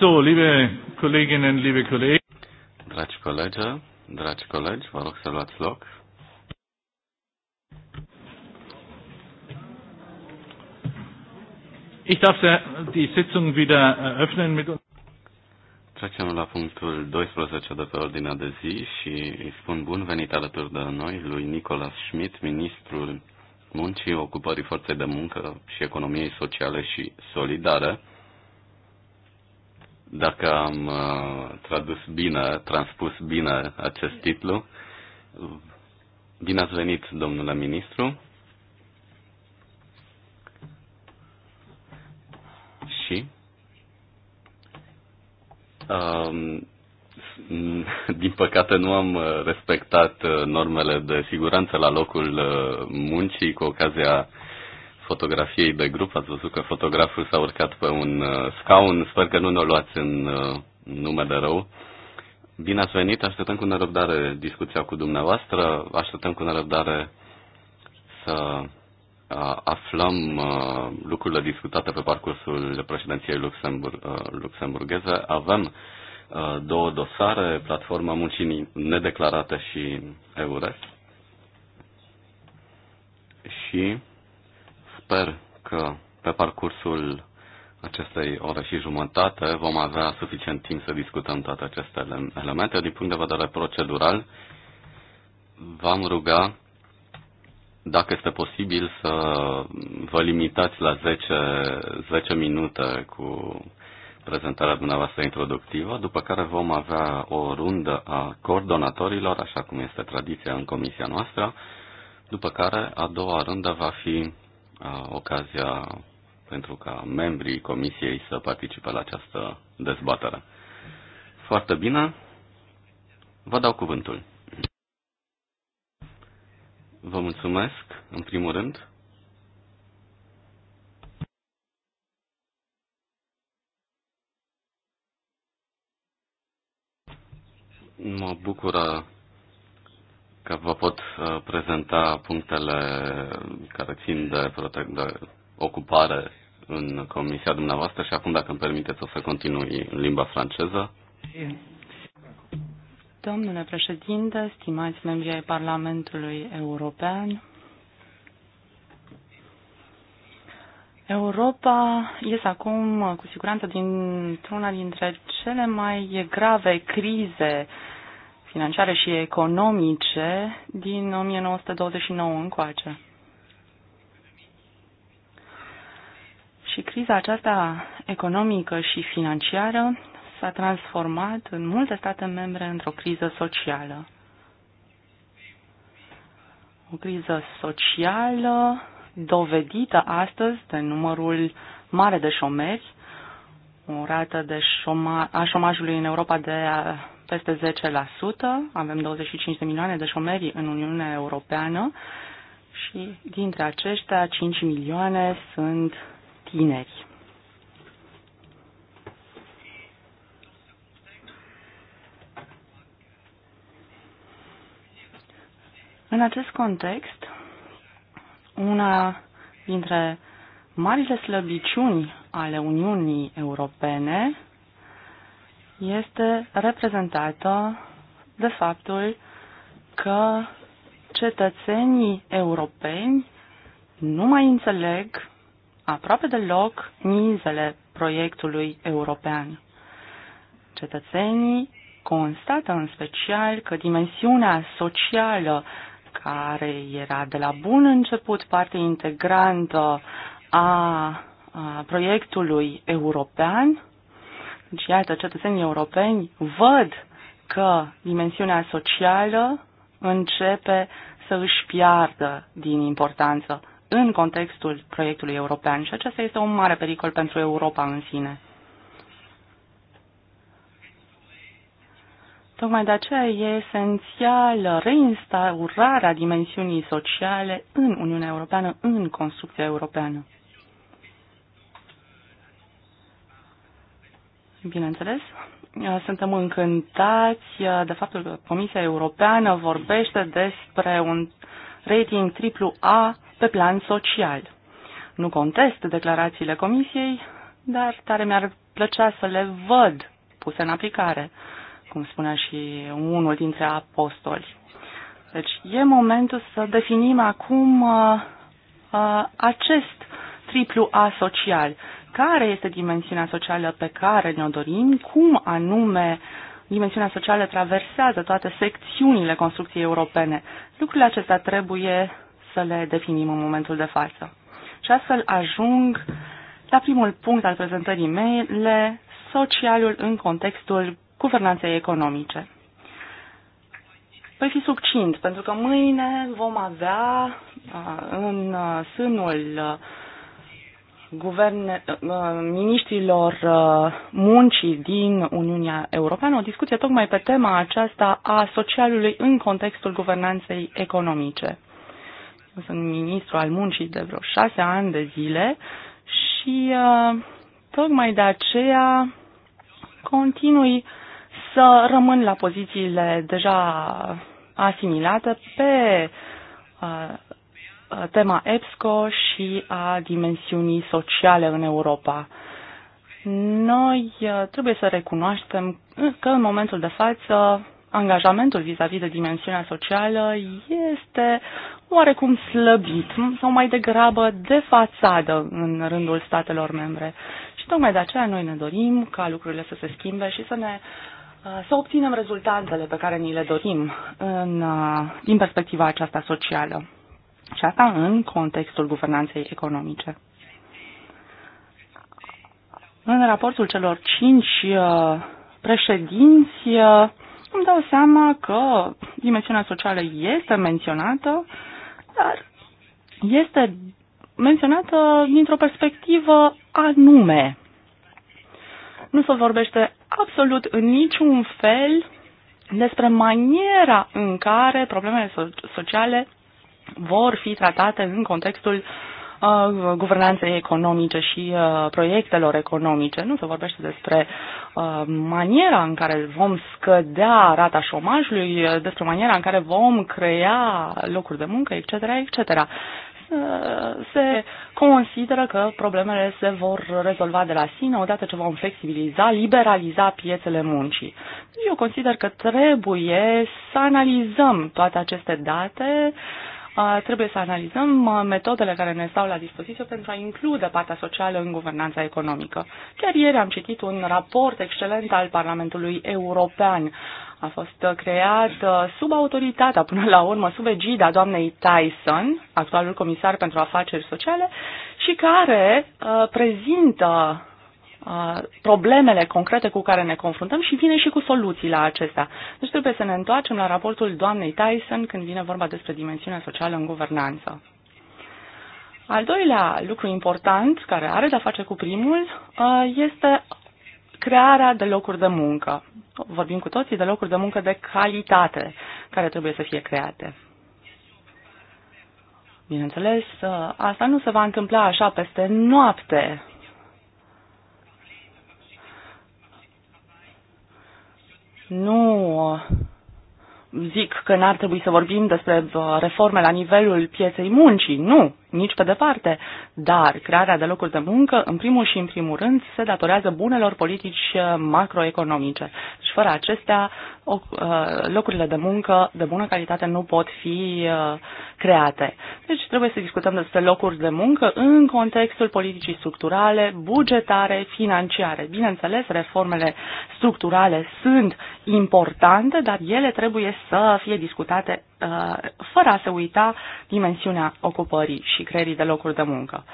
So, liebe Kolleginnen, liebe Kollegen. Dragi colegi, dragi colegi, vă rog să luați loc. Ich darf die Sitzung wieder eröffnen mit uns. Trecem la punctul 12 de pe ordinea de zi și îi spun bun venit alături de noi lui Nicolas Schmidt, ministrul muncii, ocupării forței de muncă și economiei sociale și solidare dacă am uh, tradus bine, transpus bine acest titlu. Bine ați venit, domnule ministru. Și um, din păcate nu am uh, respectat uh, normele de siguranță la locul uh, muncii cu ocazia fotografiei de grup. Ați văzut că fotograful s-a urcat pe un uh, scaun. Sper că nu ne-o luați în uh, nume de rău. Bine ați venit, așteptăm cu nerăbdare discuția cu dumneavoastră, așteptăm cu nerăbdare să uh, aflăm lucrurile discutate pe parcursul președinției Luxembur- luxemburgheze. Avem două dosare, platforma muncii nedeclarate și EURES. Și Sper că pe parcursul acestei ore și jumătate vom avea suficient timp să discutăm toate aceste elemente. Din punct de vedere procedural, v-am ruga, dacă este posibil, să vă limitați la 10, 10 minute cu prezentarea dumneavoastră introductivă, după care vom avea o rundă a coordonatorilor, așa cum este tradiția în comisia noastră, după care a doua rândă va fi ocazia pentru ca membrii comisiei să participe la această dezbatere. Foarte bine, vă dau cuvântul. Vă mulțumesc, în primul rând. Mă bucură că vă pot uh, prezenta punctele care țin de, prote- de ocupare în comisia dumneavoastră și acum, dacă îmi permiteți, o să continui în limba franceză. Domnule președinte, stimați membri ai Parlamentului European, Europa este acum cu siguranță dintr-una dintre cele mai grave crize uh, financiare și economice din 1929 încoace. Și criza aceasta economică și financiară s-a transformat în multe state membre într-o criză socială. O criză socială dovedită astăzi de numărul mare de șomeri, o rată de șoma- a șomajului în Europa de peste 10%, avem 25 de milioane de șomeri în Uniunea Europeană și dintre aceștia 5 milioane sunt tineri. În acest context, una dintre marile slăbiciuni ale Uniunii Europene este reprezentată de faptul că cetățenii europeni nu mai înțeleg aproape deloc mizele proiectului european. Cetățenii constată în special că dimensiunea socială, care era de la bun început parte integrantă a, a proiectului european, deci, iată, cetățenii europeni văd că dimensiunea socială începe să își piardă din importanță în contextul proiectului european și acesta este un mare pericol pentru Europa în sine. Tocmai de aceea e esențială reinstaurarea dimensiunii sociale în Uniunea Europeană, în construcția europeană. Bineînțeles. Uh, suntem încântați uh, de faptul că Comisia Europeană vorbește despre un rating AAA pe plan social. Nu contest declarațiile Comisiei, dar tare mi-ar plăcea să le văd puse în aplicare, cum spunea și unul dintre apostoli. Deci e momentul să definim acum uh, uh, acest triplu A social care este dimensiunea socială pe care ne-o dorim, cum anume dimensiunea socială traversează toate secțiunile construcției europene. Lucrurile acestea trebuie să le definim în momentul de față. Și astfel ajung la primul punct al prezentării mele, socialul în contextul guvernanței economice. Păi fi succint, pentru că mâine vom avea uh, în uh, sânul uh, guverne, uh, miniștrilor uh, muncii din Uniunea Europeană o discuție tocmai pe tema aceasta a socialului în contextul guvernanței economice. Eu sunt ministru al muncii de vreo șase ani de zile și uh, tocmai de aceea continui să rămân la pozițiile deja asimilate pe Uh, tema EPSCO și a dimensiunii sociale în Europa. Noi uh, trebuie să recunoaștem că în momentul de față angajamentul vis-a-vis -vis de dimensiunea socială este oarecum slăbit sau mai degrabă de fațadă în rândul statelor membre. Și tocmai de aceea noi ne dorim ca lucrurile să se schimbe și să ne uh, să obținem rezultatele pe care ni le dorim în, din perspectiva aceasta socială. Și asta în contextul guvernanței economice. În raportul celor cinci uh, președinți uh, îmi dau seama că dimensiunea socială este menționată, dar este menționată dintr-o perspectivă anume. Nu se vorbește absolut în niciun fel despre maniera în care problemele sociale vor fi tratate în contextul uh, guvernanței economice și uh, proiectelor economice. Nu se vorbește despre uh, maniera în care vom scădea rata șomajului, despre maniera în care vom crea locuri de muncă, etc., etc se consideră că problemele se vor rezolva de la sine odată ce vom flexibiliza, liberaliza piețele muncii. Eu consider că trebuie să analizăm toate aceste date, trebuie să analizăm metodele care ne stau la dispoziție pentru a include partea socială în guvernanța economică. Chiar ieri am citit un raport excelent al Parlamentului European. A fost creat sub autoritatea, până la urmă, sub egida doamnei Tyson, actualul comisar pentru afaceri sociale, și care prezintă Uh, problemele concrete cu care ne confruntăm și vine și cu soluții la acestea. Deci trebuie să ne întoarcem la raportul doamnei Tyson când vine vorba despre dimensiunea socială în guvernanță. Al doilea lucru important care are de-a face cu primul uh, este crearea de locuri de muncă. Vorbim cu toții de locuri de muncă de calitate care trebuie să fie create. Bineînțeles, uh, asta nu se va întâmpla așa peste noapte. Nu zic că n-ar trebui să vorbim despre uh, reforme la nivelul pieței muncii, nu nici pe departe, dar crearea de locuri de muncă, în primul și în primul rând, se datorează bunelor politici macroeconomice. Și fără acestea, uh, locurile de muncă de bună calitate nu pot fi uh, create. Deci trebuie să discutăm despre locuri de muncă în contextul politicii structurale, bugetare, financiare. Bineînțeles, reformele structurale sunt importante, dar ele trebuie să fie discutate Uh, fără a se uita dimensiunea ocupării și creierii de locuri de muncă.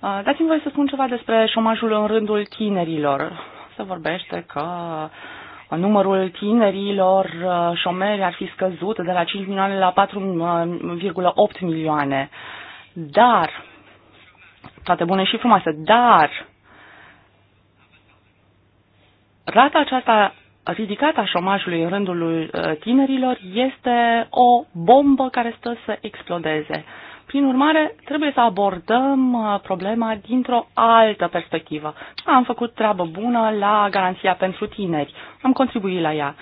Uh, dați-mi voi să spun ceva despre șomajul în rândul tinerilor. Se vorbește că numărul tinerilor uh, șomeri ar fi scăzut de la 5 milioane la 4,8 milioane. Dar, toate bune și frumoase, dar rata aceasta ridicată a șomajului în rândul uh, tinerilor este o bombă care stă să explodeze. Prin urmare, trebuie să abordăm uh, problema dintr-o altă perspectivă. Am făcut treabă bună la garanția pentru tineri, am contribuit la ea.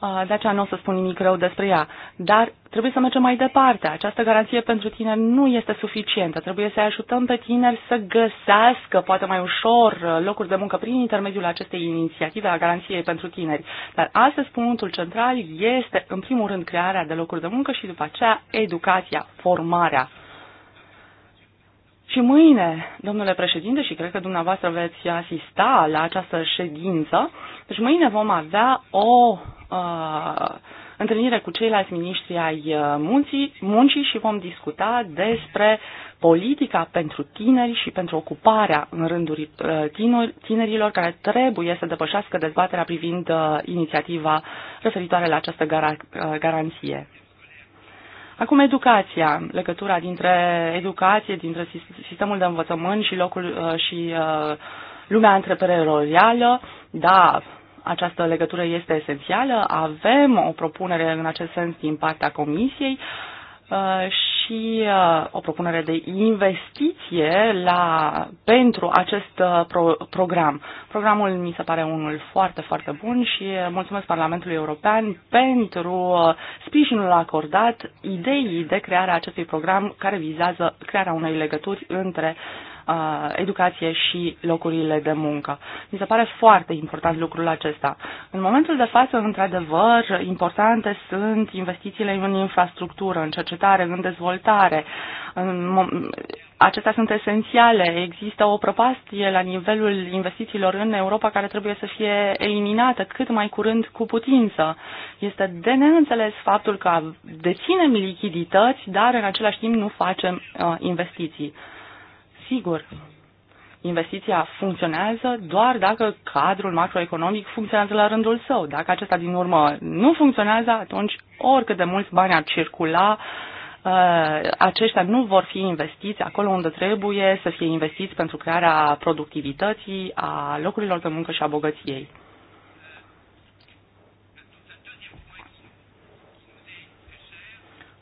Ah, de aceea nu o să spun nimic rău despre ea. Dar trebuie să mergem mai departe. Această garanție pentru tineri nu este suficientă. Trebuie să-i ajutăm pe tineri să găsească, poate mai ușor, locuri de muncă prin intermediul acestei inițiative a garanției pentru tineri. Dar astăzi punctul central este, în primul rând, crearea de locuri de muncă și după aceea educația, formarea. Și mâine, domnule președinte, și cred că dumneavoastră veți asista la această ședință, deci mâine vom avea o uh, întâlnire cu ceilalți miniștri ai uh, munții, muncii și vom discuta despre politica pentru tineri și pentru ocuparea în rândul uh, tinerilor care trebuie să depășească dezbaterea privind uh, inițiativa referitoare la această gar- garanție. Acum educația, legătura dintre educație, dintre sistemul de învățământ și locul și lumea antreprenorială, da, această legătură este esențială. Avem o propunere în acest sens din partea Comisiei uh, și uh, o propunere de investiție la, pentru acest uh, pro, program. Programul mi se pare unul foarte, foarte bun și mulțumesc Parlamentului European pentru sprijinul acordat ideii de crearea acestui program care vizează crearea unei legături între uh, uh, educație și locurile de muncă. Mi se pare foarte important lucrul acesta. În momentul de față, într-adevăr, importante sunt investițiile în infrastructură, în cercetare, în dezvoltare. În acestea sunt esențiale. Există o prăpastie la nivelul investițiilor în Europa care trebuie să fie eliminată cât mai curând cu putință. Este de neînțeles faptul că deținem lichidități, dar în același timp nu facem uh, investiții. Sigur, investiția funcționează doar dacă cadrul macroeconomic funcționează la rândul său. Dacă acesta din urmă nu funcționează, atunci oricât de mulți bani ar circula, uh, aceștia nu vor fi investiți acolo unde trebuie să fie investiți pentru crearea productivității, a locurilor de muncă și a bogăției.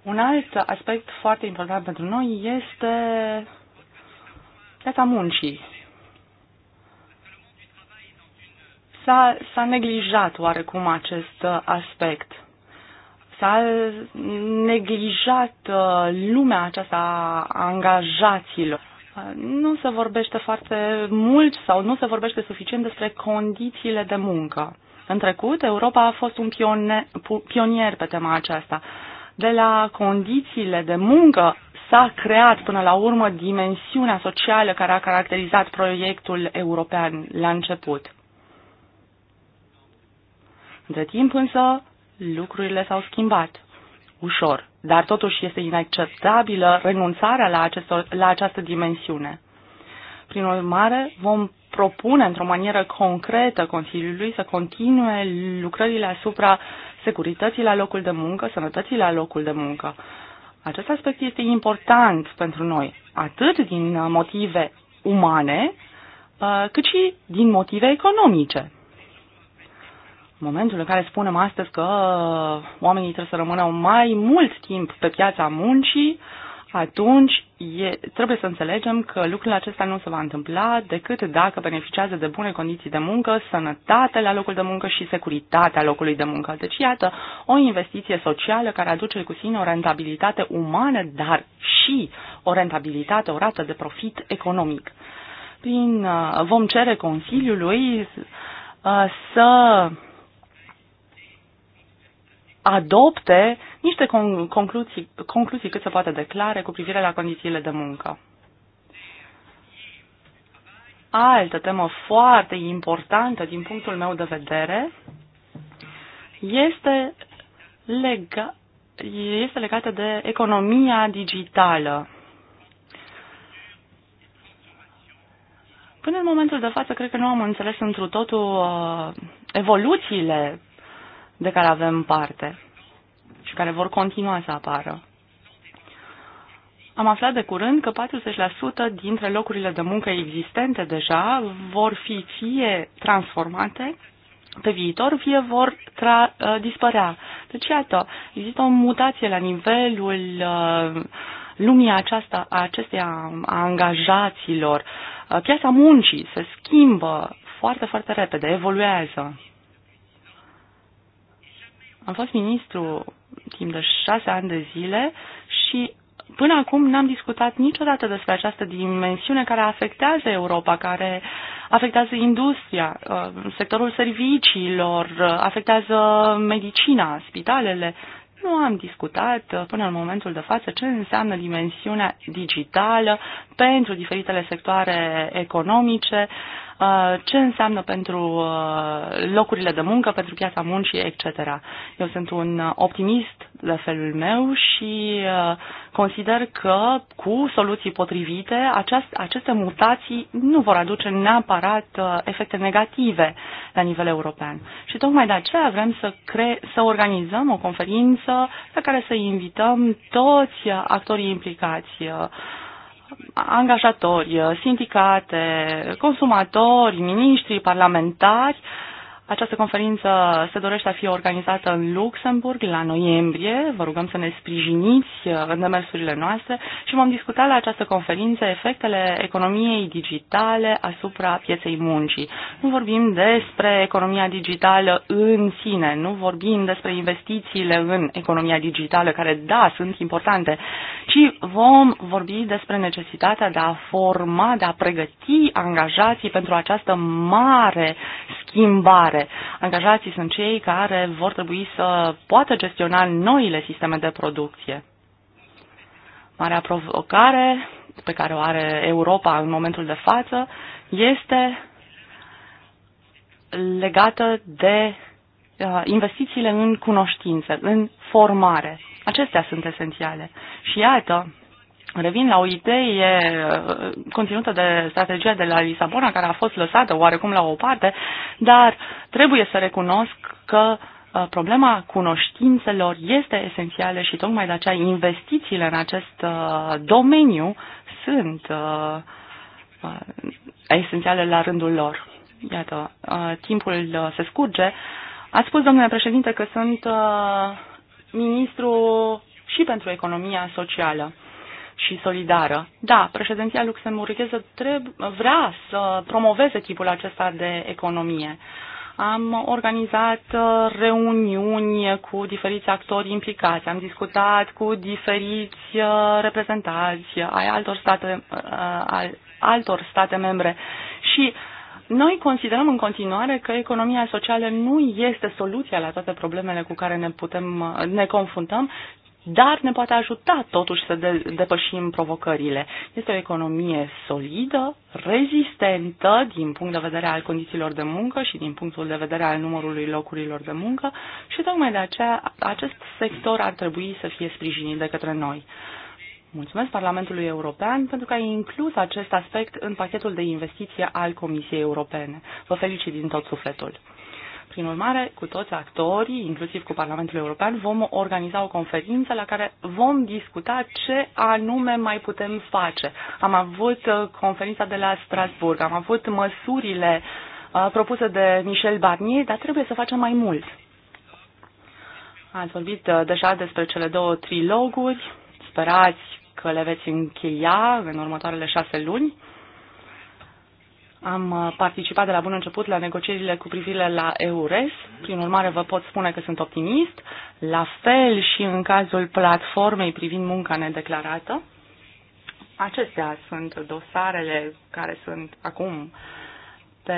Un alt aspect foarte important pentru noi este piața muncii. S-a, s-a neglijat oarecum acest uh, aspect. S-a neglijat uh, lumea aceasta a angajaților. Uh, nu se vorbește foarte mult sau nu se vorbește suficient despre condițiile de muncă. În trecut, Europa a fost un pionier, pionier pe tema aceasta. De la condițiile de muncă s-a creat până la urmă dimensiunea socială care a caracterizat proiectul european la început. Între timp însă lucrurile s-au schimbat ușor, dar totuși este inacceptabilă renunțarea la, acestor, la această dimensiune. Prin urmare, vom propune într-o manieră concretă Consiliului să continue lucrările asupra securității la locul de muncă, sănătății la locul de muncă. Acest aspect este important pentru noi, atât din motive umane, uh, cât și din motive economice. În momentul în care spunem astăzi că oamenii trebuie să rămână mai mult timp pe piața muncii, atunci e, trebuie să înțelegem că lucrul acesta nu se va întâmpla decât dacă beneficiază de bune condiții de muncă, sănătate la locul de muncă și securitatea locului de muncă. Deci, iată, o investiție socială care aduce cu sine o rentabilitate umană, dar și o rentabilitate, o rată de profit economic. Prin, uh, vom cere Consiliului uh, să adopte niște con- concluzii, concluzii cât se poate declare cu privire la condițiile de muncă. Altă temă foarte importantă din punctul meu de vedere este, lega- este legată de economia digitală. Până în momentul de față, cred că nu am înțeles întru totul uh, evoluțiile de care avem parte și care vor continua să apară. Am aflat de curând că 40% dintre locurile de muncă existente deja vor fi fie transformate pe viitor, fie vor tra- uh, dispărea. Deci, iată, există o mutație la nivelul uh, lumii aceasta, a acesteia a angajaților. Uh, piața muncii se schimbă foarte, foarte repede, evoluează. Am fost ministru timp de șase ani de zile și până acum n-am discutat niciodată despre această dimensiune care afectează Europa, care afectează industria, uh, sectorul serviciilor, uh, afectează medicina, spitalele. Nu am discutat uh, până în momentul de față ce înseamnă dimensiunea digitală pentru diferitele sectoare economice, Uh, ce înseamnă pentru uh, locurile de muncă, pentru piața muncii, etc. Eu sunt un optimist de felul meu și uh, consider că cu soluții potrivite aceast, aceste mutații nu vor aduce neapărat efecte negative la nivel european. Și tocmai de aceea vrem să, cre- să organizăm o conferință la care să invităm toți actorii implicați, angajatori, sindicate, consumatori, miniștri, parlamentari această conferință se dorește a fi organizată în Luxemburg la noiembrie. Vă rugăm să ne sprijiniți uh, în demersurile noastre și vom discuta la această conferință efectele economiei digitale asupra pieței muncii. Nu vorbim despre economia digitală în sine, nu vorbim despre investițiile în economia digitală, care, da, sunt importante, ci vom vorbi despre necesitatea de a forma, de a pregăti angajații pentru această mare schimbare viitoare. Angajații sunt cei care vor trebui să poată gestiona noile sisteme de producție. Marea provocare pe care o are Europa în momentul de față este legată de uh, investițiile în cunoștință, în formare. Acestea sunt esențiale. Și iată, Revin la o idee uh, conținută de strategia de la Lisabona, care a fost lăsată oarecum la o parte, dar trebuie să recunosc că uh, problema cunoștințelor este esențială și tocmai de aceea investițiile în acest uh, domeniu sunt esențiale la rândul lor. Iată, timpul se scurge. Ați spus, domnule președinte, că sunt ministru și pentru economia socială și solidară. Da, președinția luxemburgheză vrea să promoveze tipul acesta de economie. Am organizat uh, reuniuni cu diferiți actori implicați, am discutat cu diferiți uh, reprezentanți ai altor state, uh, al altor state membre și noi considerăm în continuare că economia socială nu este soluția la toate problemele cu care ne putem ne confruntăm, dar ne poate ajuta totuși să de- depășim provocările. Este o economie solidă, rezistentă din punct de vedere al condițiilor de muncă și din punctul de vedere al numărului locurilor de muncă și tocmai de aceea acest sector ar trebui să fie sprijinit de către noi. Mulțumesc Parlamentului European pentru că a inclus acest aspect în pachetul de investiție al Comisiei Europene. Vă felicit din tot sufletul. Prin urmare, cu toți actorii, inclusiv cu Parlamentul European, vom organiza o conferință la care vom discuta ce anume mai putem face. Am avut uh, conferința de la Strasburg, am avut măsurile uh, propuse de Michel Barnier, dar trebuie să facem mai mult. Ați vorbit uh, deja despre cele două triloguri, sperați că le veți încheia în următoarele șase luni. Am uh, participat de la bun început la negocierile cu privire la EURES, prin urmare vă pot spune că sunt optimist, la fel și în cazul platformei privind munca nedeclarată. Acestea sunt dosarele care sunt acum pe,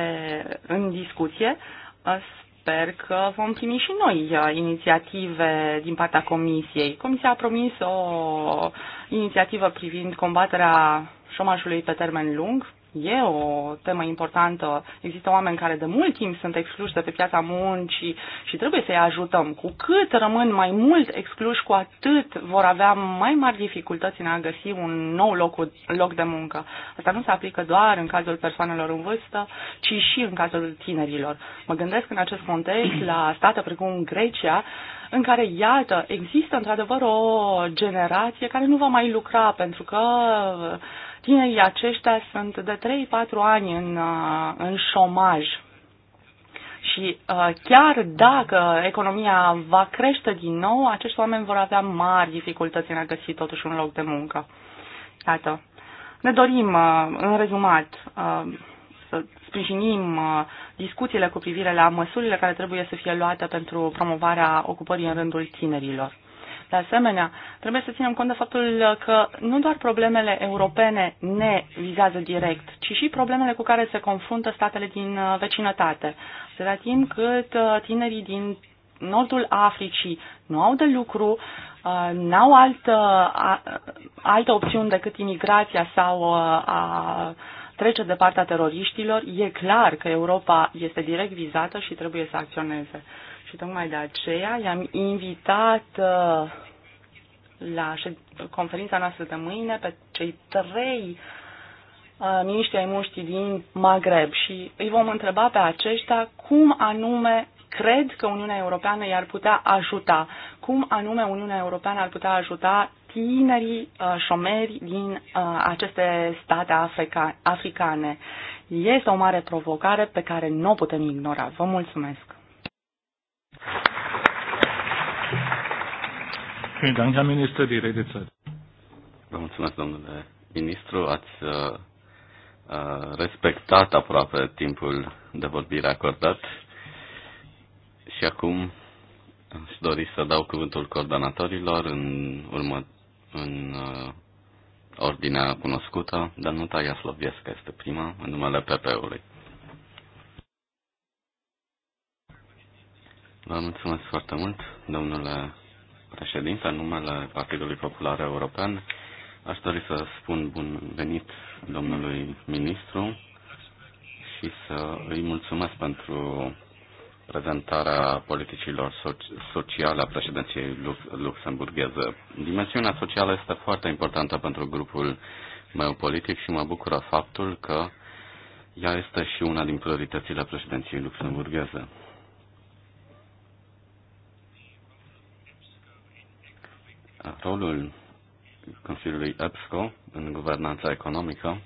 în discuție. Uh, sper că vom primi și noi uh, inițiative din partea Comisiei. Comisia a promis o inițiativă privind combaterea șomajului pe termen lung, e o temă importantă. Există oameni care de mult timp sunt excluși de pe piața muncii și trebuie să-i ajutăm. Cu cât rămân mai mult excluși, cu atât vor avea mai mari dificultăți în a găsi un nou loc, loc de muncă. Asta nu se aplică doar în cazul persoanelor în vârstă, ci și în cazul tinerilor. Mă gândesc în acest context la state precum Grecia, în care, iată, există într-adevăr o generație care nu va mai lucra pentru că tinerii aceștia sunt de 3-4 ani în, uh, în șomaj. Și uh, chiar dacă economia va crește din nou, acești oameni vor avea mari dificultăți în a găsi totuși un loc de muncă. Iată. Ne dorim, uh, în rezumat, să sprijinim discuțiile cu privire la măsurile care trebuie să fie luate pentru promovarea ocupării în rândul tinerilor. De asemenea, trebuie să ținem cont de faptul că nu doar problemele europene ne vizează direct, ci și problemele cu care se confruntă statele din uh, vecinătate. Atâta timp cât uh, tinerii din nordul Africii nu au de lucru, uh, n-au altă, altă opțiune decât imigrația sau a, trece de partea teroriștilor, e clar că Europa este direct vizată și trebuie să acționeze. Și tocmai de aceea i-am invitat uh, la conferința noastră de mâine pe cei trei uh, miniștri ai muștii din Maghreb și îi vom întreba pe aceștia cum anume cred că Uniunea Europeană i-ar putea ajuta, cum anume Uniunea Europeană ar putea ajuta tinerii uh, șomeri din uh, aceste state africane. Este o mare provocare pe care nu o putem ignora. Vă mulțumesc! Vă mulțumesc, domnule ministru. Ați uh, uh, respectat aproape timpul de vorbire acordat. Și acum aș dori să dau cuvântul coordonatorilor în urmă, în uh, ordinea cunoscută. Danuta Iaslovieska este prima, în numele PP-ului. Vă mulțumesc foarte mult, domnule președinte, în numele Partidului Popular European. Aș dori să spun bun venit domnului ministru și să îi mulțumesc pentru prezentarea politicilor sociale a președinției luxemburgheze. Dimensiunea socială este foarte importantă pentru grupul meu politic și mă bucură faptul că ea este și una din prioritățile președinției luxemburgheze. Rolul Consiliului EPSCO în guvernanța economică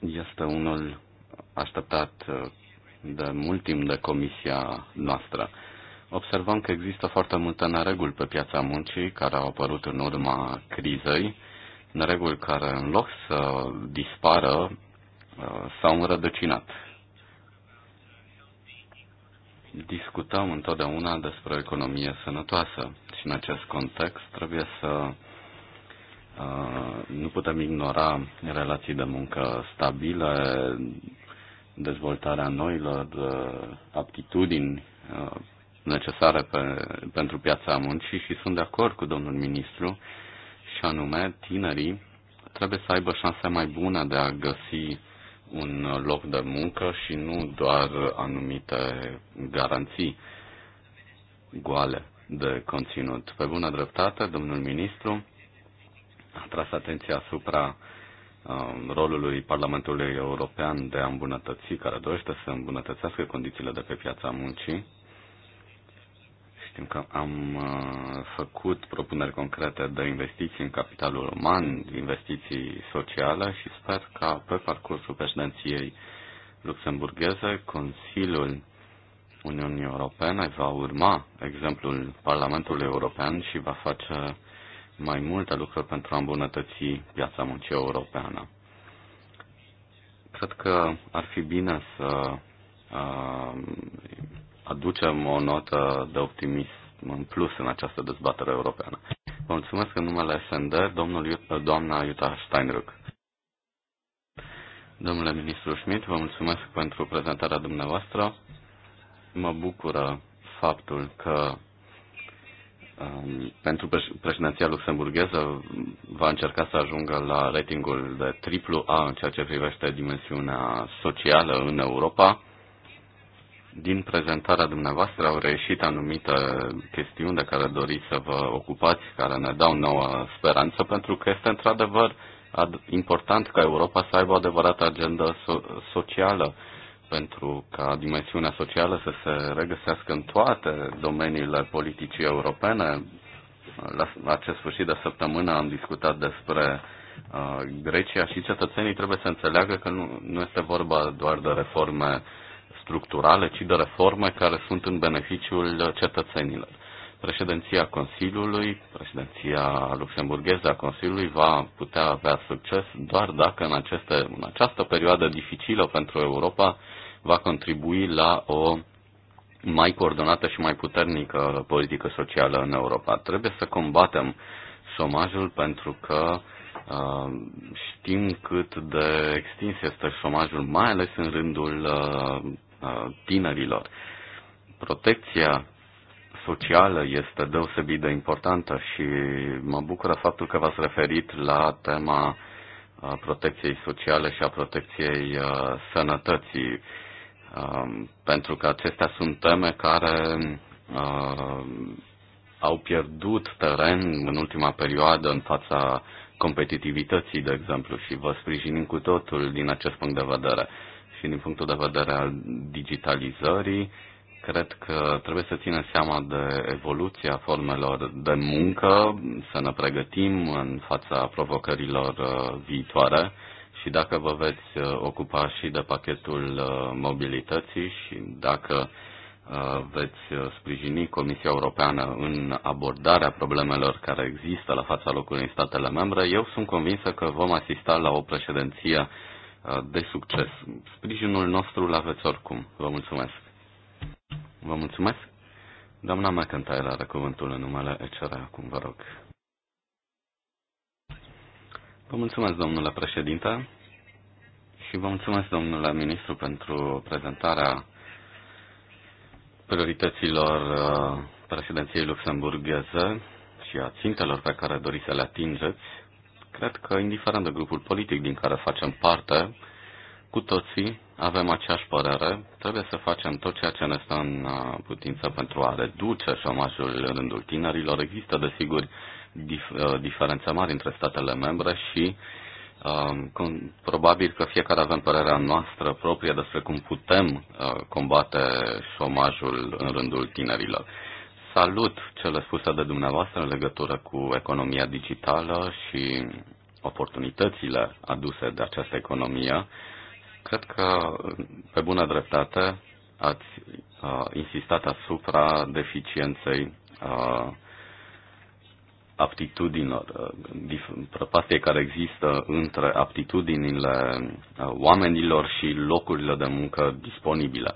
este unul așteptat de mult timp de comisia noastră. Observăm că există foarte multe nereguli pe piața muncii care au apărut în urma crizei, nereguli care în loc să dispară uh, s-au înrădăcinat. Discutăm întotdeauna despre o economie sănătoasă și în acest context trebuie să uh, nu putem ignora relații de muncă stabile, dezvoltarea noilor uh, aptitudini uh, necesare pe, pentru piața muncii și sunt de acord cu domnul ministru și anume tinerii trebuie să aibă șanse mai bune de a găsi un loc de muncă și nu doar anumite garanții goale de conținut. Pe bună dreptate, domnul ministru a tras atenția asupra uh, Um, rolului Parlamentului European de a îmbunătăți, care dorește să îmbunătățească condițiile de pe piața muncii. Știm că am uh, făcut propuneri concrete de investiții în capitalul uman, investiții sociale și sper că pe parcursul președinției luxemburgheze, Consiliul Uniunii Europene va urma exemplul Parlamentului European și va face mai multe lucruri pentru a îmbunătăți piața muncii europeană. Cred că ar fi bine să uh, aducem o notă de optimism în plus în această dezbatere europeană. Vă mulțumesc în numele SND, domnul, uh, doamna Iuta Steinruck. Domnule ministru Schmidt, vă mulțumesc pentru prezentarea dumneavoastră. Mă bucură faptul că Um, pentru președinția luxemburgheză va încerca să ajungă la ratingul de triplu A în ceea ce privește dimensiunea socială în Europa. Din prezentarea dumneavoastră au reieșit anumite chestiuni de care doriți să vă ocupați, care ne dau nouă speranță, pentru că este într-adevăr important ca Europa să aibă o adevărată agendă so- socială pentru ca dimensiunea socială să se regăsească în toate domeniile politicii europene. La acest sfârșit de săptămână am discutat despre uh, Grecia și cetățenii trebuie să înțeleagă că nu, nu este vorba doar de reforme structurale, ci de reforme care sunt în beneficiul cetățenilor. Președinția Consiliului, președinția luxemburgheză a Consiliului va putea avea succes doar dacă în, aceste, în această perioadă dificilă pentru Europa va contribui la o mai coordonată și mai puternică politică socială în Europa. Trebuie să combatem șomajul pentru că uh, știm cât de extins este șomajul, mai ales în rândul uh, uh, tinerilor. Protecția socială este deosebit de importantă și mă bucură faptul că v-ați referit la tema uh, protecției sociale și a protecției uh, sănătății, um, pentru că acestea sunt teme care uh, au pierdut teren în ultima perioadă în fața competitivității, de exemplu, și vă sprijinim cu totul din acest punct de vedere. Și din punctul de vedere al digitalizării, cred că trebuie să ținem seama de evoluția formelor de muncă, să ne pregătim în fața provocărilor uh, viitoare și dacă vă veți uh, ocupa și de pachetul uh, mobilității și dacă veți sprijini Comisia Europeană în abordarea problemelor care există la fața locului în statele membre, eu sunt convinsă că vom asista la o președinție de succes. Sprijinul nostru l aveți oricum. Vă mulțumesc! Vă mulțumesc. Doamna McIntyre are cuvântul în numele ECR acum, vă rog. Vă mulțumesc, domnule președinte, și vă mulțumesc, domnule ministru, pentru prezentarea priorităților uh, președinției luxemburgheze și a țintelor pe care doriți să le atingeți. Cred că, indiferent de grupul politic din care facem parte, cu toții avem aceeași părere, trebuie să facem tot ceea ce ne stă în uh, putință pentru a reduce șomajul în rândul tinerilor. Există, desigur, dif- uh, diferențe mari între statele membre și um, probabil că fiecare avem părerea noastră proprie despre cum putem uh, combate șomajul în rândul tinerilor. Salut cele spuse de dumneavoastră în legătură cu economia digitală și oportunitățile aduse de această economie Cred că, pe bună dreptate, ați uh, insistat asupra deficienței uh, aptitudinilor, uh, prăpastie care există între aptitudinile uh, oamenilor și locurile de muncă disponibile.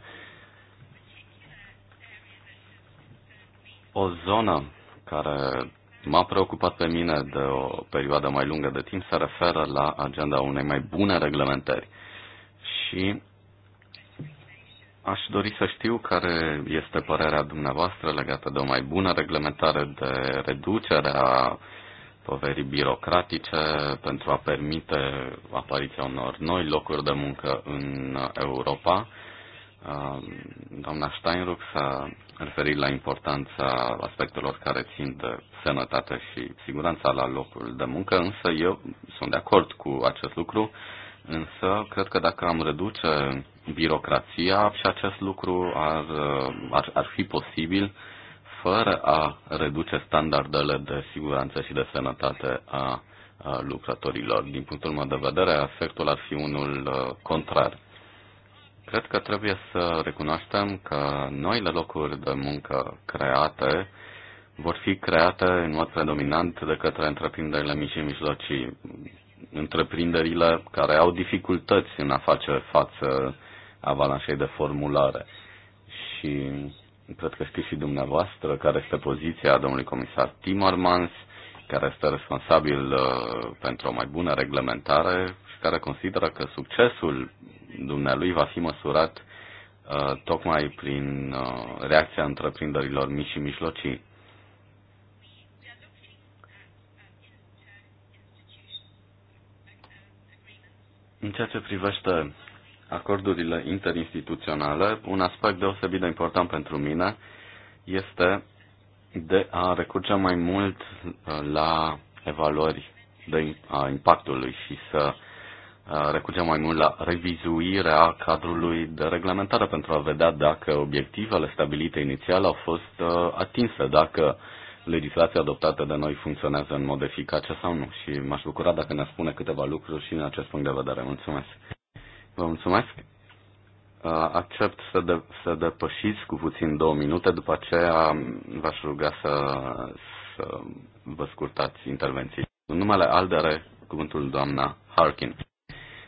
O zonă care m-a preocupat pe mine de o perioadă mai lungă de timp se referă la agenda unei mai bune reglementări. Uh, și aș dori să știu care este părerea dumneavoastră legată de o mai bună reglementare de reducerea poverii birocratice pentru a permite apariția unor noi locuri de muncă în Europa. Um, doamna Steinruck s-a referit la importanța aspectelor care țin de sănătate și siguranța la locul de muncă, însă eu sunt de acord cu acest lucru. Însă, cred că dacă am reduce birocrația și acest lucru ar, ar, ar fi posibil fără a reduce standardele de siguranță și de sănătate a, a lucrătorilor. Din punctul meu de vedere, efectul ar fi unul uh, contrar. Cred că trebuie să recunoaștem că noile locuri de muncă create vor fi create în mod predominant de către întreprinderile mici și mijlocii întreprinderile care au dificultăți în a face față avalanșei de formulare. Și cred că știți și dumneavoastră care este poziția domnului comisar Timmermans, care este responsabil uh, pentru o mai bună reglementare și care consideră că succesul dumnealui va fi măsurat uh, tocmai prin uh, reacția întreprinderilor mici și mijlocii. În ceea ce privește acordurile interinstituționale, un aspect deosebit de important pentru mine este de a recurge mai mult uh, la evaluări de, a impactului și să uh, recurgem mai mult la revizuirea cadrului de reglementare pentru a vedea dacă obiectivele stabilite inițial au fost uh, atinse, dacă uh, legislația adoptată de noi funcționează în mod eficace sau nu. Și m-aș bucura dacă ne spune câteva lucruri și în acest punct de vedere. Mulțumesc. Vă mulțumesc. Accept să, de, să depășiți cu puțin două minute, după aceea v-aș ruga să, să vă scurtați intervenții. În numele Aldere, cuvântul doamna Harkin.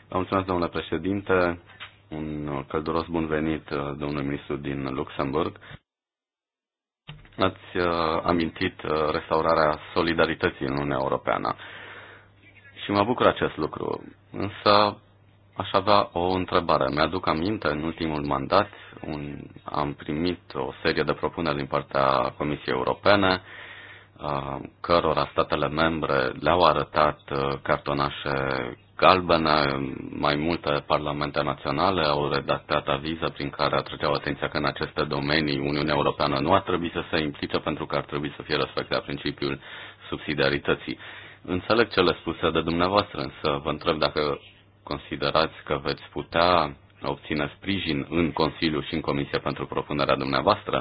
Vă mulțumesc, domnule președinte, un călduros bun venit, uh, domnul ministru din Luxemburg. Ați uh, amintit uh, restaurarea solidarității în Uniunea Europeană și mă bucur acest lucru. Însă aș avea o întrebare. Mi-aduc aminte, în ultimul mandat un, am primit o serie de propuneri din partea Comisiei Europene, uh, cărora statele membre le-au arătat uh, cartonașe galbenă, mai multe parlamente naționale au redactat aviză prin care atrăgeau atenția că în aceste domenii Uniunea Europeană nu ar trebui să se implice pentru că ar trebui să fie respectat principiul subsidiarității. Înțeleg cele spuse de dumneavoastră, însă vă întreb dacă considerați că veți putea obține sprijin în Consiliu și în Comisia pentru propunerea dumneavoastră,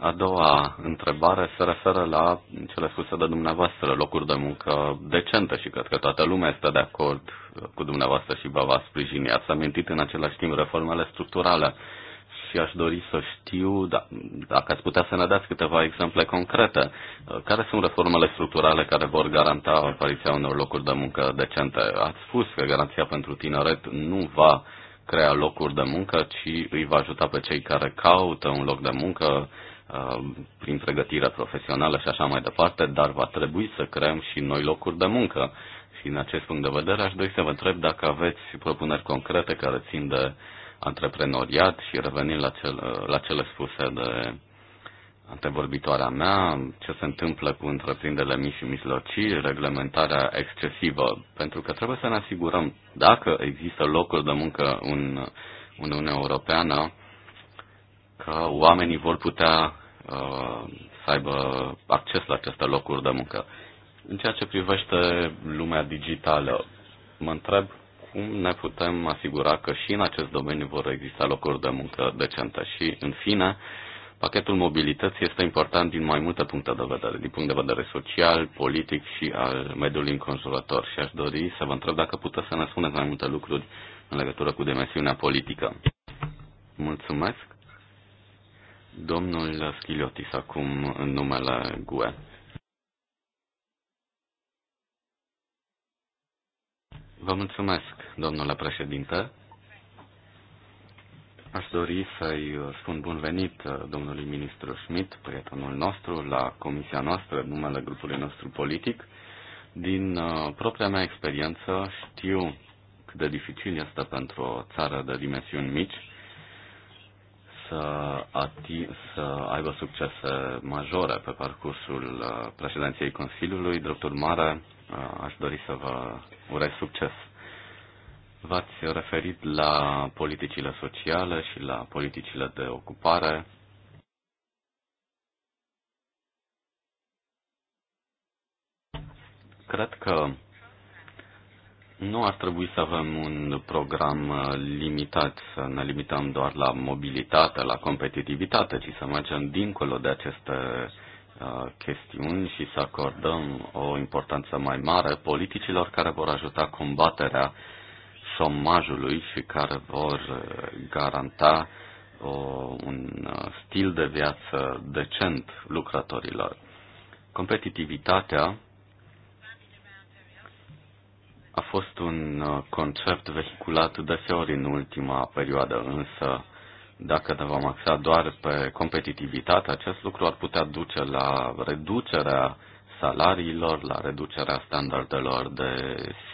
a doua întrebare se referă la cele spuse de dumneavoastră, locuri de muncă decente și cred că toată lumea este de acord cu dumneavoastră și vă va sprijini. Ați amintit în același timp reformele structurale și aș dori să știu da, dacă ați putea să ne dați câteva exemple concrete. Care sunt reformele structurale care vor garanta apariția unor locuri de muncă decente? Ați spus că garanția pentru tineret nu va crea locuri de muncă, ci îi va ajuta pe cei care caută un loc de muncă, Um, prin pregătirea profesională și așa mai departe, dar va trebui să creăm și noi locuri de muncă. Și în acest punct de vedere aș dori să vă întreb dacă aveți propuneri concrete care țin de antreprenoriat și revenind la, cel, uh, la cele spuse de antevorbitoarea mea, ce se întâmplă cu întreprinderile mici și mijlocii, reglementarea excesivă, pentru că trebuie să ne asigurăm dacă există locuri de muncă în Uniunea Europeană, că oamenii vor putea uh, să aibă acces la aceste locuri de muncă. În ceea ce privește lumea digitală, mă întreb cum ne putem asigura că și în acest domeniu vor exista locuri de muncă decente. Și, în fine, pachetul mobilității este important din mai multe puncte de vedere, din punct de vedere social, politic și al mediului înconjurător. Și aș dori să vă întreb dacă puteți să ne spuneți mai multe lucruri în legătură cu dimensiunea politică. Mulțumesc. Domnul Schiliotis, acum în numele GUE. Vă mulțumesc, domnule președinte. Aș dori să-i spun bun venit uh, domnului ministru Schmidt, prietenul nostru, la comisia noastră, numele grupului nostru politic. Din uh, propria mea experiență știu cât de dificil este pentru o țară de dimensiuni mici să, ati, să aibă succese majore pe parcursul uh, președinției Consiliului. Drept urmare, uh, aș dori să vă urez succes. V-ați referit la politicile sociale și la politicile de ocupare. Cred că nu ar trebui să avem un program uh, limitat, să ne limităm doar la mobilitate, la competitivitate, ci să mergem dincolo de aceste uh, chestiuni și să acordăm o importanță mai mare politicilor care vor ajuta combaterea șomajului și care vor uh, garanta o, un stil de viață decent lucrătorilor. Competitivitatea a fost un uh, concept vehiculat deseori în ultima perioadă, însă dacă ne vom axa doar pe competitivitate, acest lucru ar putea duce la reducerea salariilor, la reducerea standardelor de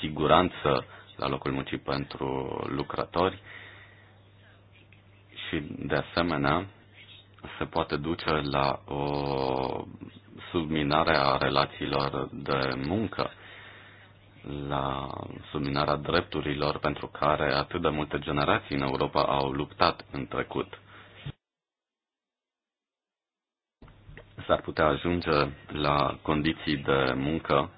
siguranță la locul muncii pentru lucrători și, de asemenea, se poate duce la o subminare a relațiilor de muncă la subminarea drepturilor pentru care atât de multe generații în Europa au luptat în trecut. S-ar putea ajunge la condiții de muncă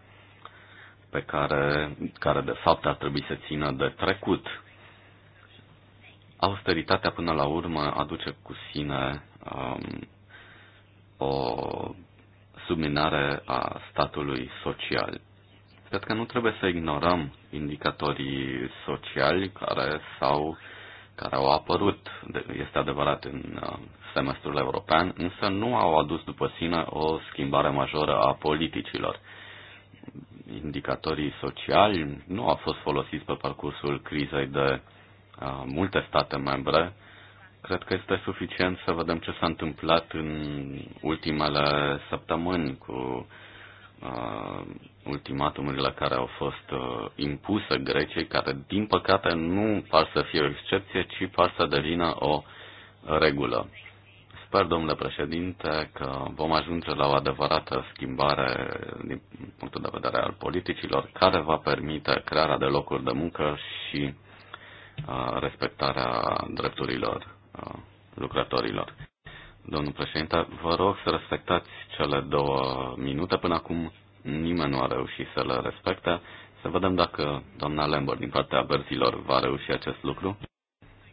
pe care, care de fapt ar trebui să țină de trecut. Austeritatea până la urmă aduce cu sine um, o subminare a statului social. Cred că nu trebuie să ignorăm indicatorii sociali care s-au care au apărut, este adevărat, în uh, semestrul european, însă nu au adus după sine o schimbare majoră a politicilor. Indicatorii sociali nu au fost folosiți pe parcursul crizei de uh, multe state membre. Cred că este suficient să vedem ce s-a întâmplat în ultimele săptămâni cu uh, ultimatumurile care au fost uh, impuse Greciei, care din păcate nu par să fie o excepție, ci par să devină o regulă. Sper, domnule președinte, că vom ajunge la o adevărată schimbare din punctul de vedere al politicilor, care va permite crearea de locuri de muncă și uh, respectarea drepturilor uh, lucrătorilor domnul președinte. Vă rog să respectați cele două minute. Până acum nimeni nu a reușit să le respecte. Să vedem dacă doamna Lambert din partea verzilor va reuși acest lucru.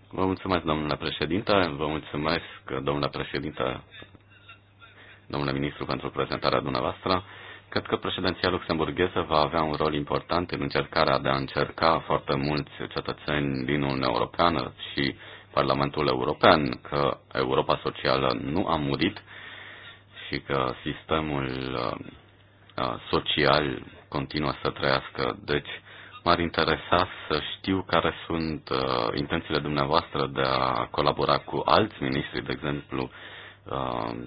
Vă mulțumesc, domnule președinte. Vă mulțumesc, domnule președinte, domnule ministru, pentru prezentarea dumneavoastră. Cred că președinția luxemburgheză va avea un rol important în încercarea de a încerca foarte mulți cetățeni din Uniunea Europeană și Parlamentul European că Europa Socială nu a murit și că sistemul uh, uh, social continuă să trăiască. Deci, m-ar interesa să știu care sunt uh, intențiile dumneavoastră de a colabora cu alți ministri, de exemplu,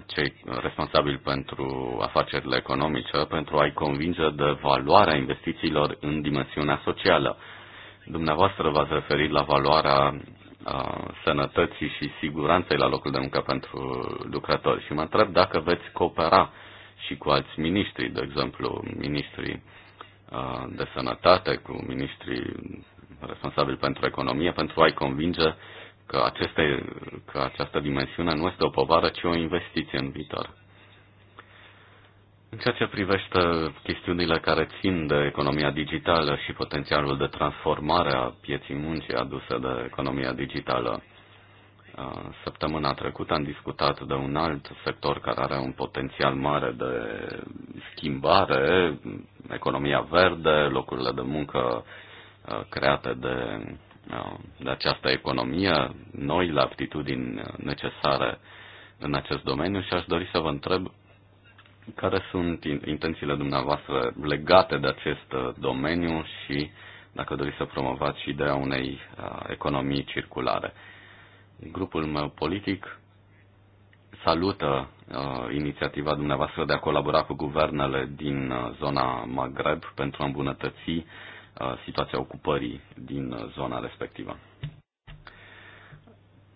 cei responsabili pentru afacerile economice, pentru a-i convinge de valoarea investițiilor în dimensiunea socială. Dumneavoastră v-ați referit la valoarea sănătății și siguranței la locul de muncă pentru lucrători. Și mă întreb dacă veți coopera și cu alți miniștri, de exemplu, ministrii de sănătate, cu ministrii responsabili pentru economie, pentru a-i convinge că, aceste, că această dimensiune nu este o povară, ci o investiție în viitor. În ceea ce privește chestiunile care țin de economia digitală și potențialul de transformare a pieții muncii aduse de economia digitală, uh, săptămâna trecută am discutat de un alt sector care are un potențial mare de schimbare, economia verde, locurile de muncă uh, create de, uh, de această economie, noile aptitudini necesare în acest domeniu și aș dori să vă întreb care sunt intențiile dumneavoastră legate de acest uh, domeniu și dacă doriți să promovați și ideea unei uh, economii circulare. Grupul meu politic salută uh, inițiativa dumneavoastră de a colabora cu guvernele din zona Maghreb pentru a îmbunătăți situația ocupării din zona respectivă.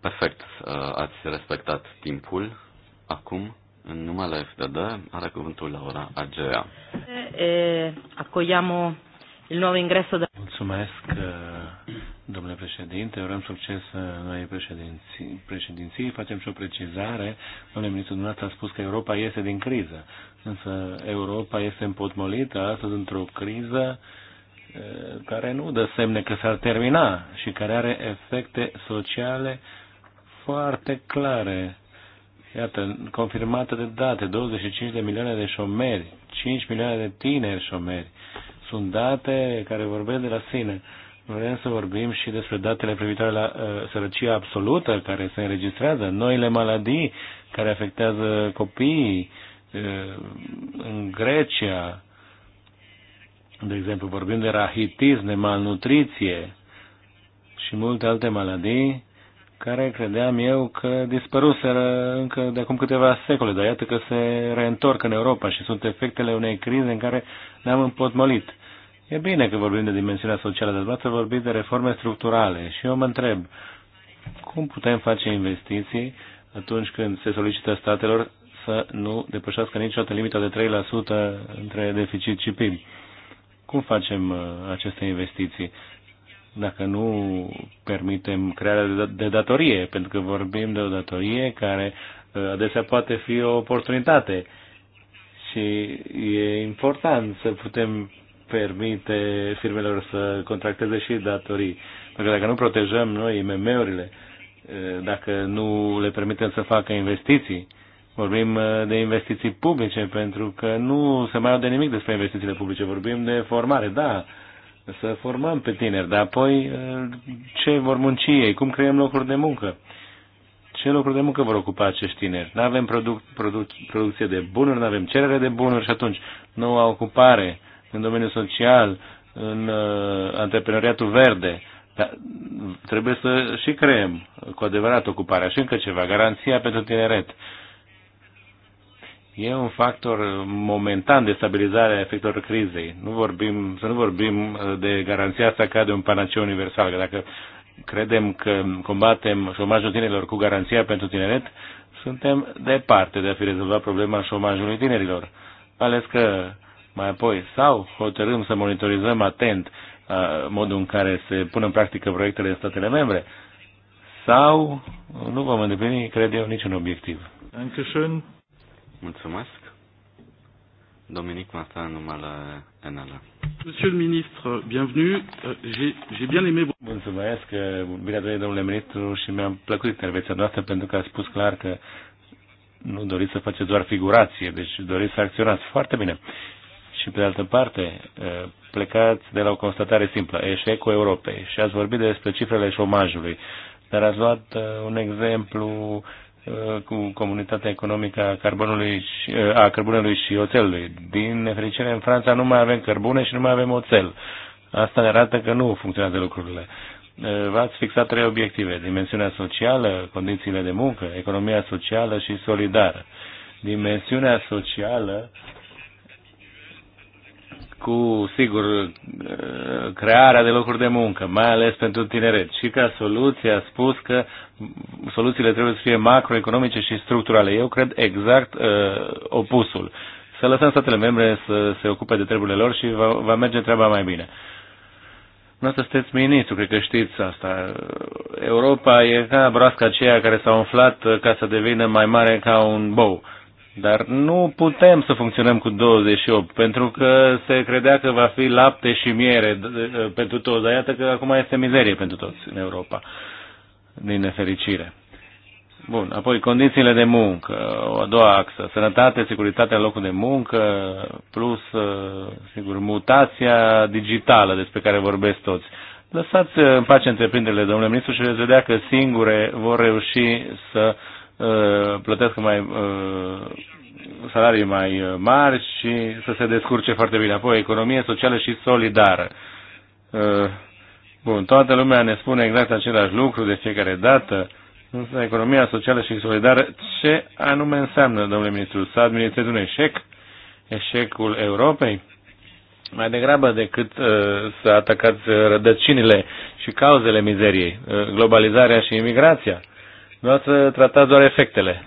Perfect, ați respectat timpul. Acum în numele FDD are cuvântul Laura Agea. Acoiamo il nuovo ingresso da... Mulțumesc, domnule președinte. Urăm succes noi președinții. președinții. Facem și o precizare. Domnule ministru, dumneavoastră a spus că Europa iese din criză. Însă Europa este împotmolită astăzi într-o criză care nu dă semne că s-ar termina și care are efecte sociale foarte clare Iată, confirmată de date, 25 de milioane de șomeri, 5 milioane de tineri șomeri. Sunt date care vorbesc de la sine. Vrem să vorbim și despre datele privitoare la uh, sărăcia absolută care se înregistrează, noile maladii care afectează copiii uh, în Grecia. De exemplu, vorbim de rahitism, de malnutriție și multe alte maladii care credeam eu că dispăruseră încă de acum câteva secole, dar iată că se reîntorc în Europa și sunt efectele unei crize în care ne-am împotmolit. E bine că vorbim de dimensiunea socială, dar să vorbim de reforme structurale. Și eu mă întreb, cum putem face investiții atunci când se solicită statelor să nu depășească niciodată limita de 3% între deficit și PIB? Cum facem uh, aceste investiții? dacă nu permitem crearea de datorie, pentru că vorbim de o datorie care uh, adesea poate fi o oportunitate și e important să putem permite firmelor să contracteze și datorii. Pentru că dacă nu protejăm noi mm urile uh, dacă nu le permitem să facă investiții, vorbim uh, de investiții publice, pentru că nu se mai aude nimic despre investițiile publice, vorbim de formare, da, să formăm pe tineri, dar apoi ă, ce vor munci ei, cum creăm locuri de muncă, ce locuri de muncă vor ocupa acești tineri. Nu avem produc, produc, producție de bunuri, nu avem cerere de bunuri și atunci noua ocupare în domeniul social, în uh, antreprenoriatul verde, dar trebuie să și creăm cu adevărat ocuparea și încă ceva, garanția pentru tineret. Uh, e un factor momentan de stabilizare a efectelor crizei. Nu vorbim, să nu vorbim uh, de garanția asta ca de un panaceu universal, că dacă credem că combatem șomajul tinerilor cu garanția pentru tineret, suntem departe de a fi rezolvat problema șomajului tinerilor. Ales că mai apoi sau hotărâm să monitorizăm atent uh, modul în care se pun în practică proiectele în statele membre, sau nu vom îndeplini, cred eu, niciun obiectiv. Dankeschön. Mulțumesc. Dominic Martin, numele NL. Monsieur le ministre, bienvenue. Euh, j'ai bien aimé... Mulțumesc, eh, bine ați venit, domnule ministru, și mi-a plăcut intervenția noastră pentru că a spus clar că nu doriți să faceți doar figurație, deci doriți să acționați. Foarte bine. Și pe de altă parte, eh, plecați de la o constatare simplă, eșecul Europei. Și ați vorbit despre cifrele șomajului. Dar ați luat eh, un exemplu Uh, cu comunitatea economică a carbonului și, uh, a cărbunelui și oțelului. Din nefericire, în Franța nu mai avem cărbune și nu mai avem oțel. Asta ne arată că nu funcționează lucrurile. Uh, v-ați fixat trei obiective. Dimensiunea socială, condițiile de muncă, economia socială și solidară. Dimensiunea socială cu, sigur, crearea de locuri de muncă, mai ales pentru tineret. Și ca soluție a spus că soluțiile trebuie să fie macroeconomice și structurale. Eu cred exact uh, opusul. Să lăsăm statele membre să se ocupe de treburile lor și va, va merge treaba mai bine. Nu să sunteți ministru, cred că știți asta. Europa e ca broasca aceea care s-a umflat ca să devină mai mare ca un bou. Uh, dar nu putem să funcționăm cu 28, pentru că se credea că va fi lapte și miere pentru toți, dar iată că acum este mizerie pentru toți în Europa, din nefericire. Bun, apoi condițiile de muncă, o a doua axă, sănătate, securitatea în locul de muncă, plus, uh, sigur, mutația digitală despre care vorbesc toți. Lăsați uh, în pace întreprinderile, domnule ministru, și veți vedea că singure vor reuși să uh, Uh, plătesc mai uh, salarii mai uh, mari și să se descurce foarte bine. Apoi, economie socială și solidară. Bun, toată lumea ne spune exact același lucru de fiecare dată. Însă economia socială și solidară, ce anume înseamnă, domnule ministru? Să administrezi un eșec? Eșecul Europei? Mai degrabă decât uh, să atacați rădăcinile și cauzele mizeriei, uh, globalizarea și imigrația. Uh, Dumneavoastră tratați doar efectele.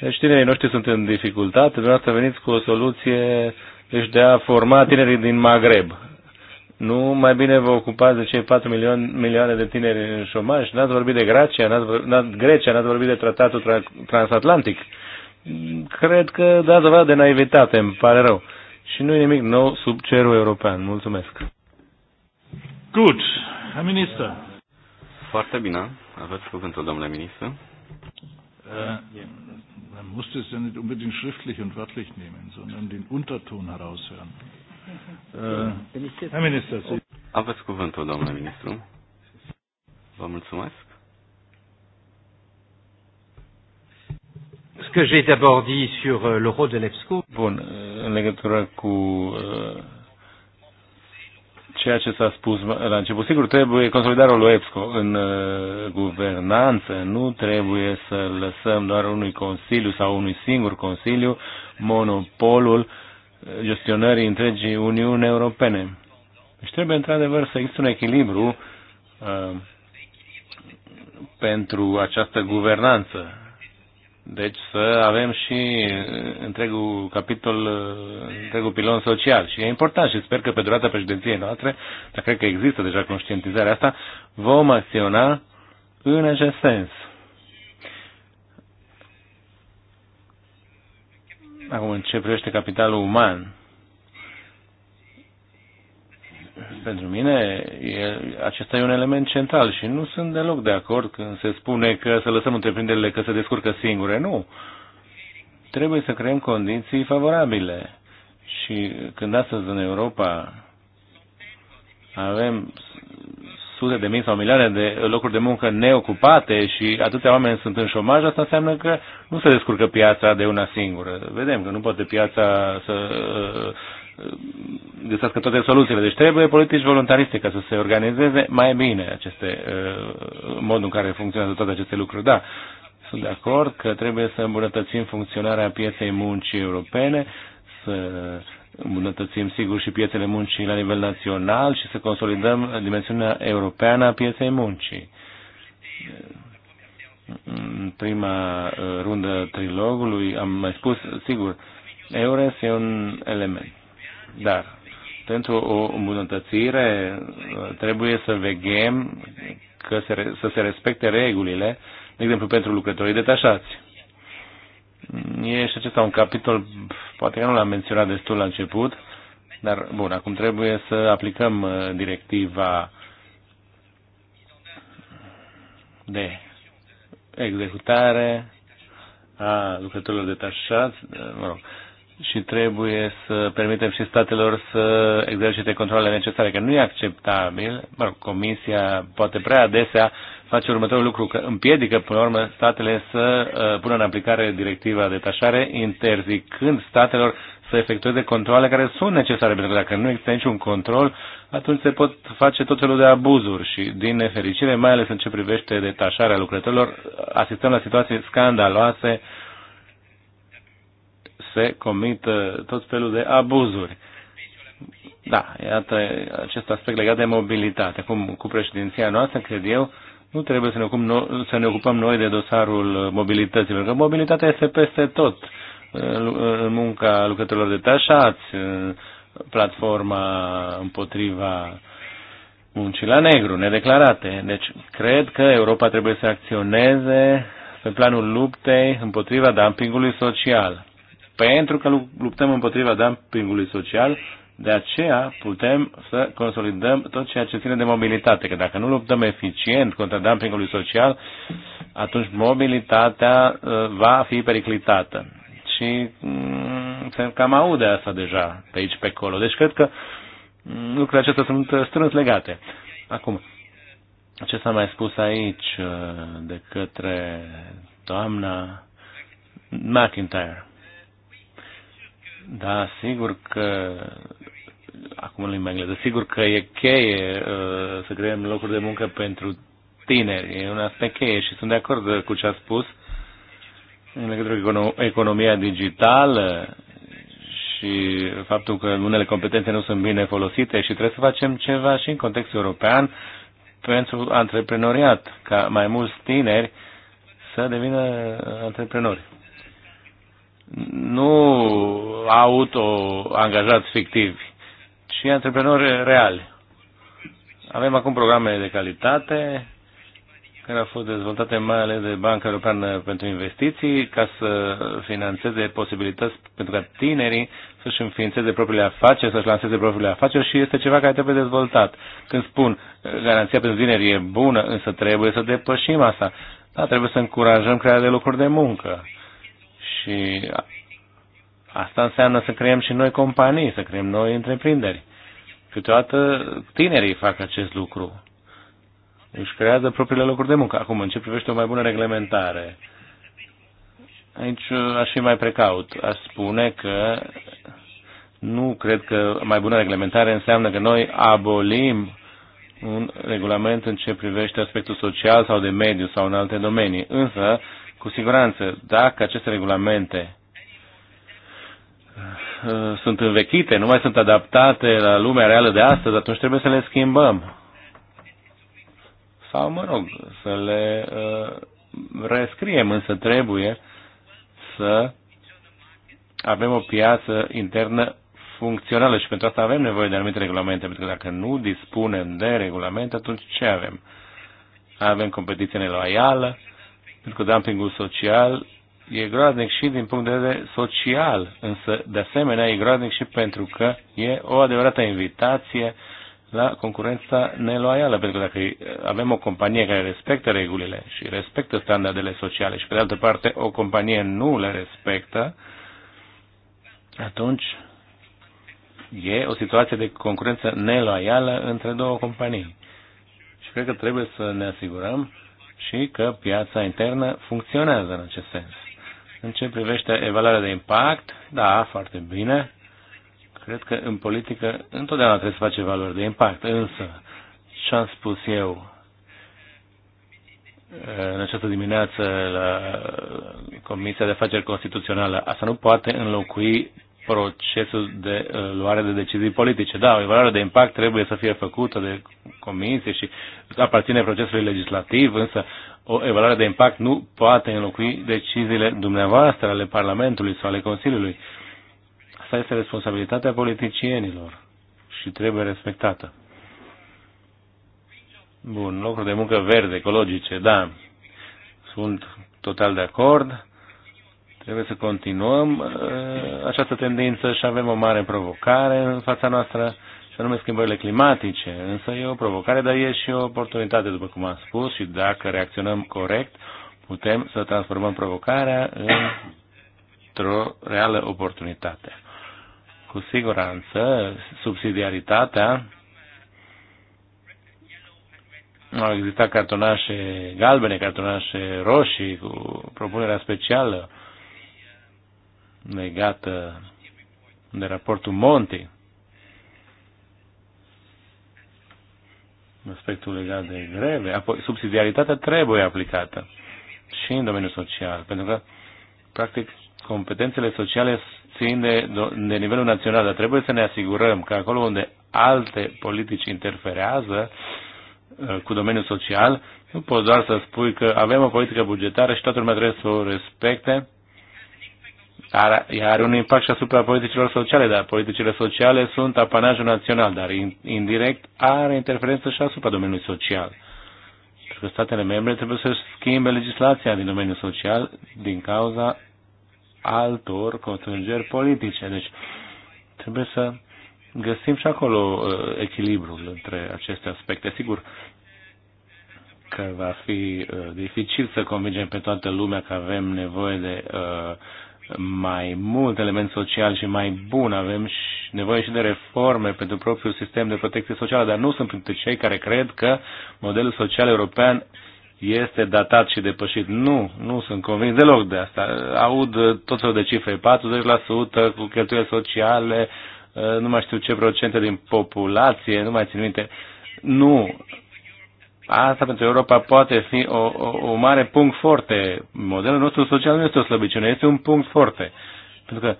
Deci tinerii noștri sunt în dificultate, dumneavoastră veniți cu o soluție deci de a forma tinerii din Maghreb. Nu mai bine vă ocupați de cei 4 milioane, milioane de tineri în șomaj? N-ați vorbit de Grecia, n-ați, n-ați, Grecia, n-ați vorbit de tratatul tra- transatlantic? Cred că dați vă de naivitate, îmi pare rău. Și nu e nimic nou sub cerul european. Mulțumesc. Good. Herr Minister. Foarte bine. Aveți cuvântul, domnule ministru. Äh, man muss das ja nicht unbedingt schriftlich und wörtlich nehmen, sondern den Unterton heraushören. Äh, Herr Minister, Sie... Aveți cuvântul, domnule ministru. Vă mulțumesc. Ce que j'ai d'abord dit sur euh, le rôle de l'EPSCO. Bun, în legătură cu uh, ceea ce s-a spus la început. Sigur, trebuie consolidarea lui EPSCO în uh, guvernanță, nu trebuie să lăsăm doar unui consiliu sau unui singur consiliu monopolul gestionării întregii Uniuni Europene. Deci trebuie într-adevăr să există un echilibru uh, pentru această guvernanță deci să avem și uh, întregul capitol, uh, întregul pilon social. Și e important și sper că pe durata președinției noastre, dar cred că există deja conștientizarea asta, vom acționa în acest sens. Acum, în ce privește capitalul uman, pentru mine e, acesta e un element central și nu sunt deloc de acord când se spune că să lăsăm întreprinderile că se descurcă singure. Nu. Trebuie să creăm condiții favorabile. Și când astăzi în Europa avem sute de mii sau milioane de locuri de muncă neocupate și atâtea oameni sunt în șomaj, asta înseamnă că nu se descurcă piața de una singură. Vedem că nu poate piața să găsească toate soluțiile. Deci trebuie politici voluntariste ca să se organizeze mai bine aceste, uh, modul în care funcționează toate aceste lucruri. Da, sunt de acord că trebuie să îmbunătățim funcționarea pieței muncii europene, să îmbunătățim sigur și piețele muncii la nivel național și să consolidăm dimensiunea europeană a pieței muncii. În prima uh, rundă trilogului am mai spus, sigur, EURES e un element dar pentru o îmbunătățire trebuie să vegem că se, să se respecte regulile, de exemplu pentru lucrătorii detașați. E și acesta un capitol, poate că nu l-am menționat destul la început, dar bun, acum trebuie să aplicăm uh, directiva de executare a lucrătorilor detașați, uh, mă rog, și trebuie să permitem și statelor să exercite controlele necesare, că nu e acceptabil, mă rog, Comisia poate prea adesea face următorul lucru, că împiedică, până la urmă, statele să uh, pună în aplicare directiva de tașare, interzicând statelor să efectueze controle care sunt necesare, pentru că dacă nu există niciun control, atunci se pot face tot felul de abuzuri și, din nefericire, mai ales în ce privește detașarea lucrătorilor, asistăm la situații scandaloase uh, se comită tot felul de abuzuri. Da, iată acest aspect legat de mobilitate. Acum, cu președinția noastră, cred eu, nu trebuie să ne, ocupăm să ne ocupăm noi de dosarul mobilității, pentru că mobilitatea este peste tot. În munca lucrătorilor detașați, platforma împotriva muncii la negru, nedeclarate. Deci, cred că Europa trebuie să acționeze pe planul luptei împotriva dumpingului social pentru că luptăm împotriva dumpingului social, de aceea putem să consolidăm tot ceea ce ține de mobilitate, că dacă nu luptăm eficient contra dumpingului social, atunci mobilitatea uh, va fi periclitată. Și mm, se cam aude asta deja pe aici, pe acolo. Deci cred că mm, lucrurile acestea sunt uh, strâns legate. Acum, ce s-a mai spus aici uh, de către doamna McIntyre? Da, sigur că acum în limba engleză, sigur că e cheie uh, să creăm locuri de muncă pentru tineri, e un aspect cheie și sunt de acord cu ce a spus în legătură cu economia digitală și faptul că unele competențe nu sunt bine folosite și trebuie să facem ceva și în contextul european pentru antreprenoriat, ca mai mulți tineri să devină antreprenori nu auto-angajați fictivi, ci antreprenori reali. Avem acum programe de calitate care au fost dezvoltate mai ales de Banca Europeană pentru Investiții ca să financeze posibilități pentru ca tinerii să-și înființeze propriile afaceri, să-și lanseze propriile afaceri și este ceva care trebuie dezvoltat. Când spun garanția pentru tineri e bună, însă trebuie să depășim asta. Da, trebuie să încurajăm crearea de locuri de muncă și asta înseamnă să creăm și noi companii, să creăm noi întreprinderi. Câteodată tinerii fac acest lucru. Își creează propriile locuri de muncă. Acum, în ce privește o mai bună reglementare, aici uh, aș fi mai precaut. Aș spune că nu cred că mai bună reglementare înseamnă că noi abolim un regulament în ce privește aspectul social sau de mediu sau în alte domenii. Însă, cu siguranță, dacă aceste regulamente uh, sunt învechite, nu mai sunt adaptate la lumea reală de astăzi, atunci trebuie să le schimbăm. Sau, mă rog, să le uh, rescriem, însă trebuie să avem o piață internă funcțională și pentru asta avem nevoie de anumite regulamente, pentru că dacă nu dispunem de regulamente, atunci ce avem? Avem competiție neloială, pentru că dumpingul social e groaznic și din punct de vedere social, însă de asemenea e groaznic și pentru că e o adevărată invitație la concurența neloială, pentru că dacă avem o companie care respectă regulile și respectă standardele sociale și pe de altă parte o companie nu le respectă, atunci e o situație de concurență neloială între două companii. Și cred că trebuie să ne asigurăm și că piața internă funcționează în acest sens. În ce privește evaluarea de impact, da, foarte bine. Cred că în politică întotdeauna trebuie să faci evaluări de impact, însă ce am spus eu în această dimineață la Comisia de Afaceri Constituțională. Asta nu poate înlocui procesul de uh, luare de decizii politice. Da, o evaluare de impact trebuie să fie făcută de comisie și aparține procesului legislativ, însă o evaluare de impact nu poate înlocui deciziile dumneavoastră ale Parlamentului sau ale Consiliului. Asta este responsabilitatea politicienilor și trebuie respectată. Bun, locuri de muncă verde, ecologice, da, sunt total de acord Trebuie să continuăm uh, această tendință și avem o mare provocare în fața noastră, și anume schimbările climatice. Însă e o provocare, dar e și o oportunitate, după cum am spus, și dacă reacționăm corect, putem să transformăm provocarea într-o reală oportunitate. Cu siguranță, subsidiaritatea au existat cartonașe galbene, cartonașe roșii cu propunerea specială legată de raportul Monti, aspectul legat de greve, apoi subsidiaritatea trebuie aplicată și în domeniul social, pentru că, practic, competențele sociale țin de, de nivelul național, dar trebuie să ne asigurăm că acolo unde alte politici interferează uh, cu domeniul social, nu poți doar să spui că avem o politică bugetară și toată lumea trebuie să o respecte iar iar are un impact și asupra politicilor sociale, dar politicile sociale sunt apanajul național, dar indirect are interferență și asupra domeniului social. Pentru că statele membre trebuie să schimbe legislația din domeniul social din cauza altor constrângeri politice. Deci trebuie să găsim și acolo uh, echilibrul între aceste aspecte. Sigur, că va fi uh, dificil să convingem pe toată lumea că avem nevoie de uh, mai mult element social și mai bun. Avem și nevoie și de reforme pentru propriul sistem de protecție socială, dar nu sunt printre cei care cred că modelul social european este datat și depășit. Nu, nu sunt convins deloc de asta. Aud tot felul de cifre, 40% cu cheltuieli sociale, nu mai știu ce procente din populație, nu mai țin minte. Nu, Asta pentru Europa poate fi o, o, o mare punct forte. Modelul nostru social nu este o slăbiciune, este un punct forte. Pentru că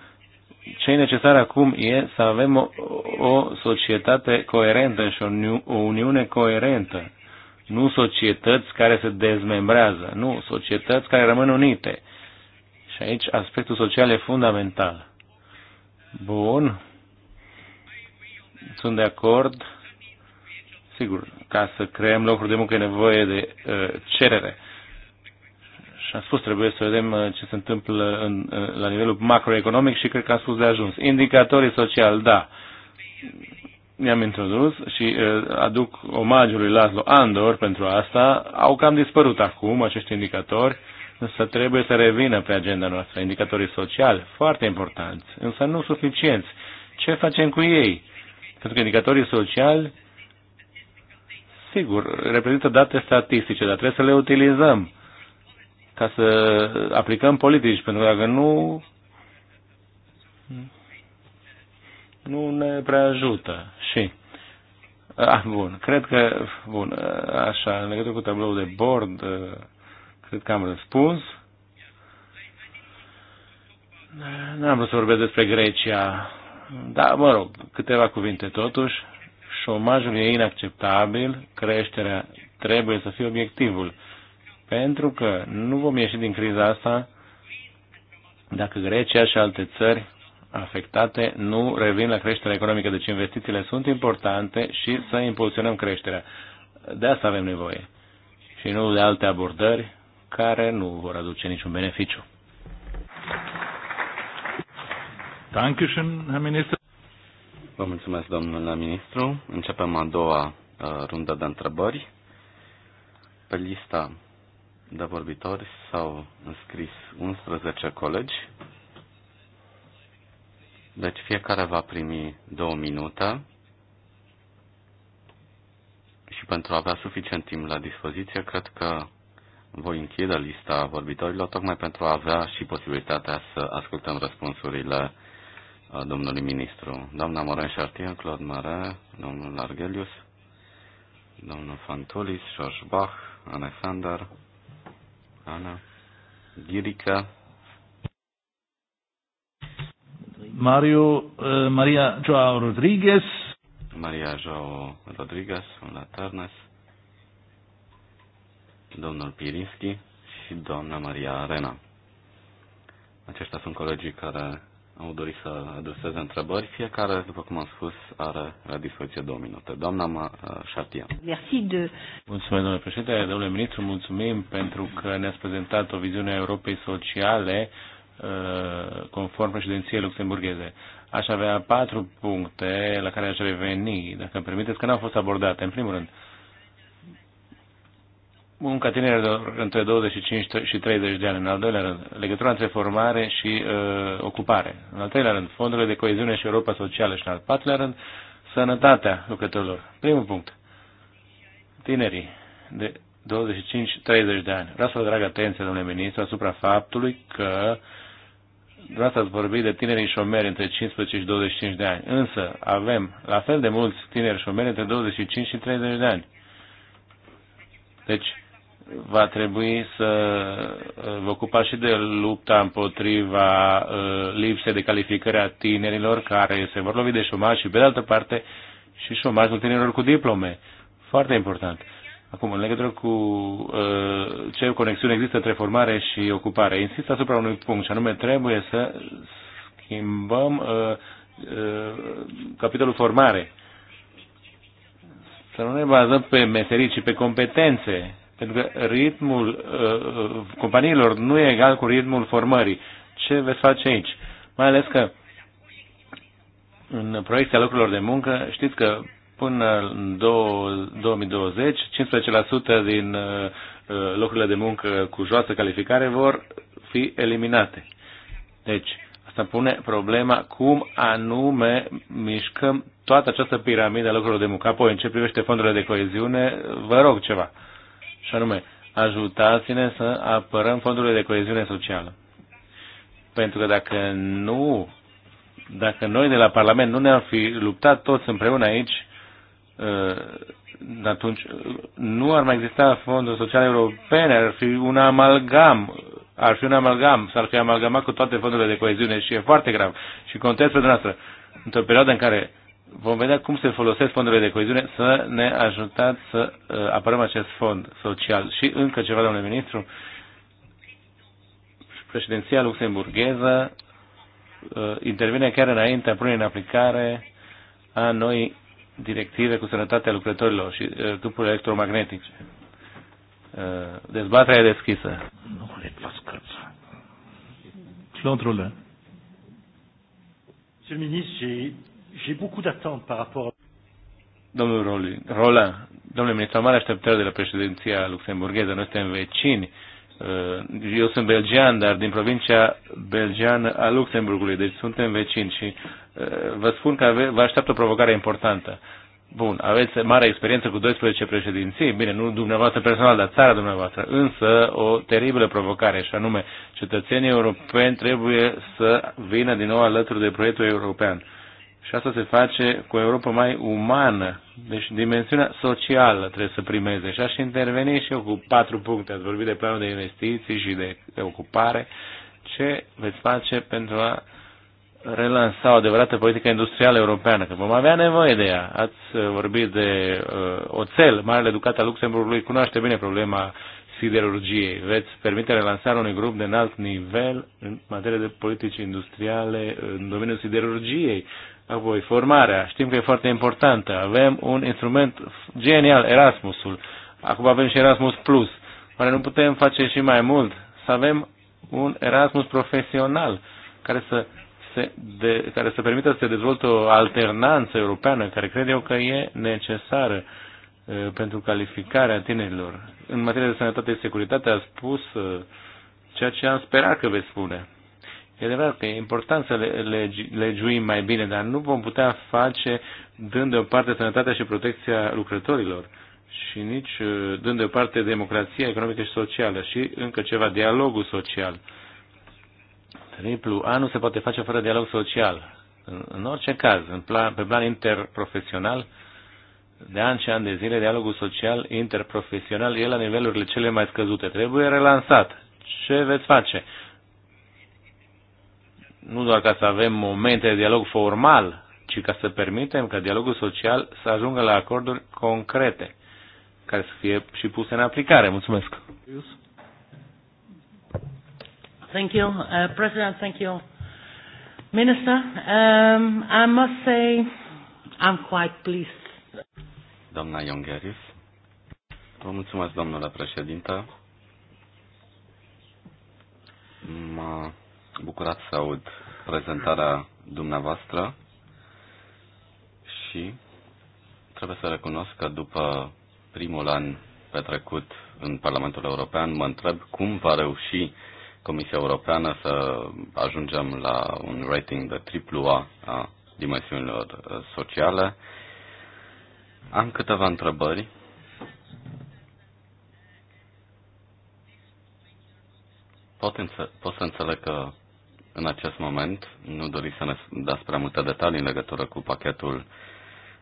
ce e necesar acum e să avem o, o societate coerentă și o, o uniune coerentă. Nu societăți care se dezmembrează, nu, societăți care rămân unite. Și aici aspectul social e fundamental. Bun. Sunt de acord Sigur, ca să creăm locuri de muncă e nevoie de uh, cerere. Și am spus, trebuie să vedem uh, ce se întâmplă în, uh, la nivelul macroeconomic și cred că am spus de ajuns. Indicatorii sociali, da, mi am introdus și uh, aduc omagiul lui Laszlo Andor pentru asta. Au cam dispărut acum acești indicatori, însă trebuie să revină pe agenda noastră. Indicatorii sociali, foarte importanți, însă nu suficienți. Ce facem cu ei? Pentru că indicatorii sociali Sigur, reprezintă date statistice, dar trebuie să le utilizăm ca să aplicăm politici, pentru că dacă nu, nu ne prea ajută. Și, a, ah, bun, cred că, bun, așa, în legătură cu tabloul de bord, cred că am răspuns. N-am vrut să vorbesc despre Grecia, dar, mă rog, câteva cuvinte totuși șomajul e inacceptabil, creșterea trebuie să fie obiectivul. Pentru că nu vom ieși din criza asta dacă Grecia și alte țări afectate nu revin la creșterea economică. Deci investițiile sunt importante și să impulsionăm creșterea. De asta avem nevoie. Și nu de alte abordări care nu vor aduce niciun beneficiu. Dankeschön, Herr Minister. Vă mulțumesc, domnule ministru. Începem a doua uh, rundă de întrebări. Pe lista de vorbitori s-au înscris 11 colegi. Deci fiecare va primi două minute și pentru a avea suficient timp la dispoziție, cred că voi închide lista vorbitorilor, tocmai pentru a avea și posibilitatea să ascultăm răspunsurile domnului ministru. Doamna Moran Chartier, Claude Mare, domnul Argelius, domnul Fantolis, George Bach, Alexander, Ana, Ghirica, Mario, uh, Maria Joao Rodriguez, Maria Joao Rodriguez, la Ternes, domnul Pirinski și doamna Maria Arena. Aceștia sunt colegii care au dorit să adreseze întrebări. Fiecare, după cum am spus, are la dispoziție două minute. Doamna Șartian. Uh, Merci de... Mulțumesc, domnule președinte. Domnule ministru, mulțumim pentru că ne-ați prezentat o viziune a Europei sociale uh, conform președinției luxemburgheze. Aș avea patru puncte la care aș reveni, dacă îmi permiteți, că n-au fost abordate. În primul rând, munca tinerilor între 25 și 30 de ani, în al doilea rând, legătura între formare și uh, ocupare, în al treilea rând, fondurile de coeziune și Europa Socială și în al patrulea rând, sănătatea lucrătorilor. Primul punct, tinerii de 25-30 de ani. Vreau să vă drag atenție, domnule ministru, asupra faptului că vreau să ați vorbit de tinerii șomeri între 15 și 25 de ani. Însă avem la fel de mulți tineri șomeri între 25 și 30 de ani. Deci, va trebui să eh, vă ocupați și de lupta împotriva eh, lipsei de calificare a tinerilor care se vor lovi de șomaj și, pe de altă parte, și șomajul tinerilor cu diplome. Foarte important. Acum, în legătură cu uh, ce conexiune există între formare și ocupare, insist asupra unui punct, și anume trebuie să schimbăm uh, uh, capitolul formare. Să nu ne bazăm pe meserii, ci pe competențe pentru că ritmul uh, companiilor nu e egal cu ritmul formării. Ce veți face aici? Mai ales că în proiecția locurilor de muncă, știți că până în 2020, 15% din uh, uh, locurile de muncă cu joasă calificare vor fi eliminate. Deci, asta pune problema cum anume mișcăm toată această piramidă a locurilor de muncă. Apoi, în ce privește fondurile de coeziune, vă rog ceva și anume, ajutați-ne să apărăm fondurile de coeziune socială. Pentru că dacă nu, dacă noi de la Parlament nu ne-am fi luptat toți împreună aici, uh, atunci uh, nu ar mai exista fonduri sociale europene, ar fi un amalgam, ar fi un amalgam, s-ar fi amalgamat cu toate fondurile de coeziune și e foarte grav. Și contez pe dumneavoastră, într-o perioadă în care vom vedea cum se folosesc fondurile de coeziune să ne ajutați să uh, apărăm acest fond social. Și încă ceva, domnule ministru, președinția luxemburgheză uh, intervine chiar înainte a punerii în aplicare a noi directive cu sănătatea lucrătorilor și câmpurile uh, electromagnetice. Dezbaterea e deschisă. Nu le pascăți. Claude Monsieur le ministre, j'ai J'ai beaucoup d'attentes par rapport Domnul Roland, domnule ministru, am mare așteptări de la președinția luxemburgheză, noi suntem vecini. Uh, eu sunt belgian, dar din provincia belgiană a Luxemburgului, deci suntem vecini și uh, vă spun că vă așteaptă o provocare importantă. Bun, aveți mare experiență cu 12 președinții, bine, nu dumneavoastră personal, dar țara dumneavoastră, însă o teribilă provocare, și anume, cetățenii europeni trebuie să vină din nou alături de proiectul european. Și asta se face cu o Europa mai umană. Deci dimensiunea socială trebuie să primeze. Și aș interveni și eu cu patru puncte. Ați vorbit de planul de investiții și de, de ocupare. Ce veți face pentru a relansa o adevărată politică industrială europeană? Că vom avea nevoie de ea. Ați uh, vorbit de uh, oțel. Marele Ducat al Luxemburgului cunoaște bine problema siderurgiei. Veți permite relansarea unui grup de înalt nivel în materie de politici industriale în domeniul siderurgiei Apoi, formarea. Știm că e foarte importantă. Avem un instrument genial, Erasmusul. Acum avem și Erasmus Plus. Oare nu putem face și mai mult? Să avem un Erasmus profesional care să, se de, care să permită să se dezvolte o alternanță europeană care cred eu că e necesară pentru calificarea tinerilor. În materie de sănătate și securitate a spus ceea ce am sperat că veți spune. E adevărat că e important să le, le, juim mai bine, dar nu vom putea face dând parte sănătatea și protecția lucrătorilor și nici uh, dând parte democrația economică și socială și încă ceva, dialogul social. Triplu A nu se poate face fără dialog social. În, în orice caz, în plan, pe plan interprofesional, de ani și ani de zile, dialogul social interprofesional e la nivelurile cele mai scăzute. Trebuie relansat. Ce veți face? nu doar ca să avem momente de dialog formal, ci ca să permitem ca dialogul social să ajungă la acorduri concrete, care să fie și puse în aplicare. Mulțumesc! Thank you, uh, President. Thank you, Minister. Um, I must say I'm quite pleased. Doamna Iongheris. Vă mulțumesc, domnule președinte. m bucurat să aud prezentarea dumneavoastră și trebuie să recunosc că după primul an petrecut în Parlamentul European, mă întreb cum va reuși Comisia Europeană să ajungem la un rating de triplu A a dimensiunilor uh, sociale. Am câteva întrebări. Pot, înțe- pot să înțeleg că în acest moment. Nu doriți să ne dați prea multe detalii în legătură cu pachetul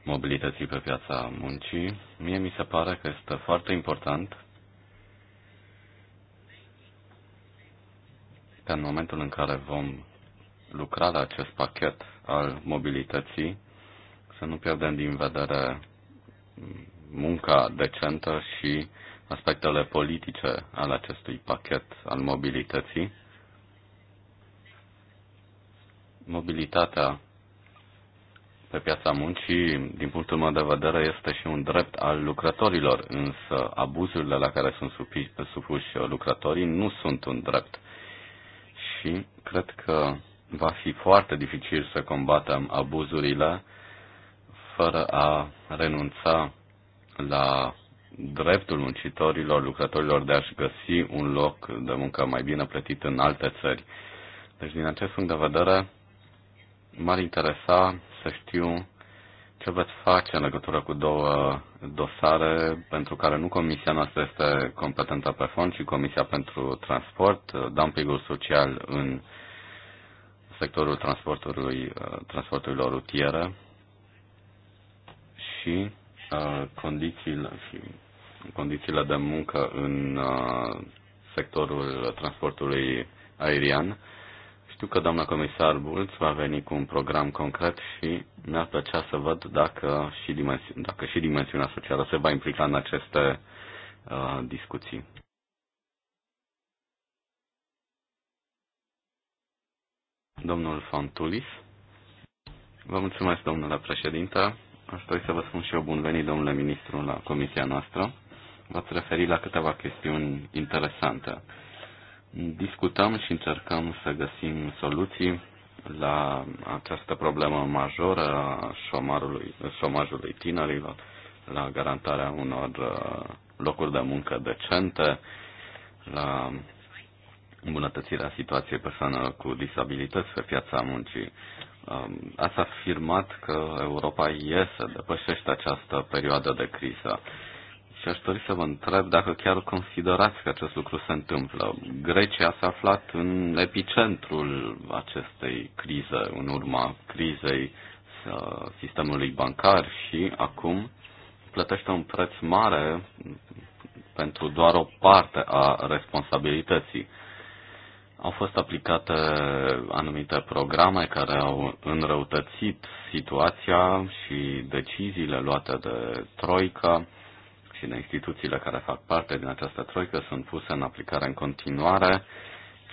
mobilității pe piața muncii. Mie mi se pare că este foarte important că în momentul în care vom lucra la acest pachet al mobilității, să nu pierdem din vedere munca decentă și aspectele politice al acestui pachet al mobilității mobilitatea pe piața muncii, din punctul meu de vedere, este și un drept al lucrătorilor, însă abuzurile la care sunt supuși lucrătorii nu sunt un drept. Și cred că va fi foarte dificil să combatem abuzurile fără a renunța la dreptul muncitorilor, lucrătorilor de a-și găsi un loc de muncă mai bine plătit în alte țări. Deci, din acest punct de vedere, m-ar interesa să știu ce veți face în legătură cu două dosare pentru care nu comisia noastră este competentă pe fond, ci Comisia pentru Transport, dumpingul social în sectorul transportului, transporturilor rutiere și uh, condițiile, și condițiile de muncă în uh, sectorul transportului aerian. Știu că doamna comisar Bulț va veni cu un program concret și mi-ar plăcea să văd dacă și, dimensi- dacă și dimensiunea socială se va implica în aceste uh, discuții. Domnul Fantulis. Vă mulțumesc, domnule președinte. Aș dori să vă spun și eu bun venit, domnule ministru, la comisia noastră. V-ați referit la câteva chestiuni interesante discutăm și încercăm să găsim soluții la această problemă majoră a șomarului, șomajului tinerilor, la garantarea unor uh, locuri de muncă decente, la îmbunătățirea situației persoanelor cu disabilități pe piața muncii. Um, ați afirmat că Europa iese, depășește această perioadă de criză. Și aș dori să vă întreb dacă chiar considerați că acest lucru se întâmplă. Grecia s-a aflat în epicentrul acestei crize, în urma crizei uh, sistemului bancar și acum plătește un preț mare pentru doar o parte a responsabilității. Au fost aplicate anumite programe care au înrăutățit situația și deciziile luate de Troica și instituțiile care fac parte din această troică sunt puse în aplicare în continuare,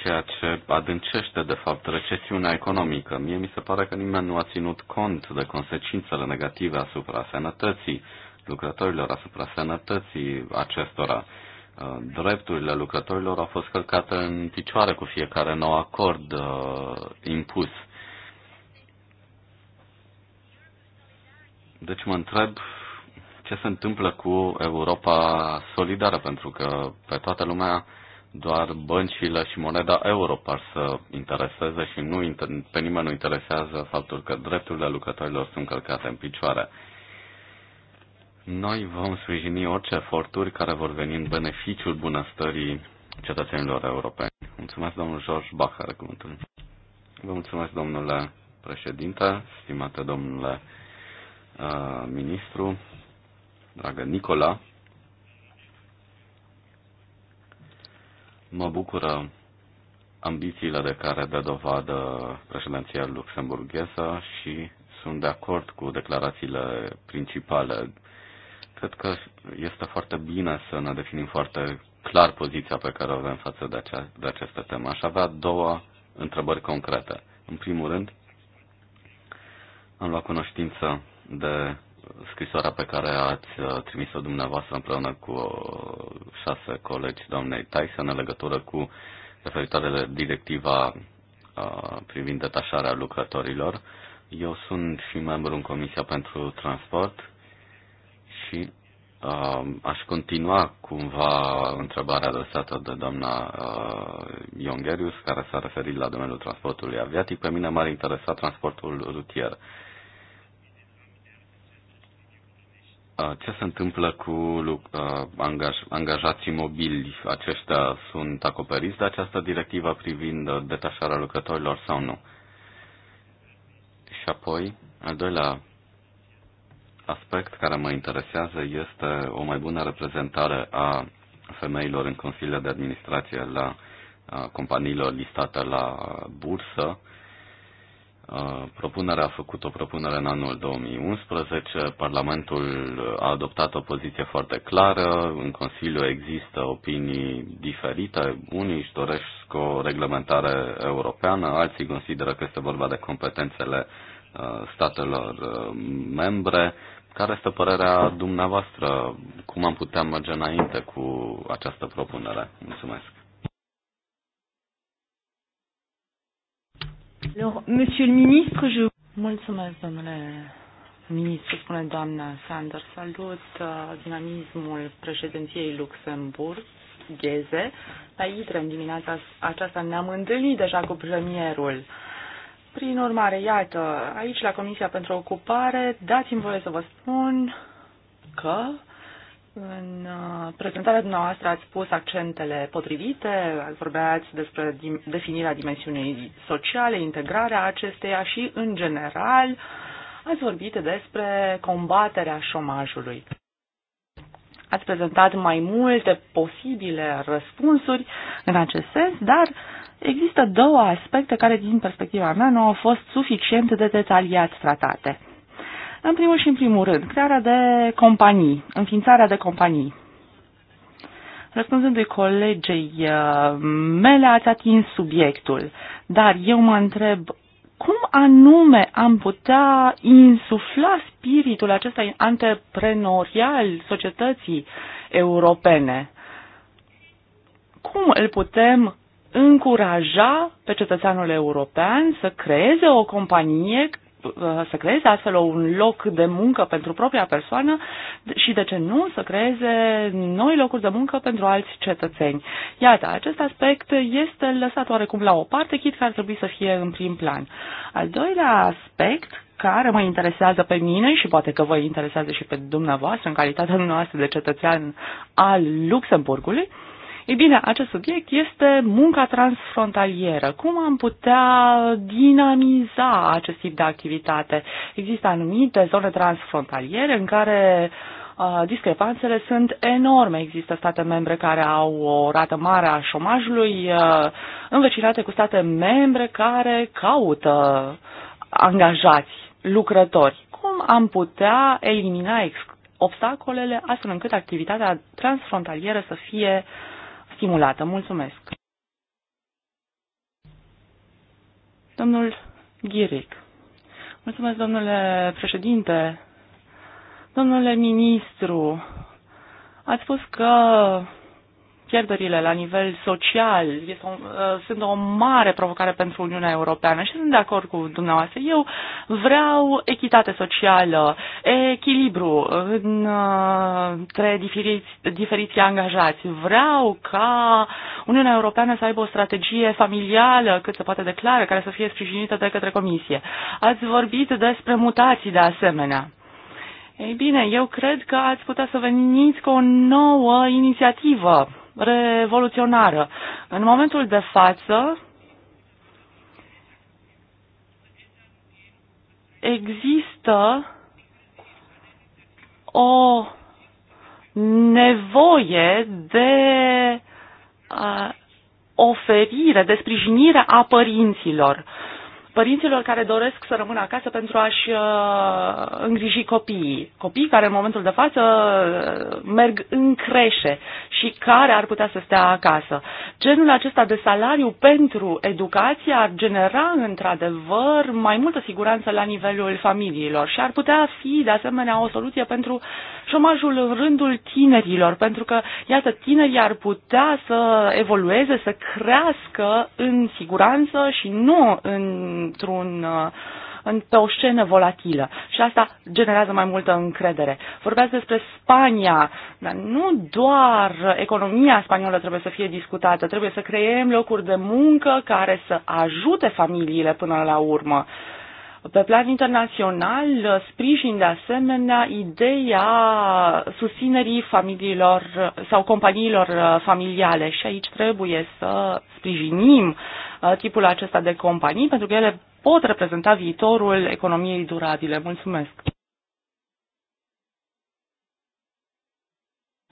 ceea ce adâncește, de fapt, recesiunea economică. Mie mi se pare că nimeni nu a ținut cont de consecințele negative asupra sănătății lucrătorilor, asupra sănătății acestora. Drepturile lucrătorilor au fost călcate în picioare cu fiecare nou acord uh, impus. Deci mă întreb ce se întâmplă cu Europa solidară, pentru că pe toată lumea doar băncile și moneda euro par să intereseze și nu, pe nimeni nu interesează faptul că drepturile lucrătorilor sunt călcate în picioare. Noi vom sprijini orice eforturi care vor veni în beneficiul bunăstării cetățenilor europeni. Mulțumesc, domnul George Bachar, cuvântul. Vă mulțumesc, domnule președinte, stimate domnule uh, ministru dragă Nicola. Mă bucură ambițiile de care dă dovadă președinția luxemburgheză și sunt de acord cu declarațiile principale. Cred că este foarte bine să ne definim foarte clar poziția pe care o avem față de, acea, de această temă. Aș avea două întrebări concrete. În primul rând, am luat cunoștință de scrisoarea pe care ați uh, trimis-o dumneavoastră împreună cu uh, șase colegi doamnei Tyson în legătură cu la directiva uh, privind detașarea lucrătorilor. Eu sunt și membru în Comisia pentru Transport și uh, aș continua cumva întrebarea adresată de doamna uh, Iongerius, care s-a referit la domeniul transportului aviatic. Pe mine m-ar interesa transportul rutier. Uh, ce se întâmplă cu angaj, angajații mobili? Aceștia sunt acoperiți de această directivă privind detașarea lucrătorilor sau nu? Și apoi, al doilea aspect care mă interesează este o mai bună reprezentare a femeilor în consiliile de administrație la companiilor listate la bursă propunerea a făcut o propunere în anul 2011, Parlamentul a adoptat o poziție foarte clară, în Consiliu există opinii diferite, unii își doresc o reglementare europeană, alții consideră că este vorba de competențele statelor membre. Care este părerea dumneavoastră? Cum am putea merge înainte cu această propunere? Mulțumesc. Alors, monsieur le ministre, je... Mulțumesc, domnule ministru, spune doamna Sanders. Salut uh, dinamismul președinției Luxemburg gheze. La Idre, în dimineața aceasta ne-am întâlnit deja cu premierul. Prin urmare, iată, aici la Comisia pentru Ocupare, dați-mi voie să vă spun că în uh, prezentarea dumneavoastră ați pus accentele potrivite, vorbeați despre definirea dimensiunii sociale, integrarea acesteia și, în general, ați vorbit despre combaterea șomajului. Ați prezentat mai multe posibile răspunsuri în acest sens, dar există două aspecte care, din perspectiva mea, nu au fost suficient de detaliat tratate. În primul și în primul rând, crearea de companii, înființarea de companii. Răspunzându-i colegei uh, mele, ați atins subiectul, dar eu mă întreb cum anume am putea insufla spiritul acesta antreprenorial societății europene? Cum îl putem încuraja pe cetățeanul european să creeze o companie Uh, să creeze astfel un loc de muncă pentru propria persoană și, de ce nu, să creeze noi locuri de muncă pentru alți cetățeni. Iată, acest aspect este lăsat oarecum la o parte, chit că ar trebui să fie în prim plan. Al doilea aspect care mă interesează pe mine și poate că vă interesează și pe dumneavoastră în calitatea noastră de cetățean al Luxemburgului, uh, ei bine, acest subiect este munca transfrontalieră. Cum am putea dinamiza acest tip de activitate? Există anumite zone transfrontaliere în care discrepanțele sunt enorme. Există state membre care au o rată mare a șomajului învecinate cu state membre care caută angajați, lucrători. Cum am putea elimina obstacolele astfel încât activitatea transfrontalieră să fie uh, stimulată. Mulțumesc. Domnul Ghiric. Mulțumesc, domnule președinte. Domnule ministru, ați spus că Pierderile la nivel social este o, uh, sunt o mare provocare pentru Uniunea Europeană și sunt de acord cu dumneavoastră. Eu vreau echitate socială, echilibru uh, între diferiți, diferiții angajați. Vreau ca Uniunea Europeană să aibă o strategie familială cât se poate declară, care să fie sprijinită de către Comisie. Ați vorbit despre mutații de asemenea. Ei bine, eu cred că ați putea să veniți cu o nouă inițiativă revoluționară. În momentul de față, există o nevoie de oferire, de sprijinire a părinților. Uh, părinților care doresc să rămână acasă pentru a-și uh, îngriji copiii. Copii care în momentul de față uh, merg în creșe și care ar putea să stea acasă. Genul acesta de salariu pentru educație ar genera într-adevăr mai multă siguranță la nivelul familiilor și ar putea fi de asemenea o soluție pentru uh, șomajul în rândul tinerilor, pentru că, iată, tinerii ar putea să evolueze, să crească în siguranță și nu într-un pe uh, o scenă volatilă și asta generează mai multă încredere. Vorbeați despre Spania, dar nu doar economia spaniolă trebuie să fie discutată, trebuie să creăm locuri de muncă care să ajute familiile până la urmă. Uh, pe plan internațional, sprijin de asemenea ideea susținerii familiilor sau companiilor familiale și aici trebuie să sprijinim tipul uh, acesta de companii pentru că ele pot reprezenta viitorul economiei durabile. Mulțumesc!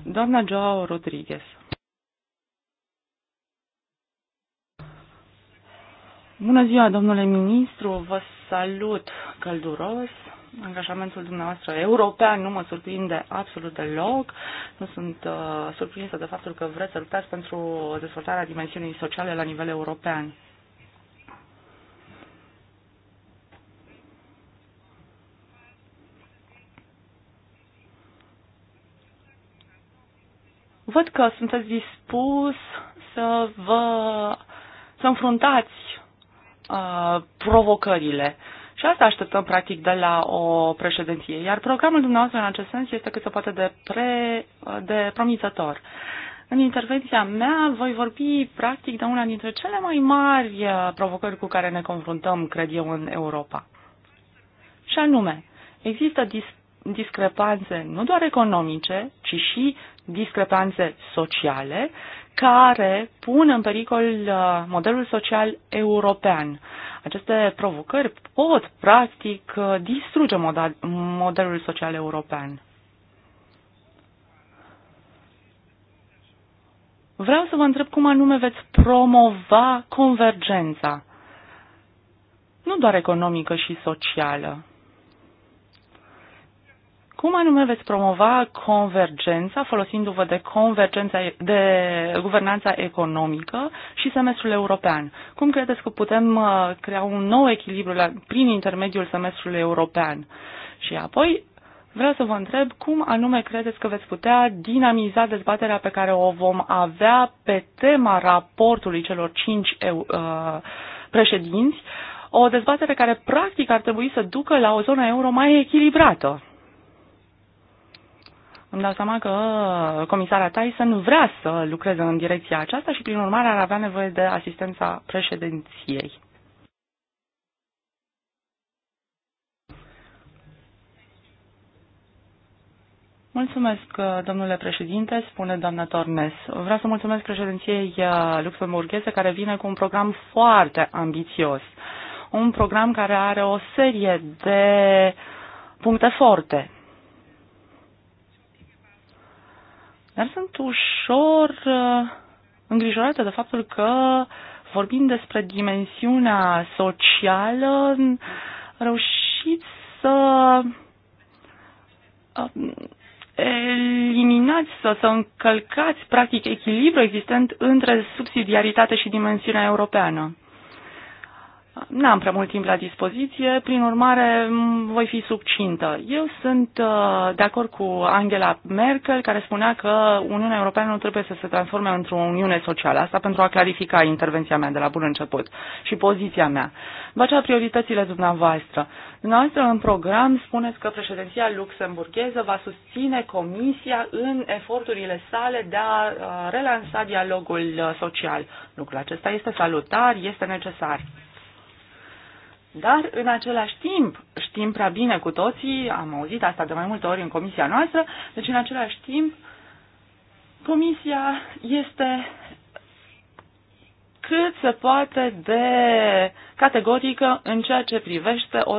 Doamna Joao Rodriguez. Bună ziua, domnule ministru. Vă salut călduros angajamentul dumneavoastră european nu mă surprinde absolut deloc. Nu sunt uh, surprinsă de faptul că vreți să luptați pentru dezvoltarea dimensiunii sociale la nivel european. Văd că sunteți dispus să vă să înfruntați Uh, provocările. Și asta așteptăm practic de la o președinție. Iar programul dumneavoastră în acest sens este cât se poate de, pre, de promițător. În intervenția mea voi vorbi practic de una dintre cele mai mari uh, provocări cu care ne confruntăm, cred eu, în Europa. Și anume, există dis- discrepanțe nu doar economice, ci și discrepanțe sociale care pun în pericol uh, modelul social european. Aceste provocări pot, practic, uh, distruge modelul social european. Vreau să vă întreb cum anume veți promova convergența, nu doar economică și socială. Cum anume veți promova convergența, folosindu-vă de convergența de guvernanța economică și semestrul european? Cum credeți că putem uh, crea un nou echilibru la, prin intermediul semestrului european? Și apoi vreau să vă întreb cum anume credeți că veți putea dinamiza dezbaterea pe care o vom avea pe tema raportului celor cinci eu, uh, președinți, o dezbatere care practic ar trebui să ducă la o zonă euro mai echilibrată. Îmi dau seama că comisara Tyson vrea să lucreze în direcția aceasta și, prin urmare, ar avea nevoie de asistența președinției. Mulțumesc, domnule președinte, spune doamna Tornes. Vreau să mulțumesc președinției uh, luxemburgheze care vine cu un program foarte ambițios. Un program care are o serie de puncte forte. Dar sunt ușor uh, îngrijorată de faptul că vorbind despre dimensiunea socială, reușiți să uh, eliminați sau să încălcați practic echilibru existent între subsidiaritate și dimensiunea europeană. N-am prea mult timp la dispoziție, prin urmare voi fi subcintă. Eu sunt uh, de acord cu Angela Merkel, care spunea că Uniunea Europeană nu trebuie să se transforme într-o Uniune Socială. Asta pentru a clarifica intervenția mea de la bun început și poziția mea. Vă cea prioritățile dumneavoastră. Dumneavoastră în program spuneți că președinția luxemburgheză va susține Comisia în eforturile sale de a uh, relansa dialogul uh, social. Lucrul acesta este salutar, este necesar. Dar, în același timp, știm prea bine cu toții, am auzit asta de mai multe ori în comisia noastră, deci, în același timp, comisia este cât se poate de categorică în ceea ce privește o,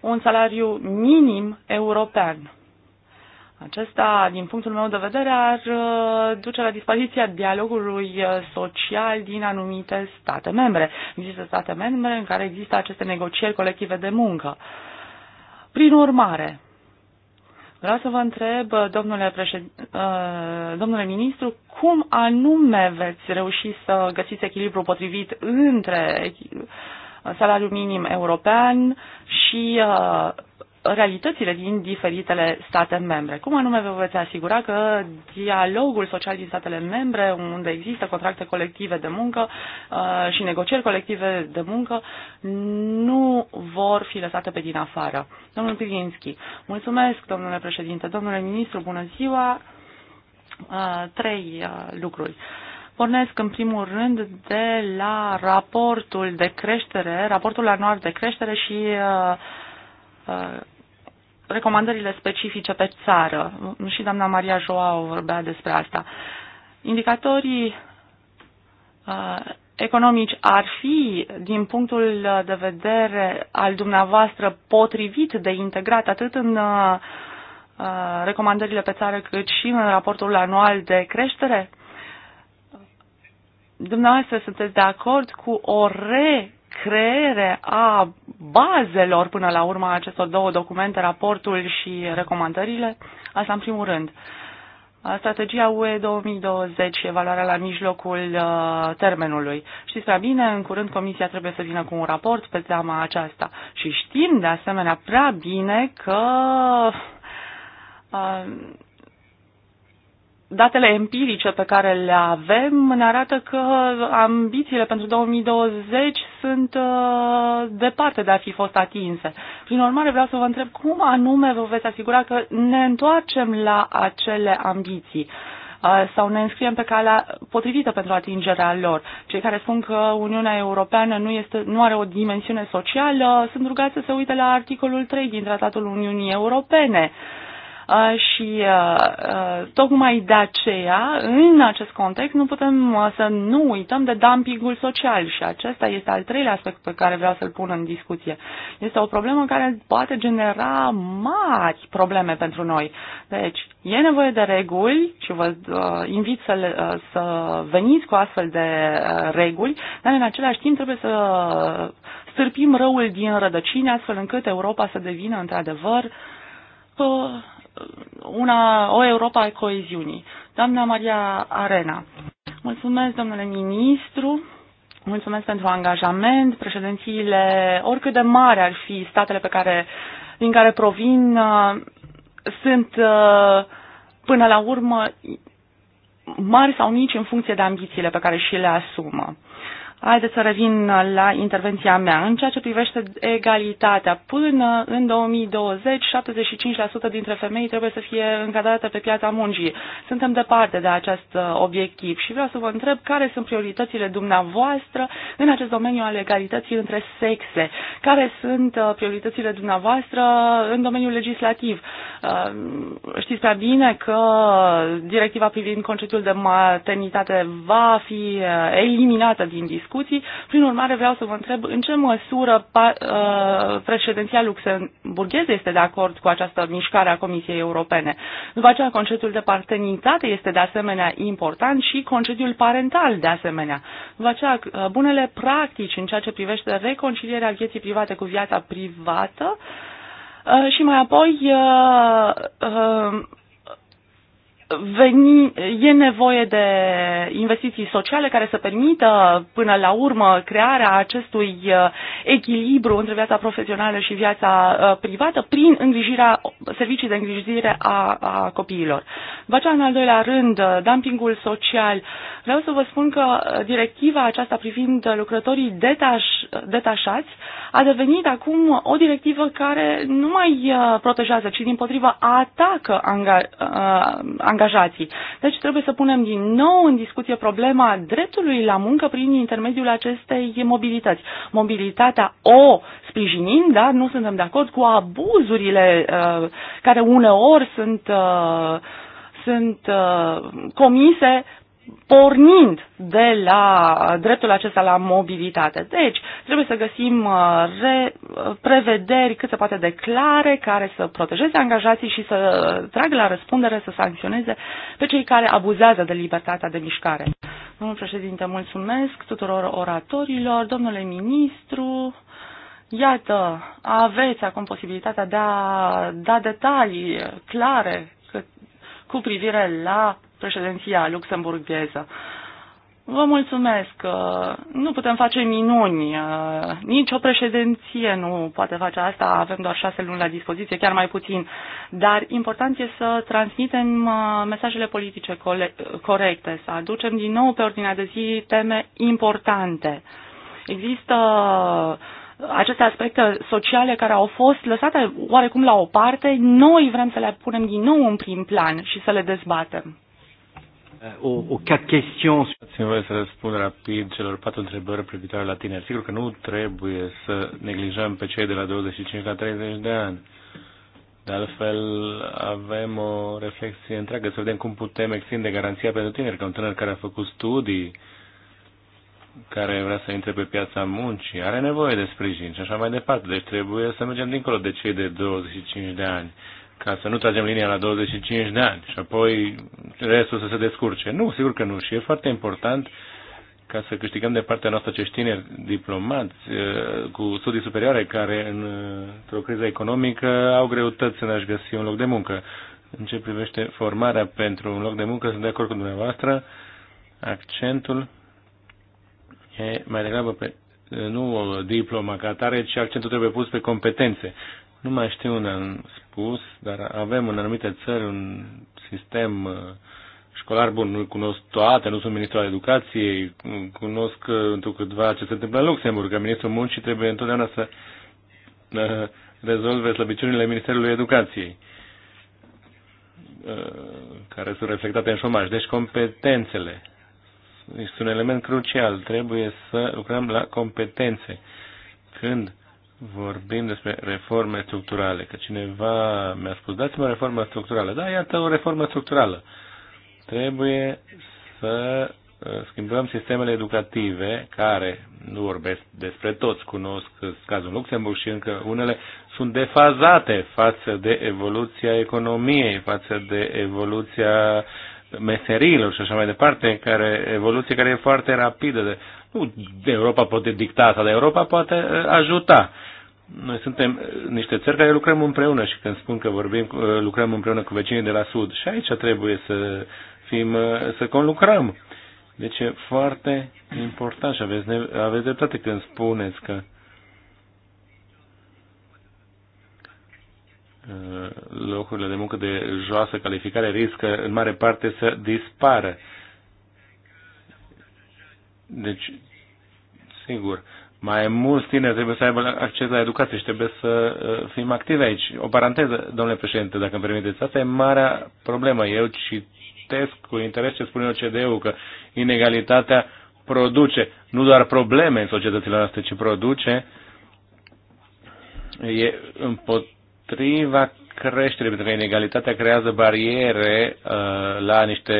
un salariu minim european. Acesta, din punctul meu de vedere, ar uh, duce la dispariția dialogului uh, social din anumite state membre. Există state membre în care există aceste negocieri colective de muncă. Prin urmare, vreau să vă întreb, uh, domnule, președ... domnule ministru, cum anume veți reuși să găsiți echilibru potrivit între salariul minim european și realitățile din diferitele state membre. Cum anume vă veți asigura că dialogul social din statele membre, unde există contracte colective de muncă uh, și negocieri colective de muncă, nu vor fi lăsate pe din afară? Domnul Pirinski, mulțumesc, domnule președinte, domnule ministru, bună ziua. Uh, trei uh, lucruri. Pornesc în primul rând de la raportul de creștere, raportul anual de creștere și uh, recomandările specifice pe țară. Și doamna Maria Joao vorbea despre asta. Indicatorii uh, economici ar fi, din punctul de vedere al dumneavoastră, potrivit de integrat atât în uh, uh, recomandările pe țară cât și în raportul anual de creștere? Dumneavoastră sunteți de acord cu o re creere a bazelor până la urma acestor două documente, raportul și recomandările, asta în primul rând. Strategia UE 2020, evaluarea la mijlocul uh, termenului. Știți prea bine, în curând Comisia trebuie să vină cu un raport pe teama aceasta. Și știm de asemenea prea bine că uh, datele empirice pe care le avem ne arată că ambițiile pentru 2020 sunt uh, departe de a fi fost atinse. Prin urmare, vreau să vă întreb cum anume vă veți asigura că ne întoarcem la acele ambiții uh, sau ne înscriem pe calea potrivită pentru atingerea lor. Cei care spun că Uniunea Europeană nu, este, nu are o dimensiune socială sunt rugați să se uite la articolul 3 din Tratatul Uniunii Europene. Uh, și tocmai de aceea, în acest context, nu putem să nu uităm de dumpingul social și acesta este al treilea aspect pe care vreau să-l pun în discuție. Este o problemă care poate genera mari probleme pentru noi. Deci, e nevoie de reguli și vă invit să, le, să veniți cu astfel de reguli, dar în același timp trebuie să stârpim răul din rădăcini astfel încât Europa să devină într-adevăr una, o Europa a coeziunii. Doamna Maria Arena. Mulțumesc, domnule ministru. Mulțumesc pentru angajament. Președințiile, oricât de mari ar fi statele pe care, din care provin, uh, sunt uh, până la urmă mari sau mici în funcție de ambițiile pe care și le asumă. Haideți să revin la intervenția mea. În ceea ce privește egalitatea, până în 2020, 75% dintre femei trebuie să fie încadrate pe piața muncii. Suntem departe de acest uh, obiectiv și vreau să vă întreb care sunt prioritățile dumneavoastră în acest domeniu al egalității între sexe. Care sunt uh, prioritățile dumneavoastră în domeniul legislativ? Uh, știți prea bine că directiva privind concediul de maternitate va fi eliminată din discuție discuții. Prin urmare, vreau să vă întreb în ce măsură uh, președinția luxemburgheză este de acord cu această mișcare a Comisiei Europene. După aceea, concediul de partenitate este de asemenea important și concediul parental de asemenea. După aceea, uh, bunele practici în ceea ce privește reconcilierea vieții private cu viața privată uh, și mai apoi veni, e nevoie de investiții sociale care să permită până la urmă crearea acestui uh, echilibru între viața profesională și viața uh, privată prin îngrijirea, servicii de îngrijire a, a copiilor. Vă în al doilea rând, uh, dumpingul social. Vreau să vă spun că directiva aceasta privind lucrătorii detaș, detașați a devenit acum o directivă care nu mai protejează, ci din potrivă atacă angajații. Deci trebuie să punem din nou în discuție problema dreptului la muncă prin intermediul acestei mobilități. Mobilitatea o sprijinim, dar nu suntem de acord cu abuzurile uh, care uneori sunt uh, sunt uh, comise pornind de la dreptul acesta la mobilitate. Deci, trebuie să găsim uh, re, prevederi cât se poate de clare care să protejeze angajații și să tragă la răspundere, să sancționeze pe cei care abuzează de libertatea de mișcare. Domnul președinte, mulțumesc tuturor oratorilor, domnule ministru. Iată, aveți acum posibilitatea de a da detalii clare cu privire la președinția luxemburgheză. Vă mulțumesc. Nu putem face minuni. Nici o președinție nu poate face asta. Avem doar șase luni la dispoziție, chiar mai puțin. Dar important e să transmitem uh, mesajele politice corecte, să aducem din nou pe ordinea de zi teme importante. Există uh, aceste aspecte sociale care au fost lăsate oarecum la o parte, noi vrem să le punem din nou în prim plan și să le dezbatem. O quatre questions. Dați-mi voie să răspund rapid celor patru întrebări privitoare la tineri. Sigur că nu trebuie să neglijăm pe cei de la 25 la 30 de ani. De altfel, avem o reflexie întreagă, să vedem cum putem extinde garanția pentru tineri, că un tânăr care a făcut studii, care vrea să intre pe piața muncii, are nevoie de sprijin și așa mai departe. Deci trebuie să mergem dincolo de cei de 25 de ani ca să nu tragem linia la 25 de ani și apoi restul să se descurce. Nu, sigur că nu. Și e foarte important ca să câștigăm de partea noastră acești tineri diplomați eh, cu studii superioare care într-o criză economică au greutăți în a-și găsi un loc de muncă. În ce privește formarea pentru un loc de muncă, sunt de acord cu dumneavoastră, accentul e mai degrabă pe, nu diploma ca tare ci accentul trebuie pus pe competențe. Nu mai știu unde am spus, dar avem în anumite țări un sistem uh, școlar bun. Nu cunosc toate, nu sunt ministru al educației, cunosc uh, câtva ce se întâmplă în Luxemburg, că ministrul muncii trebuie întotdeauna să uh, rezolve slăbiciunile Ministerului Educației care sunt reflectate în șomaj. Deci competențele este un element crucial. Trebuie să lucrăm la competențe. Când vorbim despre reforme structurale, că cineva mi-a spus, dați-mă o reformă structurală. Da, iată o reformă structurală. Trebuie să uh, schimbăm sistemele educative care, nu vorbesc despre toți, cunosc cazul Luxemburg și încă unele sunt defazate față de evoluția economiei, față de evoluția meserilor și așa mai departe, care, evoluție care e foarte rapidă. De, nu Europa poate dicta asta, dar Europa poate uh, ajuta. Noi suntem uh, niște țări care lucrăm împreună și când spun că vorbim, uh, lucrăm împreună cu vecinii de la Sud și aici trebuie să fim, să conlucrăm. Deci e foarte important și aveți, aveți dreptate când spuneți că locurile de muncă de joasă calificare riscă în mare parte să dispară. Deci, sigur, mai mulți tineri trebuie să aibă acces la educație și trebuie să uh, fim activi aici. O paranteză, domnule președinte, dacă îmi permiteți, asta e marea problemă. Eu citesc cu interes ce spune OCDE-ul, că inegalitatea produce nu doar probleme în societățile noastre, ci produce e împot împotriva creșterii, pentru că inegalitatea creează bariere uh, la niște